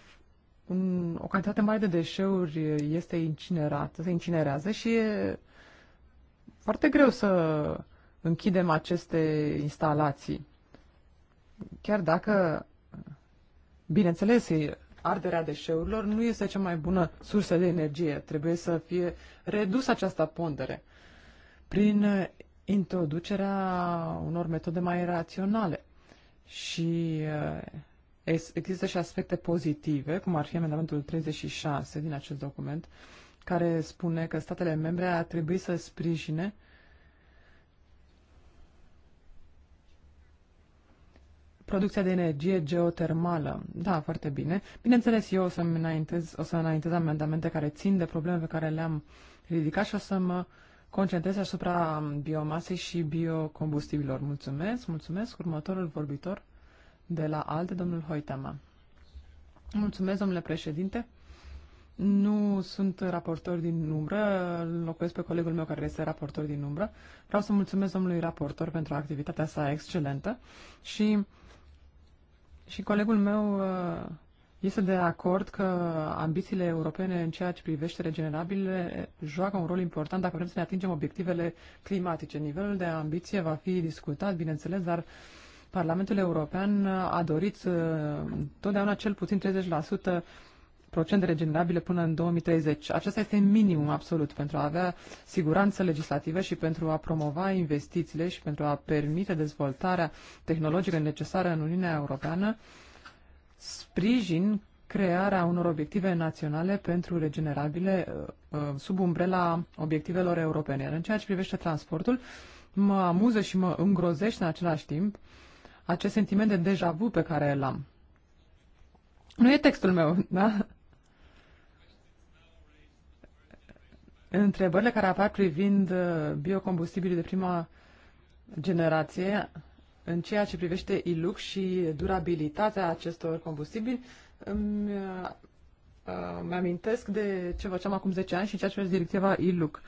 un, o cantitate mare de deșeuri este incinerată, se incinerează și e foarte greu să închidem aceste instalații. Chiar dacă, bineînțeles, arderea deșeurilor nu este cea mai bună sursă de energie. Trebuie să fie redusă această pondere prin introducerea unor metode mai raționale și Există și aspecte pozitive, cum ar fi amendamentul 36 din acest document, care spune că statele membre ar trebui să sprijine producția de energie geotermală. Da, foarte bine. Bineînțeles, eu o să înaintez, o să înaintez amendamente care țin de probleme pe care le-am ridicat și o să mă concentrez asupra biomasei și biocombustibilor. Mulțumesc, mulțumesc. Următorul vorbitor de la alte, domnul Hoitama. Mulțumesc, domnule președinte. Nu sunt raportor din umbră, locuiesc pe colegul meu care este raportor din umbră. Vreau să mulțumesc domnului raportor pentru activitatea sa excelentă și, și colegul meu uh, este de acord că ambițiile europene în ceea ce privește regenerabile joacă un rol important dacă vrem să ne atingem obiectivele climatice. Nivelul de ambiție va fi discutat, bineînțeles, dar uh, Parlamentul European a dorit uh, totdeauna cel puțin 30% procente regenerabile până în 2030. Acesta este minimum absolut pentru a avea siguranță legislativă și pentru a promova investițiile și pentru a permite dezvoltarea tehnologică necesară în Uniunea Europeană, sprijin crearea unor obiective naționale pentru regenerabile uh, uh, sub umbrela obiectivelor europene. în ceea ce privește transportul, mă amuză și mă îngrozește în același timp acest sentiment de deja vu pe care îl am. Nu e textul meu, da? Întrebările care apar privind uh, biocombustibilii de prima generație în ceea ce privește iluc și durabilitatea acestor combustibili, îmi, uh, uh, îmi amintesc de ce făceam acum 10 ani și în ceea ce privește directiva iluc.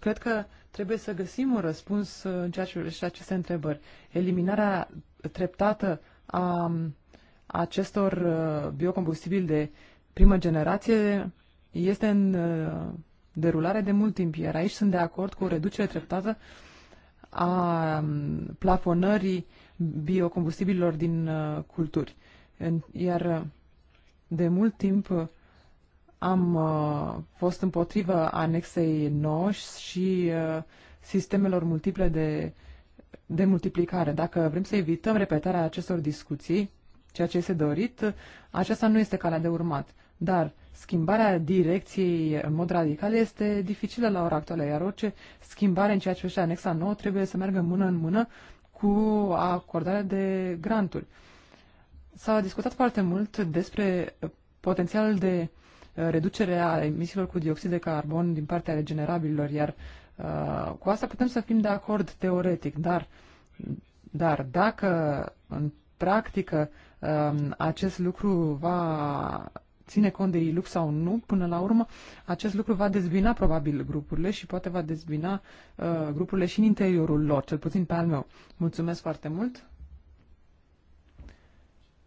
Cred că trebuie să găsim un răspuns în ceea ce privește aceste întrebări. Eliminarea treptată a um, acestor uh, biocombustibili de primă generație este în uh, derulare de mult timp, iar aici sunt de acord cu o reducere treptată a um, plafonării biocombustibililor din uh, culturi. Iar de mult timp am fost împotriva anexei 9 și sistemelor multiple de de multiplicare. Dacă vrem să evităm repetarea acestor discuții, ceea ce este dorit, aceasta nu este calea de urmat. Dar schimbarea direcției în mod radical este dificilă la ora actuală, iar orice schimbare în ceea ce privește anexa nouă trebuie să meargă mână în mână cu acordarea de granturi. S-a discutat foarte mult despre potențialul de reducere a emisiilor cu dioxid de carbon din partea regenerabililor, iar Uh, cu asta putem să fim de acord teoretic, dar, dar dacă în practică um, acest lucru va ține cont de ILUC sau nu, până la urmă, acest lucru va dezbina probabil grupurile și poate va dezbina uh, grupurile și în interiorul lor, cel puțin pe al meu. Mulțumesc foarte mult!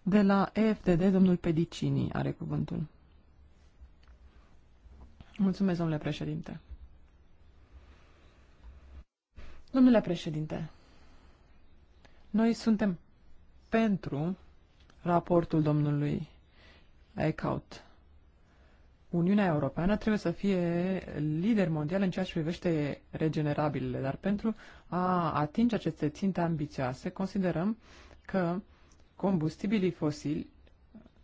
De la EFTD, domnul Pedicini are cuvântul. Mulțumesc, domnule președinte. Domnule președinte, noi suntem pentru raportul domnului Eichhout. Uniunea Europeană trebuie să fie lider mondial în ceea ce privește regenerabilele, dar pentru a atinge aceste ținte ambițioase, considerăm că combustibilii fosili,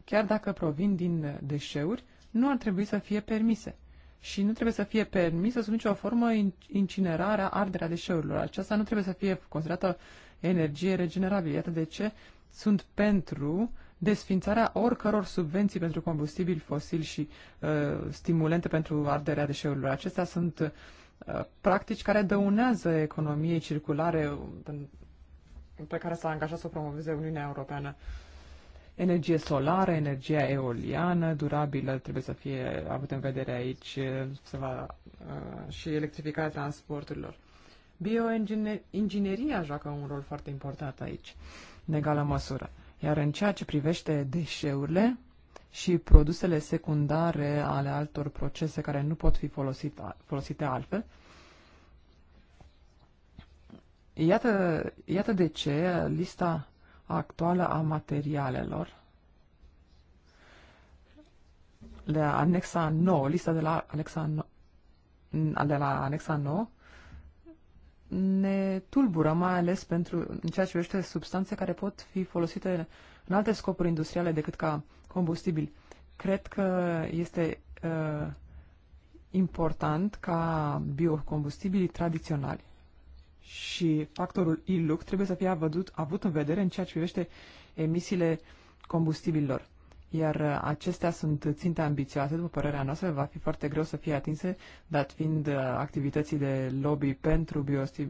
chiar dacă provin din deșeuri, nu ar trebui să fie permise și nu trebuie să fie permisă sub nicio formă incinerarea, arderea deșeurilor. Aceasta nu trebuie să fie considerată energie regenerabilă. Iată de ce sunt pentru desfințarea oricăror subvenții pentru combustibili fosili și uh, stimulente pentru arderea deșeurilor. Acestea sunt uh, practici care dăunează economiei circulare um, pe care s-a angajat să o promoveze Uniunea Europeană. Uh, energie solară, energia eoliană, durabilă, trebuie să fie avut în vedere aici să va, uh, și electrificarea transporturilor. Bioingineria joacă un rol foarte important aici, în egală măsură. Iar în ceea ce privește deșeurile și produsele secundare ale altor procese care nu pot fi folosite, folosite altfel, iată, iată de ce lista actuală a materialelor, de la anexa 9, lista de la anexa 9, de la anexa 9 ne tulbură, mai ales pentru în ceea ce privește substanțe care pot fi folosite în alte scopuri industriale decât ca combustibil. Cred că este uh, important ca biocombustibilii tradiționali și factorul ILUC trebuie să fie avut, avut în vedere în ceea ce privește emisiile combustibililor. Iar uh, acestea sunt ținte ambițioase, după părerea noastră, va fi foarte greu să fie atinse, dat fiind uh, activității de lobby pentru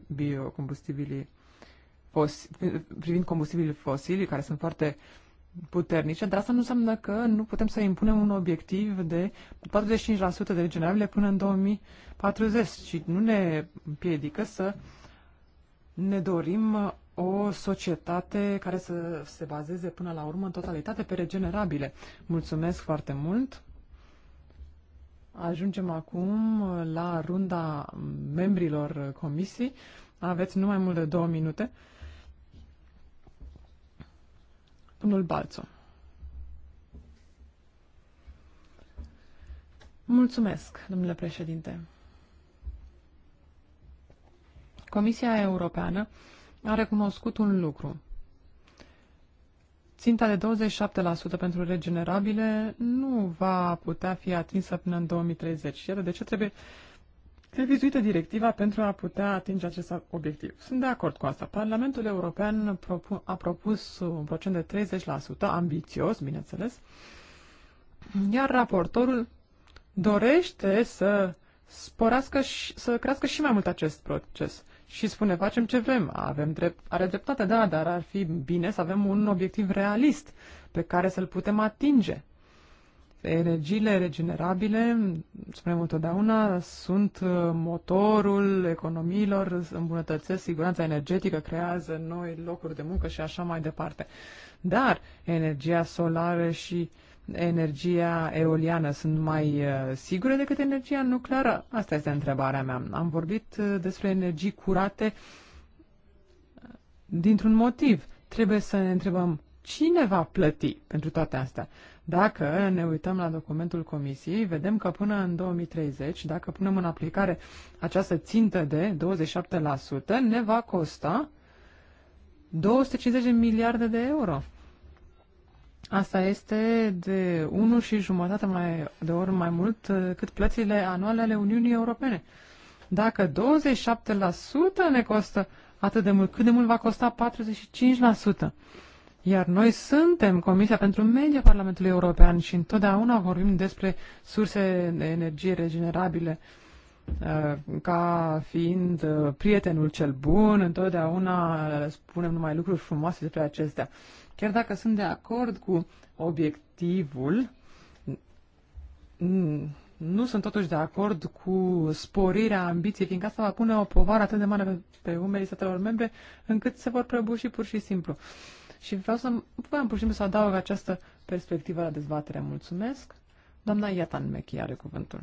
biocombustibilii fos, privind combustibilii fosili, care sunt foarte puternice, dar asta nu înseamnă că nu putem să impunem un obiectiv de 45% de regenerabile până în 2040 și nu ne împiedică să uh, ne dorim uh, o societate care să se bazeze până la urmă în totalitate pe regenerabile. Mulțumesc foarte mult! Ajungem acum uh, la runda membrilor comisii. Aveți numai mult de două minute. Domnul Balțu. Mulțumesc, domnule președinte. Comisia Europeană a recunoscut un lucru. Ținta de 27% pentru regenerabile nu va putea fi atinsă până în 2030. Iată de ce trebuie revizuită directiva pentru a putea atinge acest obiectiv. Sunt de acord cu asta. Parlamentul European a propus un procent de 30%, ambițios, bineînțeles, iar raportorul dorește să sporească și, să crească și mai mult acest proces și spune facem ce vrem, avem drept, are dreptate, da, dar ar fi bine să avem un obiectiv realist pe care să-l putem atinge. Energiile regenerabile, spunem întotdeauna, sunt uh, motorul economiilor, îmbunătățesc siguranța energetică, creează noi locuri de muncă și așa mai departe. Dar energia solară și uh, energia eoliană sunt mai uh, sigure decât energia nucleară? Asta este întrebarea mea. Am vorbit uh, despre energii curate uh, dintr-un motiv. Trebuie să ne întrebăm cine va plăti pentru toate astea. Dacă ne uităm la documentul Comisiei, vedem că până în 2030, dacă punem în aplicare această țintă de 27%, ne va costa 250 de miliarde de euro. Asta este de 1 și jumătate mai, de ori mai mult uh, cât plățile anuale ale Uniunii Europene. Dacă 27% ne costă atât de mult, cât de mult va costa 45%? Iar noi suntem Comisia pentru Mediul Parlamentului European și întotdeauna vorbim despre surse de energie regenerabile uh, ca fiind uh, prietenul cel bun, întotdeauna spunem numai lucruri frumoase despre acestea. Chiar dacă sunt de acord cu obiectivul, nu sunt totuși de acord cu sporirea ambiției, fiindcă asta va pune o povară atât de mare pe, umerii statelor membre, încât se vor prăbuși pur și simplu. Și vreau să vreau pur și simplu să adaug această perspectivă la dezbatere. Mulțumesc. Doamna Iatan Mechi are cuvântul.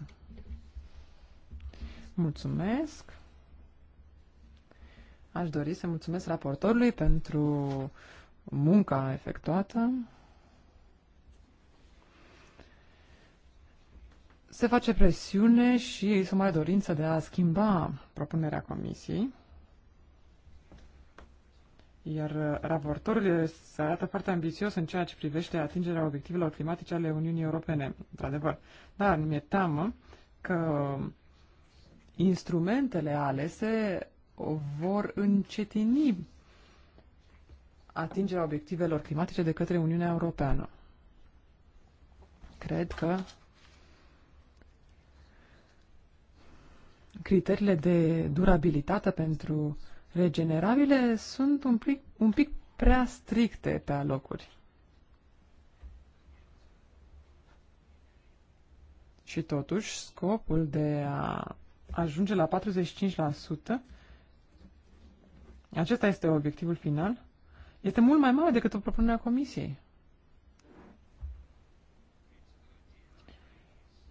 Mulțumesc. Aș dori să mulțumesc raportorului pentru munca efectuată. Se face presiune și există o dorință de a schimba propunerea comisiei. Iar raportorul se arată foarte ambițios în ceea ce privește atingerea obiectivelor climatice ale Uniunii Europene, într-adevăr. Dar mi-e teamă că instrumentele alese vor încetini atingerea obiectivelor climatice de către Uniunea Europeană. Cred că criteriile de durabilitate pentru regenerabile sunt un pic, un pic prea stricte pe alocuri. Și totuși, scopul de a ajunge la 45%, acesta este obiectivul final, este mult mai mare decât o propunere a Comisiei.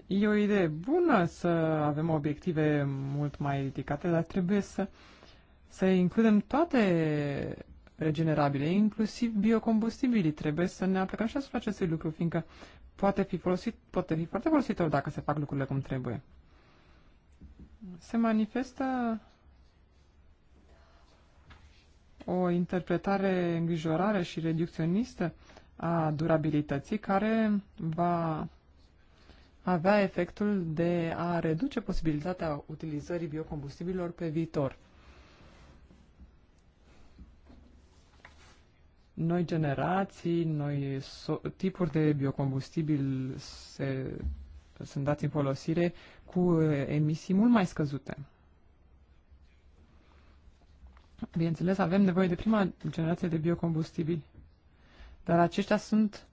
E o idee bună să avem obiective mult mai ridicate, dar trebuie să, să includem toate regenerabile, inclusiv biocombustibilii. Trebuie să ne aplicăm și asupra acestui lucru, fiindcă poate fi, folosit, poate fi foarte folositor dacă se fac lucrurile cum trebuie. Se manifestă o interpretare îngrijorare și reducționistă a durabilității care va avea efectul de a reduce posibilitatea utilizării biocombustibilor pe viitor. Noi generații, noi so- tipuri de biocombustibil se, sunt dați în folosire cu emisii mult mai scăzute. Bineînțeles, avem nevoie de prima generație de biocombustibili, dar aceștia sunt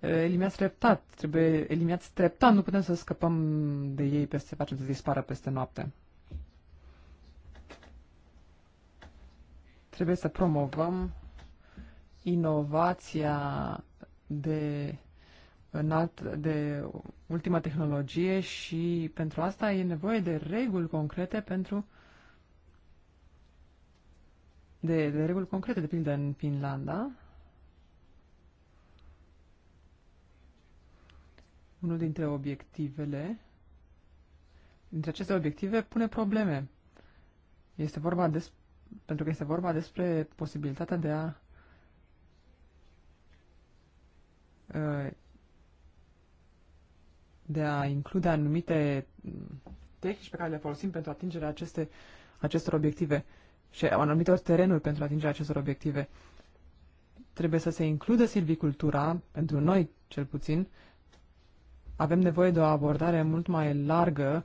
eliminați treptat, trebuie eliminați treptat, nu putem să scăpăm de ei peste, facem să dispară peste noapte. Trebuie să promovăm inovația de, înalt, de ultima tehnologie și pentru asta e nevoie de reguli concrete pentru uh, de, de reguli concrete, de pildă în Finlanda. Unul dintre obiectivele, dintre aceste obiective, pune probleme. Este vorba des, pentru că este vorba despre posibilitatea de a uh, de a include anumite tehnici pe care le folosim pentru atingerea aceste, acestor obiective și au anumitor terenuri pentru atingerea acestor obiective. Trebuie să se includă silvicultura, pentru noi cel puțin, avem nevoie de o abordare mult mai largă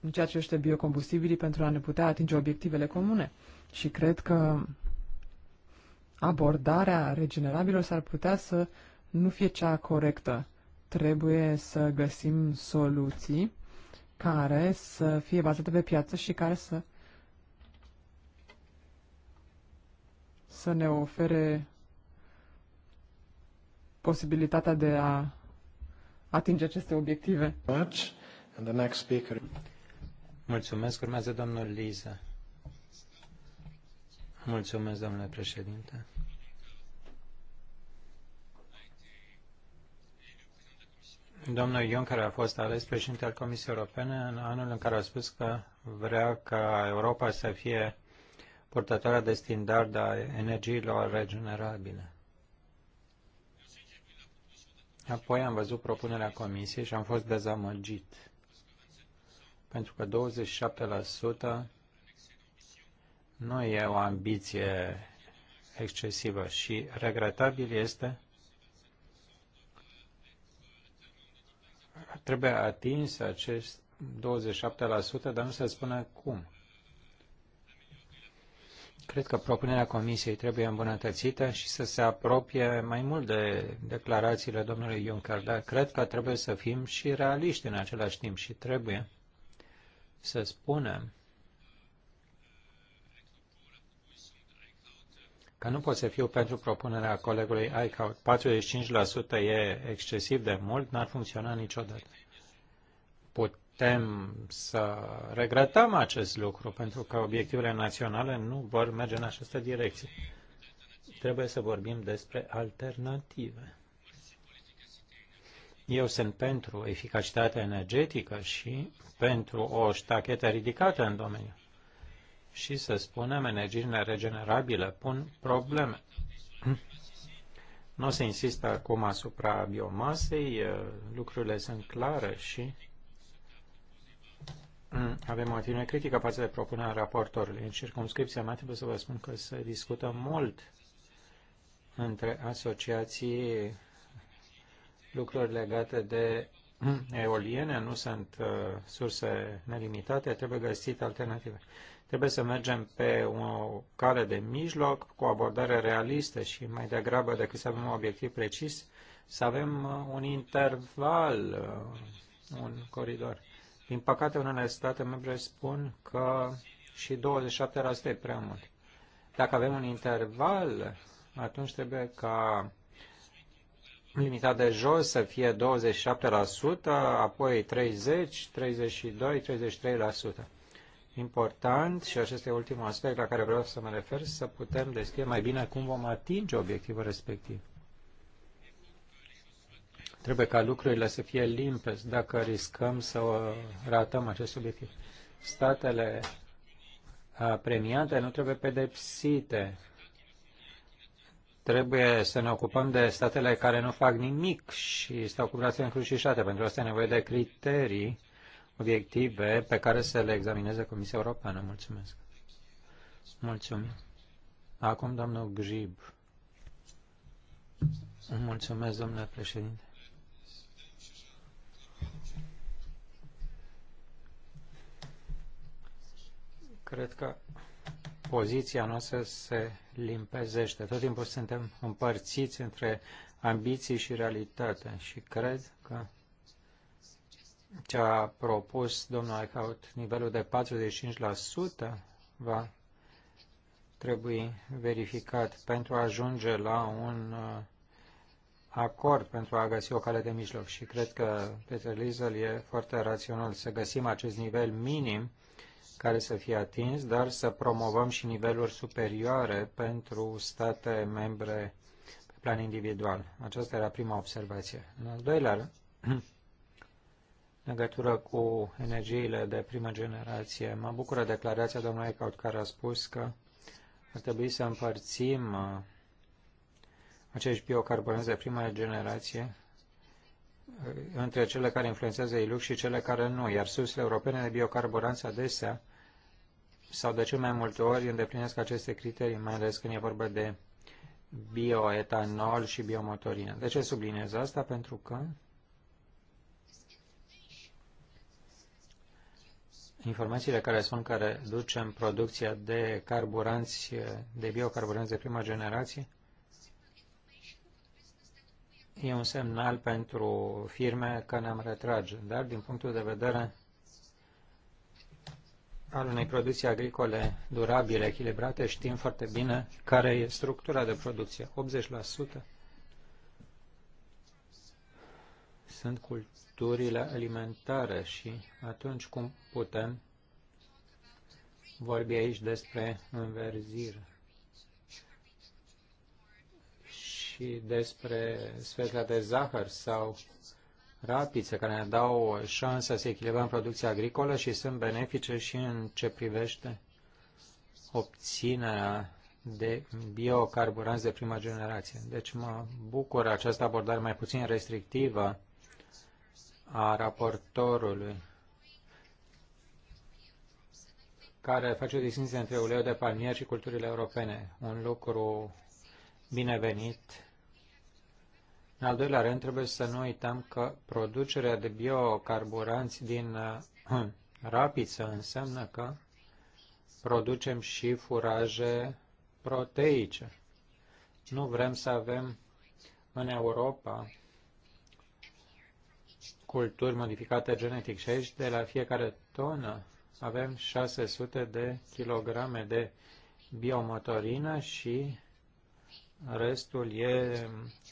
în ceea ce este biocombustibilii pentru a ne putea atinge obiectivele comune. Și cred că abordarea regenerabilor s-ar putea să nu fie cea corectă. Trebuie să găsim soluții care să fie bazate pe piață și care să să ne ofere posibilitatea de a atinge aceste obiective. Mulțumesc. Urmează domnul Liza. Mulțumesc, domnule președinte. Domnul Ion care a fost ales președinte al Comisiei Europene în anul în care a spus că vrea ca Europa să fie purtătoare de standard a energiilor regenerabile. Apoi am văzut propunerea comisiei și am fost dezamăgit, pentru că 27% nu e o ambiție excesivă și regretabil este trebuie atins acest 27%, dar nu se spune cum. Cred că propunerea Comisiei trebuie îmbunătățită și să se apropie mai mult de declarațiile domnului Juncker, dar cred că trebuie să fim și realiști în același timp și trebuie să spunem că nu pot să fiu pentru propunerea colegului Eichhout. 45% e excesiv de mult, n-ar funcționa niciodată putem să regretăm acest lucru, pentru că obiectivele naționale nu vor merge în această direcție. Trebuie să vorbim despre alternative. Eu sunt pentru eficacitatea energetică și pentru o ștachetă ridicată în domeniu. Și să spunem, energiile regenerabile pun probleme. Nu se insistă acum asupra biomasei, lucrurile sunt clare și Mm. avem o atitudine critică față de propunerea raportorului. În circumscripția mea trebuie să vă spun că se discută mult între asociații lucruri legate de eoliene, nu sunt uh, surse nelimitate, trebuie găsit alternative. Trebuie să mergem pe o cale de mijloc, cu o abordare realistă și mai degrabă decât să avem un obiectiv precis, să avem uh, un interval, uh, un coridor. Din păcate, unele state membre spun că și 27% e prea mult. Dacă avem un interval, atunci trebuie ca limita de jos să fie 27%, apoi 30, 32, 33%. Important, și acesta e ultimul aspect la care vreau să mă refer, să putem descrie mai bine cum vom atinge obiectivul respectiv. Trebuie ca lucrurile să fie limpezi dacă riscăm să ratăm acest obiectiv. Statele premiate nu trebuie pedepsite. Trebuie să ne ocupăm de statele care nu fac nimic și stau cu brațele încrucișate. Pentru asta e nevoie de criterii obiective pe care să le examineze Comisia Europeană. Mulțumesc. Mulțumim. Acum, domnul Grib. Mulțumesc, domnule președinte. Cred că poziția noastră se limpezește. Tot timpul suntem împărțiți între ambiții și realitate și cred că ce a propus domnul Eichhout, nivelul de 45%, va trebui verificat pentru a ajunge la un uh, acord pentru a găsi o cale de mijloc. Și cred că Peter Liesel e foarte rațional să găsim acest nivel minim care să fie atins, dar să promovăm și niveluri superioare pentru state membre pe plan individual. Aceasta era prima observație. În al doilea rând, legătură cu energiile de primă generație, mă bucură declarația domnului Ecaut care a spus că ar trebui să împărțim uh, acești biocarbonezi de primă generație uh, între cele care influențează ILUC și cele care nu, iar sursele europene de biocarburanți adesea sau de ce mai multe ori îndeplinesc aceste criterii, mai ales când e vorba de bioetanol și biomotorină. De ce subliniez asta? Pentru că informațiile care spun că reducem producția de carburanți, de biocarburanți de prima generație, e un semnal pentru firme că ne-am retrage. Dar din punctul de vedere al unei producții agricole durabile, echilibrate, știm foarte bine care e structura de producție. 80% sunt culturile alimentare și atunci cum putem vorbi aici despre înverzire și despre sfetla de zahăr sau rapițe care ne dau șansa să echilibrăm producția agricolă și sunt benefice și în ce privește obținerea de biocarburanți de prima generație. Deci mă bucur această abordare mai puțin restrictivă a raportorului care face o distinție între uleiul de palmier și culturile europene. Un lucru binevenit în al doilea rând, trebuie să nu uităm că producerea de biocarburanți din rapiță înseamnă că producem și furaje proteice. Nu vrem să avem în Europa culturi modificate genetic și aici de la fiecare tonă avem 600 de kilograme de biomotorină și Restul e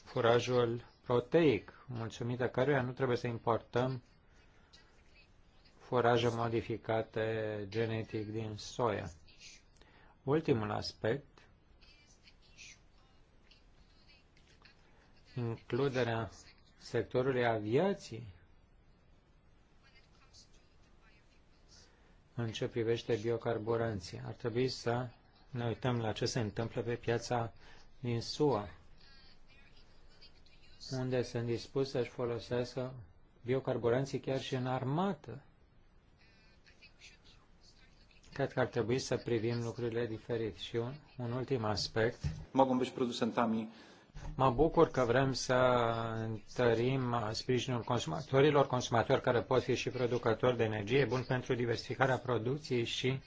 furajul proteic, mulțumită căruia nu trebuie să importăm furaje modificate genetic din soia. Ultimul aspect includerea sectorului aviației în ce privește biocarburanții. Ar trebui să ne uităm la ce se întâmplă pe piața din SUA, unde sunt dispuși să-și folosească biocarburanții chiar și în armată. Cred că ar trebui să privim lucrurile diferit. Și un, un ultim aspect. Mă być Mă bucur că vrem să întărim sprijinul consumatorilor, consumatori care pot fi și producători de energie, bun pentru diversificarea producției și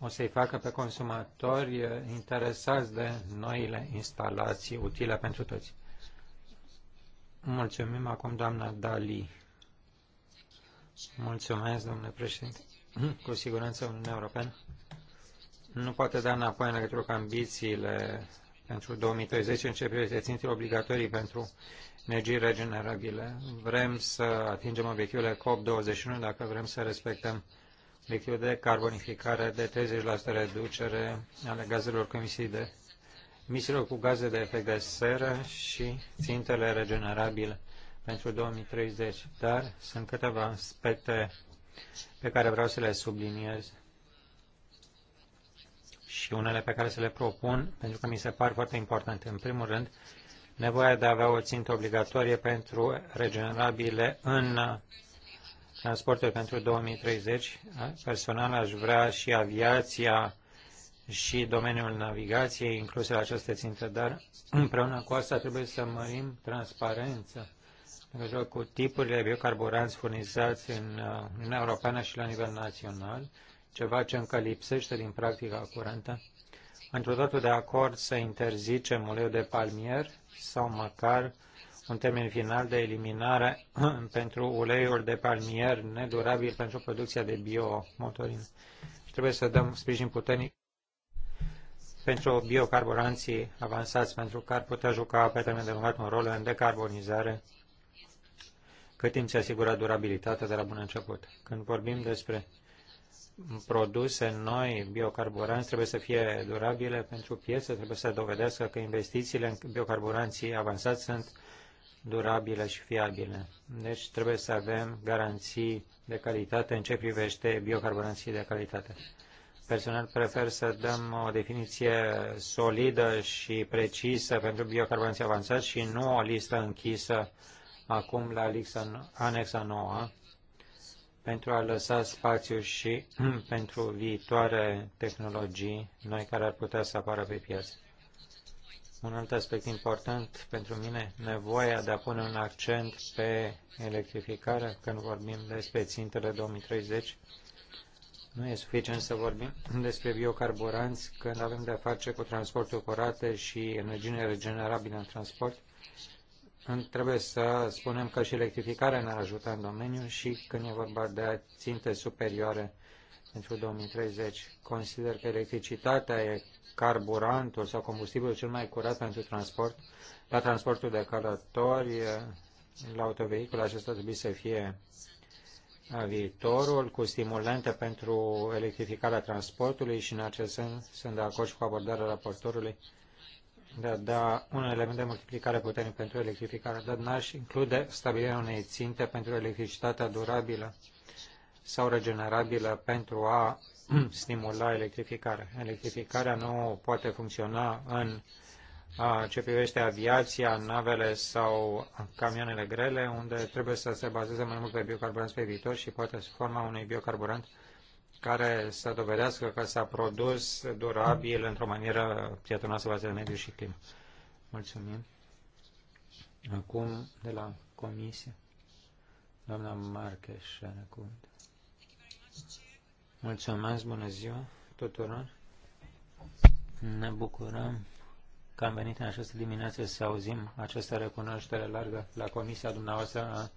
o să-i facă pe consumatori eh, interesați de noile instalații utile pentru toți. Mulțumim acum, doamna Dali. Mulțumesc, domnule președinte. Cu siguranță Uniunea Europeană nu poate da înapoi în legătură cu ambițiile pentru 2030 în ce privește țintele obligatorii pentru energii regenerabile. Vrem să atingem obiectivele COP21 dacă vrem să respectăm obiectivul de carbonificare de 30% reducere ale gazelor cu emisii de emisiilor cu gaze de efect de seră și țintele regenerabile pentru 2030, dar sunt câteva aspecte pe care vreau să le subliniez și unele pe care să le propun, pentru că mi se par foarte importante. În primul rând, nevoia de a avea o țintă obligatorie pentru regenerabile în transportul pentru 2030. Personal aș vrea și aviația și domeniul navigației incluse la această țintă, dar împreună cu asta trebuie să mărim transparența cu tipurile biocarburanți furnizați uh, în Uniunea Europeană și la nivel național, ceva ce încă lipsește din practica curentă. Într-o totul de acord să interzicem uleiul de palmier sau măcar un termen final de eliminare pentru uleiuri de palmier nedurabil pentru producția de biomotorin. Și trebuie să dăm sprijin puternic pentru biocarburanții avansați, pentru că ar putea juca pe termen de lungat un rol în decarbonizare, cât timp se asigură durabilitatea de la bun început. Când vorbim despre produse noi, biocarburanți, trebuie să fie durabile pentru piețe, trebuie să dovedească că investițiile în biocarburanții avansați sunt durabilă și fiabilă. Deci trebuie să avem garanții de calitate în ce privește biocarburanții de calitate. Personal prefer să dăm o definiție solidă și precisă pentru biocarburanții avansați și nu o listă închisă acum la anexa 9 pentru a lăsa spațiu și pentru viitoare tehnologii noi care ar putea să apară pe piață. Un alt aspect important pentru mine, nevoia de a pune un accent pe electrificare când vorbim despre țintele 2030. Nu e suficient să vorbim despre biocarburanți când avem de-a face cu transportul curate și energie regenerabilă în transport. Trebuie să spunem că și electrificarea ne-ar ajuta în domeniu și când e vorba de ținte superioare pentru 2030. Consider că electricitatea e carburantul sau combustibilul cel mai curat pentru transport, la transportul de călători, la autovehicul acesta trebuie să fie viitorul, cu stimulente pentru electrificarea transportului și în acest sens sunt de acord și cu abordarea raportorului de a da un element de multiplicare puternic pentru electrificare, dar n-aș include stabilirea unei ținte pentru electricitatea durabilă sau regenerabilă pentru a Mm. stimula electrificarea. Electrificarea nu poate funcționa în ce privește aviația, navele sau camioanele grele, unde trebuie să se bazeze mai mult pe biocarburanți pe viitor și poate să forma unui biocarburant care să dovedească că s-a produs durabil într-o manieră prietenoasă față de mediu și climă. Mulțumim. Acum, de la Comisie, doamna Marcheș, are Mulțumesc, bună ziua tuturor. Ne bucurăm că am venit în această dimineață să auzim această recunoaștere largă la Comisia dumneavoastră a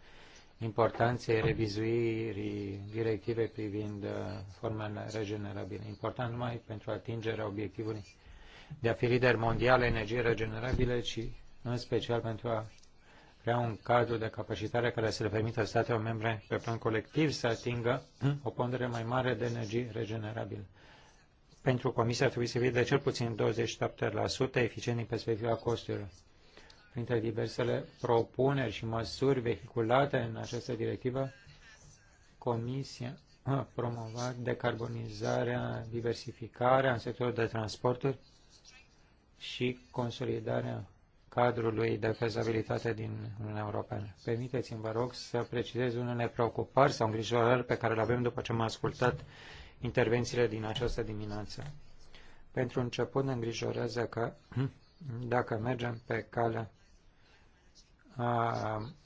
importanței revizuirii directive privind uh, formele regenerabile. Important numai pentru atingerea obiectivului de a fi lider mondial energie regenerabile, ci în special pentru a crea un cadru de capacitare care să le permită statelor membre pe plan colectiv să atingă o pondere mai mare de energii regenerabile. Pentru Comisie ar trebui să fie de cel puțin 27% eficient din perspectiva costurilor. Printre diversele propuneri și măsuri vehiculate în această directivă, Comisia a promovat decarbonizarea, diversificarea în sectorul de transporturi și consolidarea cadrului de fezabilitate din Uniunea Europeană. Permiteți-mi, vă rog, să precizez unele preocupări sau îngrijorări pe care le avem după ce am ascultat intervențiile din această dimineață. Pentru început ne îngrijorează că dacă mergem pe calea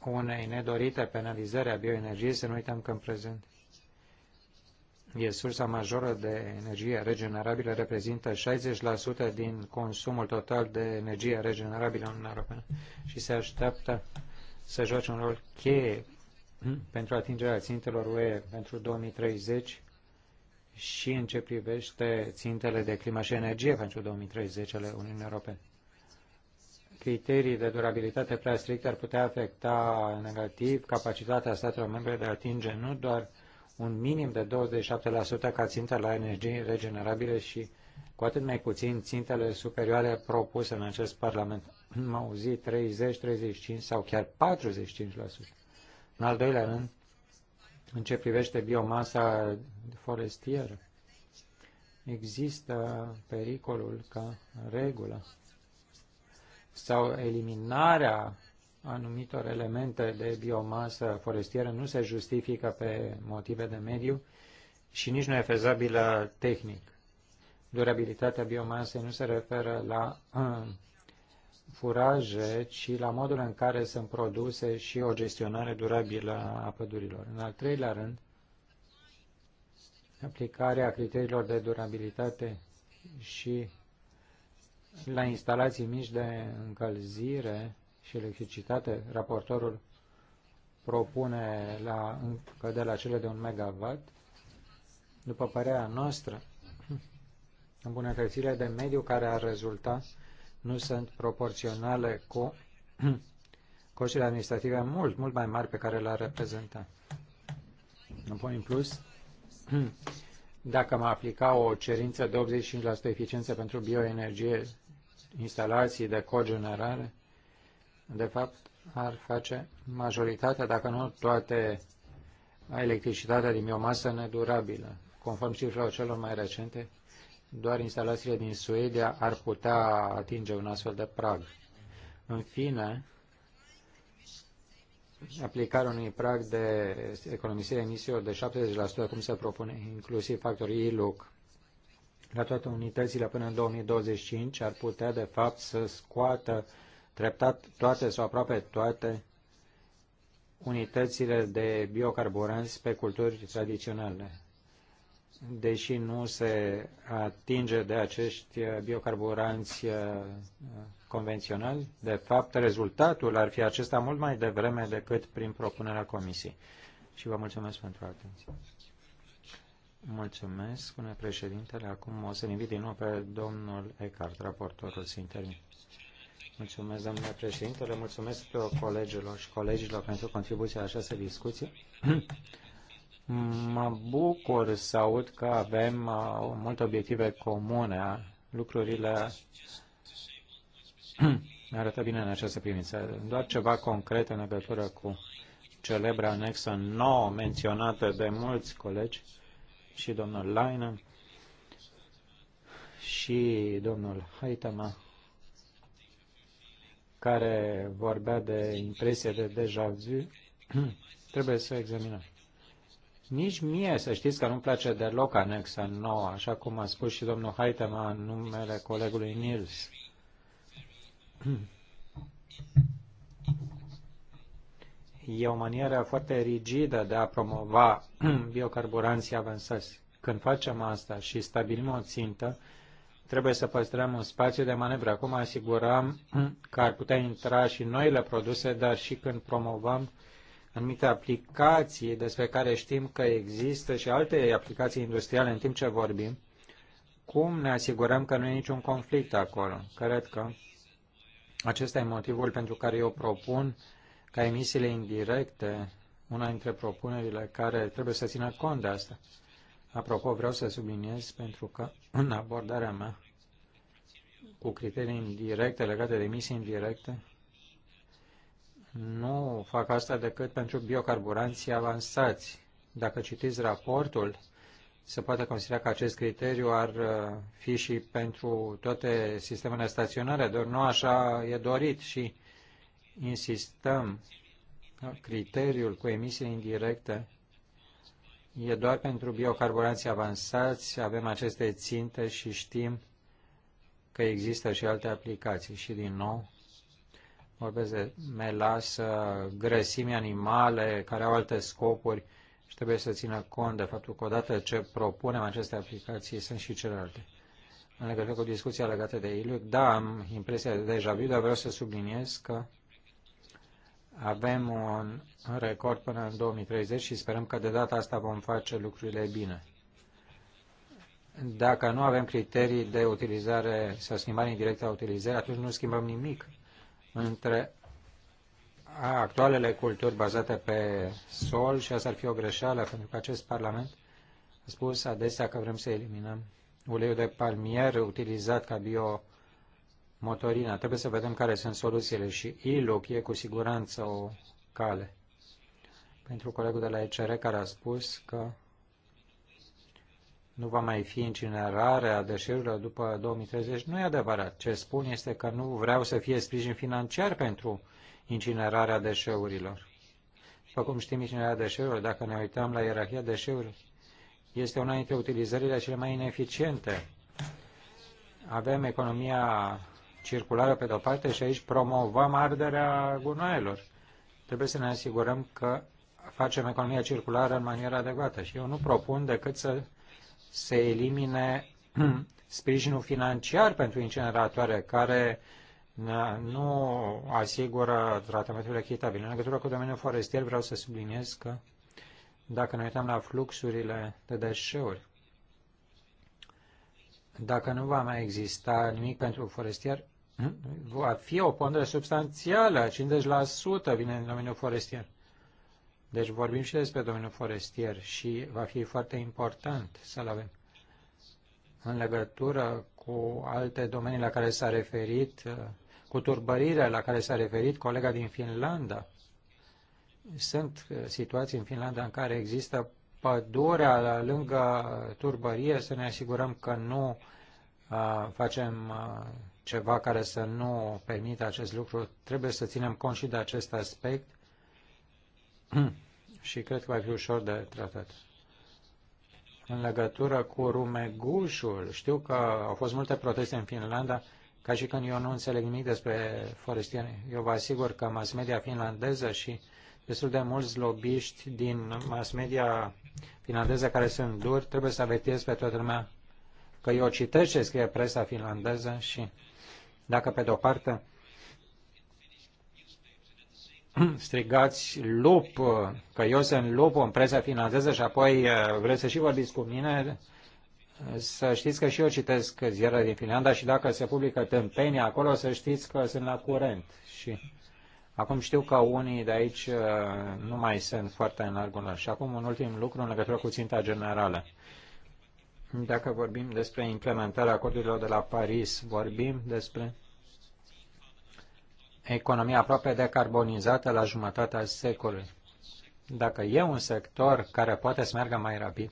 unei nedorite penalizări a bioenergiei, să nu uităm că în prezent e sursa majoră de energie regenerabilă, reprezintă 60% din consumul total de energie regenerabilă în Europa și se așteaptă să joace un rol cheie pentru atingerea țintelor UE pentru 2030 și în ce privește țintele de climă și energie pentru 2030 ale Uniunii Europene. Criterii de durabilitate prea stricte ar putea afecta negativ capacitatea statelor membre de a atinge nu doar un minim de 27% ca țintă la energii regenerabile și cu atât mai puțin țintele superioare propuse în acest Parlament. Am auzit 30, 35 sau chiar 45%. În al doilea rând, în ce privește biomasa forestieră, există pericolul ca regulă sau eliminarea anumitor elemente de biomasă forestieră nu se justifică pe motive de mediu și nici nu e fezabilă tehnic. Durabilitatea biomasei nu se referă la uh, furaje, ci la modul în care sunt produse și o gestionare durabilă a pădurilor. În al treilea rând, aplicarea criteriilor de durabilitate și la instalații mici de încălzire și electricitate, raportorul propune la, încă de la cele de un megawatt, după părerea noastră, îmbunătățirile de mediu care ar rezulta nu sunt proporționale cu costurile administrative mult, mult mai mari pe care le-ar reprezenta. Apoi, în plus, dacă am aplica o cerință de 85% eficiență pentru bioenergie, instalații de cogenerare, de fapt, ar face majoritatea, dacă nu toate, electricitatea din biomasă nedurabilă. Conform cifrelor celor mai recente, doar instalațiile din Suedia ar putea atinge un astfel de prag. În fine, aplicarea unui prag de economisire emisiilor de 70%, cum se propune, inclusiv factorii ILUC, la toate unitățile până în 2025, ar putea, de fapt, să scoată uh, treptat toate sau aproape toate unitățile de biocarburanți pe culturi tradiționale. Deși nu se atinge de acești biocarburanți uh, convenționali, de fapt rezultatul ar fi acesta mult mai devreme decât prin propunerea comisiei. Și vă mulțumesc pentru atenție. Mulțumesc, spune președintele. Acum o să-l invit din nou pe domnul Eckhart, raportorul, să Mulțumesc, domnule președinte, le mulțumesc colegilor și colegilor pentru contribuția la această discuție. Mă bucur să aud că avem uh, multe obiective comune. Lucrurile arată bine în această privință. Doar ceva concret în legătură cu celebra anexă nouă menționată de mulți colegi și domnul Leinen și domnul Haitama care vorbea de impresie de deja vu, trebuie să examinăm. Nici mie, să știți că nu-mi place deloc anexa nouă, așa cum a spus și domnul Haitema în numele colegului Nils. E o manieră foarte rigidă de a promova biocarburanții avansați. Când facem asta și stabilim o țintă, Trebuie să păstrăm un spațiu de manevră. Acum asigurăm că ar putea intra și noile produse, dar și când promovăm anumite aplicații despre care știm că există și alte aplicații industriale în timp ce vorbim, cum ne asigurăm că nu e niciun conflict acolo? Cred că acesta e motivul pentru care eu propun ca emisiile indirecte, una dintre propunerile care trebuie să țină cont de asta. Apropo, vreau să subliniez pentru că în abordarea mea cu criterii indirecte legate de emisii indirecte, nu fac asta decât pentru biocarburanții avansați. Dacă citiți raportul, se poate considera că acest criteriu ar uh, fi și pentru toate sistemele staționare, doar nu așa e dorit și insistăm criteriul cu emisii indirecte E doar pentru biocarburanții avansați, avem aceste ținte și știm că există și alte aplicații. Și din nou, vorbesc de melasă, grăsimi animale care au alte scopuri și trebuie să țină cont de faptul că odată ce propunem aceste aplicații, sunt și celelalte. În legătură cu discuția legată de ILUC, da, am impresia de deja vu, dar vreau să subliniez că avem un record până în 2030 și sperăm că de data asta vom face lucrurile bine. Dacă nu avem criterii de utilizare sau schimbare indirectă a utilizării, atunci nu schimbăm nimic între actualele culturi bazate pe sol și asta ar fi o greșeală, pentru că acest Parlament a spus adesea că vrem să eliminăm uleiul de palmier utilizat ca bio motorina. Trebuie să vedem care sunt soluțiile și ILOC e cu siguranță o cale. Pentru colegul de la ECR care a spus că nu va mai fi incinerarea deșeurilor după 2030, nu e adevărat. Ce spun este că nu vreau să fie sprijin financiar pentru incinerarea deșeurilor. După cum știm, incinerarea deșeurilor, dacă ne uităm la ierarhia deșeurilor, este una dintre utilizările cele mai ineficiente. Avem economia circulară pe de-o parte și aici promovăm arderea gunoaielor. Trebuie să ne asigurăm că facem economia circulară în maniera adecvată și eu nu propun decât să se elimine sprijinul financiar pentru incineratoare care nu asigură tratamentul echitabil. În legătură cu domeniul forestier vreau să subliniez că dacă ne uităm la fluxurile de deșeuri, dacă nu va mai exista nimic pentru forestier, va fi o pondere substanțială, 50% vine din domeniul forestier. Deci vorbim și despre domeniul forestier și va fi foarte important să-l avem în legătură cu alte domenii la care s-a referit, cu turbărirea la care s-a referit colega din Finlanda. Sunt situații în Finlanda în care există pădurea la lângă turbărie, să ne asigurăm că nu facem ceva care să nu permită acest lucru. Trebuie să ținem cont și de acest aspect și cred că va fi ușor de tratat. În legătură cu rumegușul, știu că au fost multe proteste în Finlanda, ca și când eu nu înțeleg nimic despre forestieri. Eu vă asigur că mass media finlandeză și destul de mulți lobiști din mass media finlandeză care sunt duri, trebuie să avertizez pe toată lumea că eu citesc ce scrie presa finlandeză și dacă, pe de-o parte, strigați lup, că eu sunt lup, în presa finlandeză și apoi uh, vreți să și vorbiți cu mine, să știți că și eu citesc ziarele din Finlanda și dacă se publică tâmpenii acolo, să știți că sunt la curent. Și acum știu că unii de aici uh, nu mai sunt foarte în largul Și acum un ultim lucru în legătură cu ținta generală. Dacă vorbim despre implementarea acordurilor de la Paris, vorbim despre economia aproape decarbonizată la jumătatea secolului. Dacă e un sector care poate să meargă mai rapid,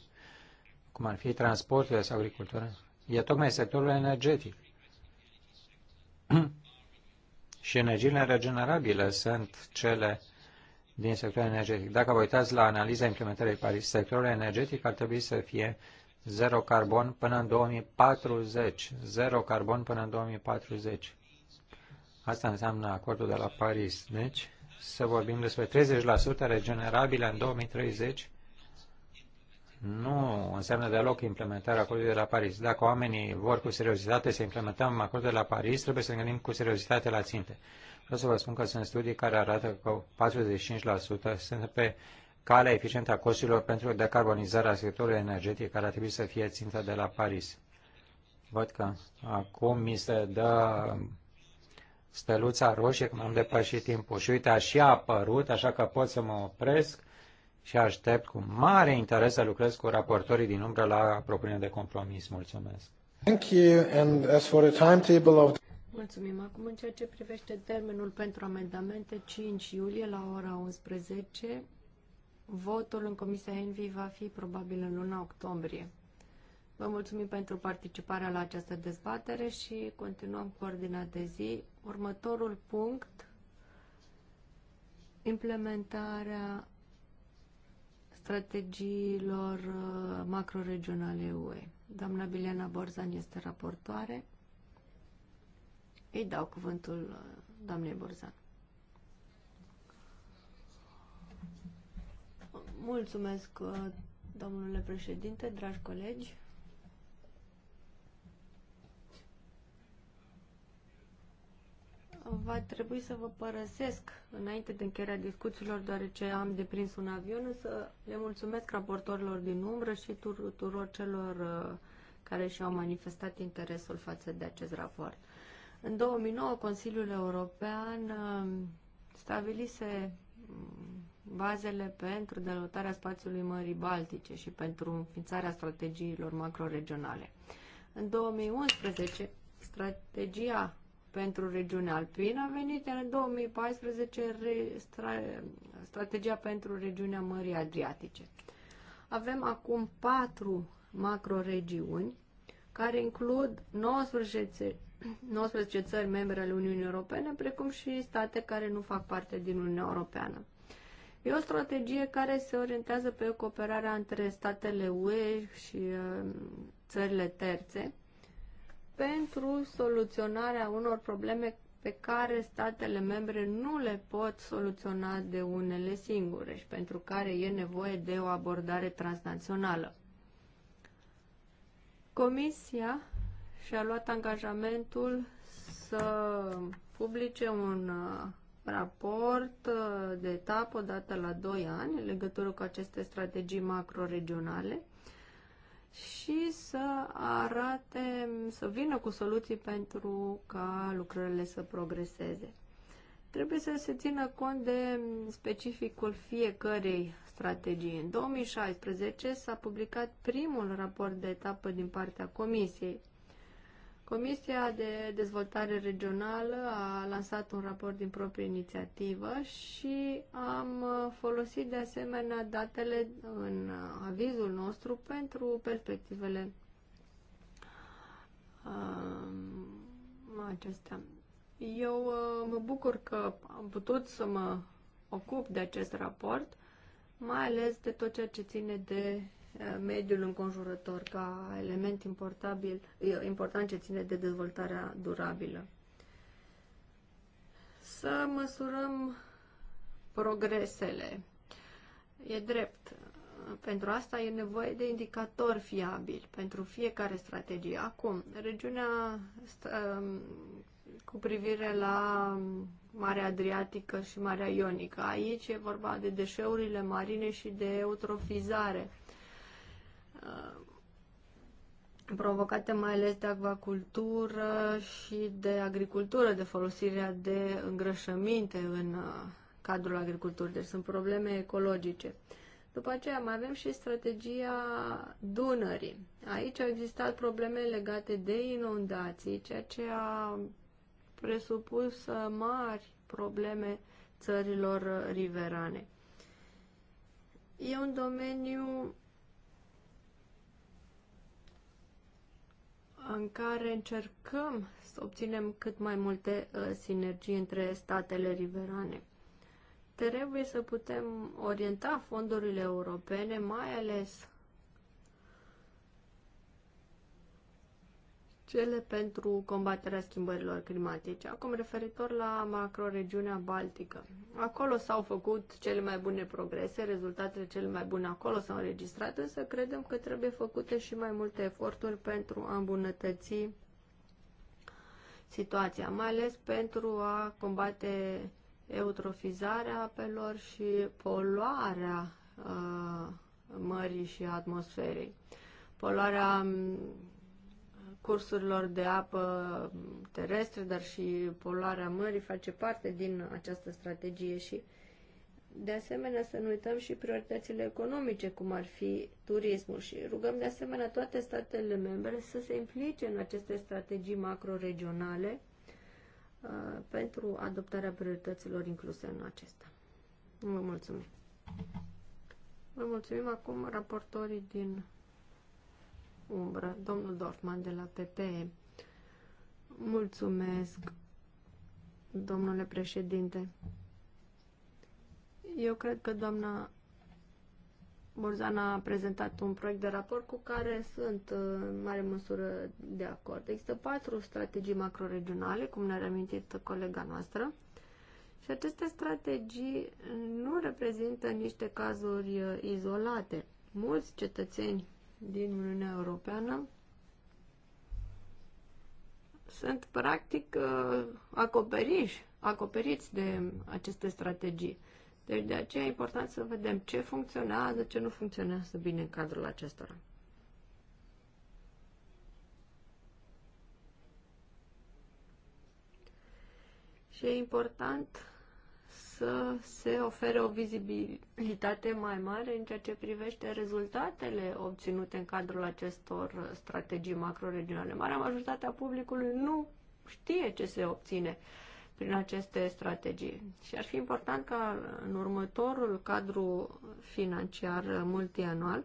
cum ar fi transportul, sau agricultura, e tocmai sectorul energetic. și energiile regenerabile sunt cele din sectorul energetic. Dacă vă uitați la analiza implementării Paris, sectorul energetic ar trebui să fie uh, zero carbon până în 2040. Zero carbon până în 2040. Asta înseamnă acordul de la Paris. Deci, să vorbim despre 30% regenerabile în 2030 nu înseamnă deloc implementarea acordului de la Paris. Dacă oamenii vor cu seriozitate să implementăm acordul de la Paris, trebuie să ne gândim cu seriozitate la ținte. Vreau să vă spun că sunt studii care arată că 45% sunt pe calea eficientă a costurilor pentru decarbonizarea sectorului energetic care ar trebui să fie țintă de la Paris. Văd că acum mi se dă steluța roșie că am depășit timpul. Și uite, a și apărut, așa că pot să mă opresc și aștept cu mare interes să lucrez cu raportorii din umbră la propunerea de compromis. Mulțumesc! Thank you. And as for the timetable of... Mulțumim. Acum, în ceea ce privește termenul pentru amendamente, 5 iulie la ora 11, Votul în Comisia Envi va fi probabil în luna octombrie. Vă mulțumim pentru participarea la această dezbatere și continuăm cu ordinea de zi. Următorul punct, implementarea strategiilor uh, macroregionale UE. Doamna Biliana Borzan este raportoare. Îi dau cuvântul uh, doamnei Borzan. Mulțumesc, uh, domnule președinte, dragi colegi. Va trebui să vă părăsesc înainte de încheierea discuțiilor, deoarece am deprins un avion, să le mulțumesc raportorilor din umbră și tuturor celor uh, care și-au manifestat interesul față de acest raport. În 2009, Consiliul European uh, stabilise mm, bazele pentru denotarea spațiului Mării Baltice și pentru înființarea strategiilor macroregionale. În 2011, strategia pentru regiunea alpină a venit în 2014 re, stra, strategia pentru regiunea Mării Adriatice. Avem acum patru macroregiuni care includ 19, 19 țări membre ale Uniunii Europene, precum și state care nu fac parte din Uniunea Europeană. E o strategie care se orientează pe cooperarea între statele UE și uh, țările terțe pentru soluționarea unor probleme pe care statele membre nu le pot soluționa de unele singure și pentru care e nevoie de o abordare transnațională. Comisia și-a luat angajamentul să publice un uh, raport uh, de etapă dată la 2 ani în legătură cu aceste strategii macroregionale și să arate, să vină cu soluții pentru ca lucrările să progreseze. Trebuie să se țină cont de specificul fiecărei strategii. În 2016 s-a publicat primul raport de etapă din partea Comisiei Comisia de Dezvoltare Regională a lansat un raport din proprie inițiativă și am folosit de asemenea datele în avizul nostru pentru perspectivele um, acestea. Eu uh, mă bucur că am putut să mă ocup de acest raport, mai ales de tot ceea ce ține de Eh, mediul înconjurător ca element eh, important ce ține de dezvoltarea durabilă. Să măsurăm progresele. E drept. Pentru asta e nevoie de indicatori fiabil pentru fiecare strategie. Acum, regiunea eh, cu privire la Marea Adriatică și Marea Ionică. Aici e vorba de deșeurile marine și de eutrofizare Uh, provocate mai ales de acvacultură și de agricultură, de folosirea de îngrășăminte în uh, cadrul agriculturii. Deci sunt probleme ecologice. După aceea mai avem și strategia Dunării. Aici au existat probleme legate de inundații, ceea ce a presupus mari probleme țărilor riverane. E un domeniu în care încercăm să obținem cât mai multe uh, sinergii între statele riverane. Trebuie să putem orienta fondurile europene, mai ales cele pentru combaterea schimbărilor climatice. Acum referitor la macroregiunea Baltică. Acolo s-au făcut cele mai bune progrese, rezultatele cele mai bune acolo s-au înregistrat, însă credem că trebuie făcute și mai multe eforturi pentru a îmbunătăți situația, mai ales pentru a combate eutrofizarea apelor și poluarea uh, mării și atmosferei. Poluarea mm, cursurilor de apă terestre, dar și poluarea mării face parte din această strategie și de asemenea să nu uităm și prioritățile economice, cum ar fi turismul și rugăm de asemenea toate statele membre să se implice în aceste strategii macroregionale uh, pentru adoptarea priorităților incluse în acesta. Vă mulțumim! Vă mulțumim acum raportorii din umbră, domnul Dorfman de la PPE. Mulțumesc, domnule președinte. Eu cred că doamna Borzan a prezentat un proiect de raport cu care sunt uh, în mare măsură de acord. Există patru strategii macroregionale, cum ne-a reamintit colega noastră, și aceste strategii nu reprezintă niște cazuri uh, izolate. Mulți cetățeni din Uniunea Europeană sunt practic uh, acoperiși, acoperiți de aceste strategii. Deci de aceea e important să vedem ce funcționează, ce nu funcționează bine în cadrul acestora. Și e important să se ofere o vizibilitate mai mare în ceea ce privește rezultatele obținute în cadrul acestor strategii macroregionale. Marea a publicului nu știe ce se obține prin aceste strategii. Și ar fi important ca în următorul cadru financiar multianual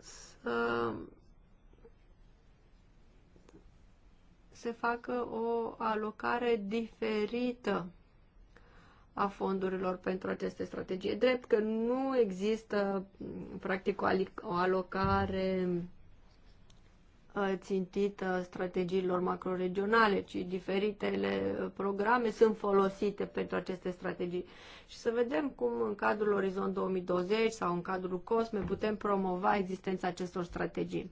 să se facă o alocare diferită a fondurilor pentru aceste strategii. drept că nu există, practic, o, o alocare uh, țintită strategiilor macroregionale, ci diferitele uh, programe sunt folosite pentru aceste strategii. Și să vedem cum în cadrul Orizont 2020 sau în cadrul COSME putem promova existența acestor strategii.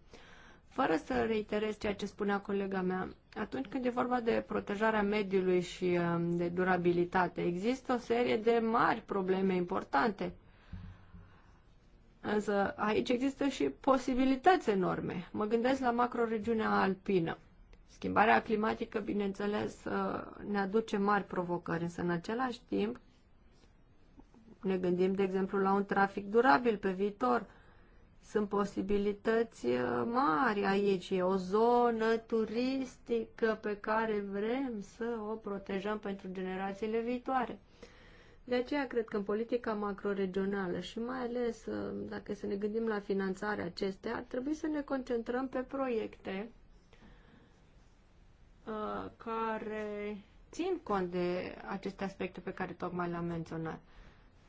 Fără să reiterez ceea ce spunea colega mea, atunci când e vorba de protejarea mediului și um, de durabilitate, există o serie de mari probleme importante. Însă aici există și posibilități enorme. Mă gândesc la macroregiunea alpină. Schimbarea climatică, bineînțeles, uh, ne aduce mari provocări, însă în același timp ne gândim, de exemplu, la un trafic durabil pe viitor – sunt posibilități uh, mari aici, e o zonă turistică pe care vrem să o protejăm pentru generațiile viitoare. De aceea cred că în politica macroregională și mai ales uh, dacă să ne gândim la finanțarea acestea, ar trebui să ne concentrăm pe proiecte uh, care țin cont de aceste aspecte pe care tocmai le-am menționat.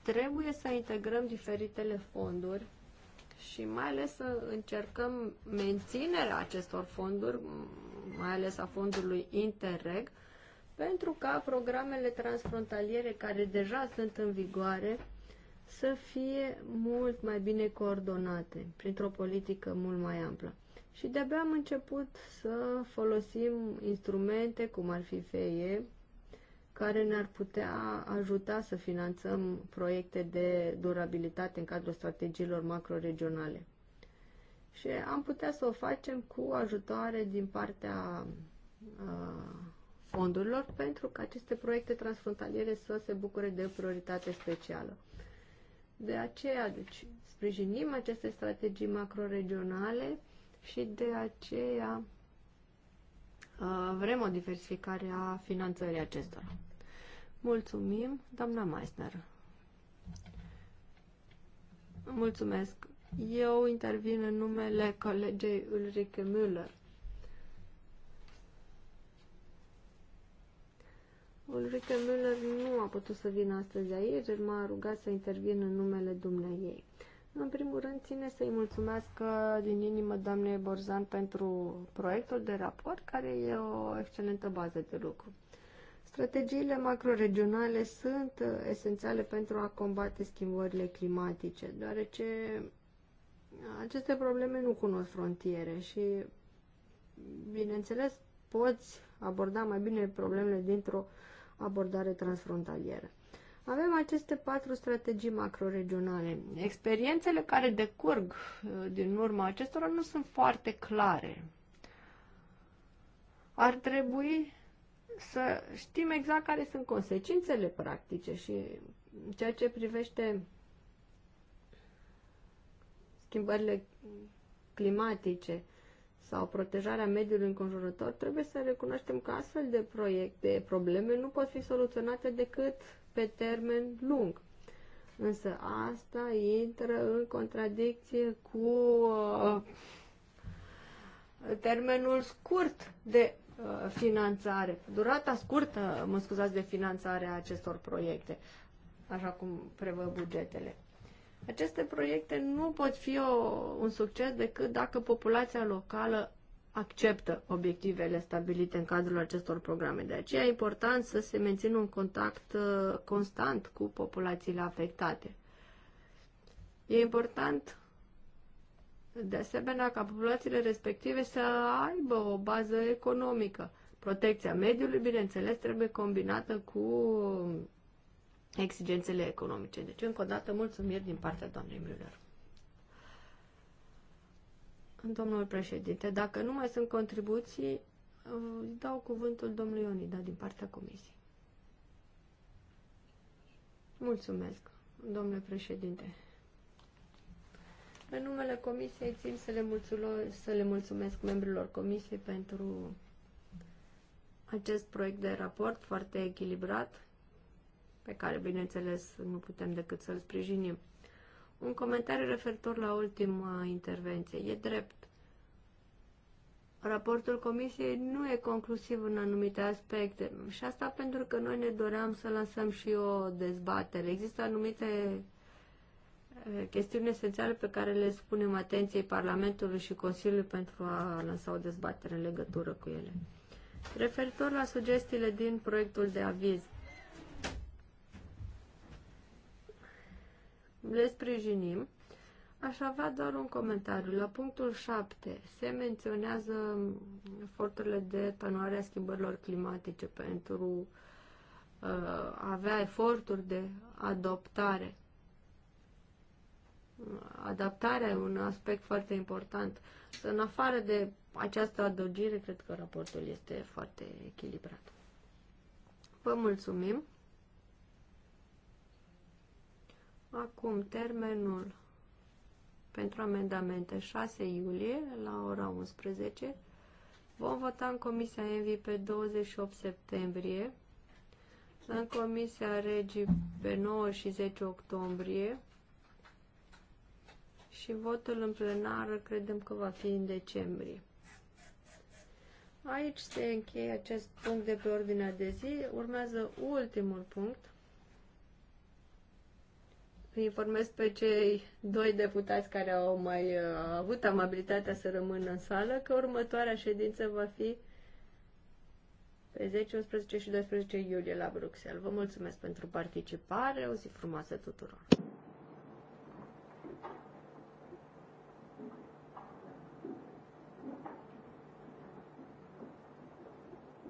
Trebuie să integrăm diferitele fonduri și mai ales să încercăm menținerea acestor fonduri, mai ales a fondului Interreg, pentru ca programele transfrontaliere care deja sunt în vigoare să fie mult mai bine coordonate printr-o politică mult mai amplă. Și de-abia am început să folosim instrumente cum ar fi FEIE, care ne-ar putea ajuta să finanțăm proiecte de durabilitate în cadrul strategiilor macroregionale. Și am putea să o facem cu ajutoare din partea fondurilor pentru că aceste proiecte transfrontaliere să se bucure de prioritate specială. De aceea, deci, sprijinim aceste strategii macroregionale și de aceea Uh, vrem o diversificare a finanțării acestora. Mulțumim, doamna Meissner. Mulțumesc. Eu intervin în numele colegei Ulrike Müller. Ulrike Müller nu a putut să vină astăzi aici, el m-a rugat să intervin în numele dumneiei. ei. În primul rând, ține să-i mulțumesc uh, din inimă doamnei Borzan pentru proiectul de raport, care e o excelentă bază de lucru. Strategiile macroregionale sunt uh, esențiale pentru a combate schimbările climatice, deoarece aceste probleme nu cunosc frontiere și, bineînțeles, poți aborda mai bine problemele dintr-o abordare transfrontalieră. Avem aceste patru strategii macroregionale. Experiențele care decurg uh, din urma acestora nu sunt foarte clare. Ar trebui să știm exact care sunt consecințele practice și ceea ce privește schimbările climatice sau protejarea mediului înconjurător, trebuie să recunoaștem că astfel de proiecte, probleme nu pot fi soluționate decât pe termen lung. Însă asta intră în contradicție cu uh, termenul scurt de uh, finanțare, durata scurtă, mă scuzați, de finanțare a acestor proiecte, așa cum prevăd bugetele. Aceste proiecte nu pot fi o, un succes decât dacă populația locală acceptă obiectivele stabilite în cadrul acestor programe. De aceea e important să se mențină un contact uh, constant cu populațiile afectate. E important de asemenea ca populațiile respective să aibă o bază economică. Protecția mediului, bineînțeles, trebuie combinată cu exigențele economice. Deci, încă o dată, mulțumiri din partea doamnei Müller. Domnul președinte, dacă nu mai sunt contribuții, dau cuvântul domnului Ionida din partea comisiei. Mulțumesc, domnule președinte. În numele comisiei țin să le, mulțumesc, să le mulțumesc membrilor comisiei pentru acest proiect de raport foarte echilibrat, pe care, bineînțeles, nu putem decât să-l sprijinim. Un comentariu referitor la ultima intervenție. E drept. Raportul comisiei nu e conclusiv în anumite aspecte și asta pentru că noi ne doream să lansăm și o dezbatere. Există anumite eh, chestiuni esențiale pe care le spunem atenției Parlamentului și Consiliului pentru a lansa o dezbatere în legătură cu ele. Referitor la sugestiile din proiectul de aviz, le sprijinim. Aș avea doar un comentariu. La punctul 7 se menționează eforturile de atenuare a schimbărilor climatice pentru uh, a avea eforturi de adoptare. Adaptarea e un aspect foarte important. În afară de această adăugire, cred că raportul este foarte echilibrat. Vă mulțumim! Acum, termenul pentru amendamente 6 iulie la ora 11. Vom vota în Comisia Envi pe 28 septembrie, în Comisia Regii pe 9 și 10 octombrie și votul în plenară credem că va fi în decembrie. Aici se încheie acest punct de pe ordinea de zi. Urmează ultimul punct. Îi informez pe cei doi deputați care au mai uh, avut amabilitatea să rămână în sală că următoarea ședință va fi pe 10, 11 și 12 iulie la Bruxelles. Vă mulțumesc pentru participare, o zi frumoasă tuturor!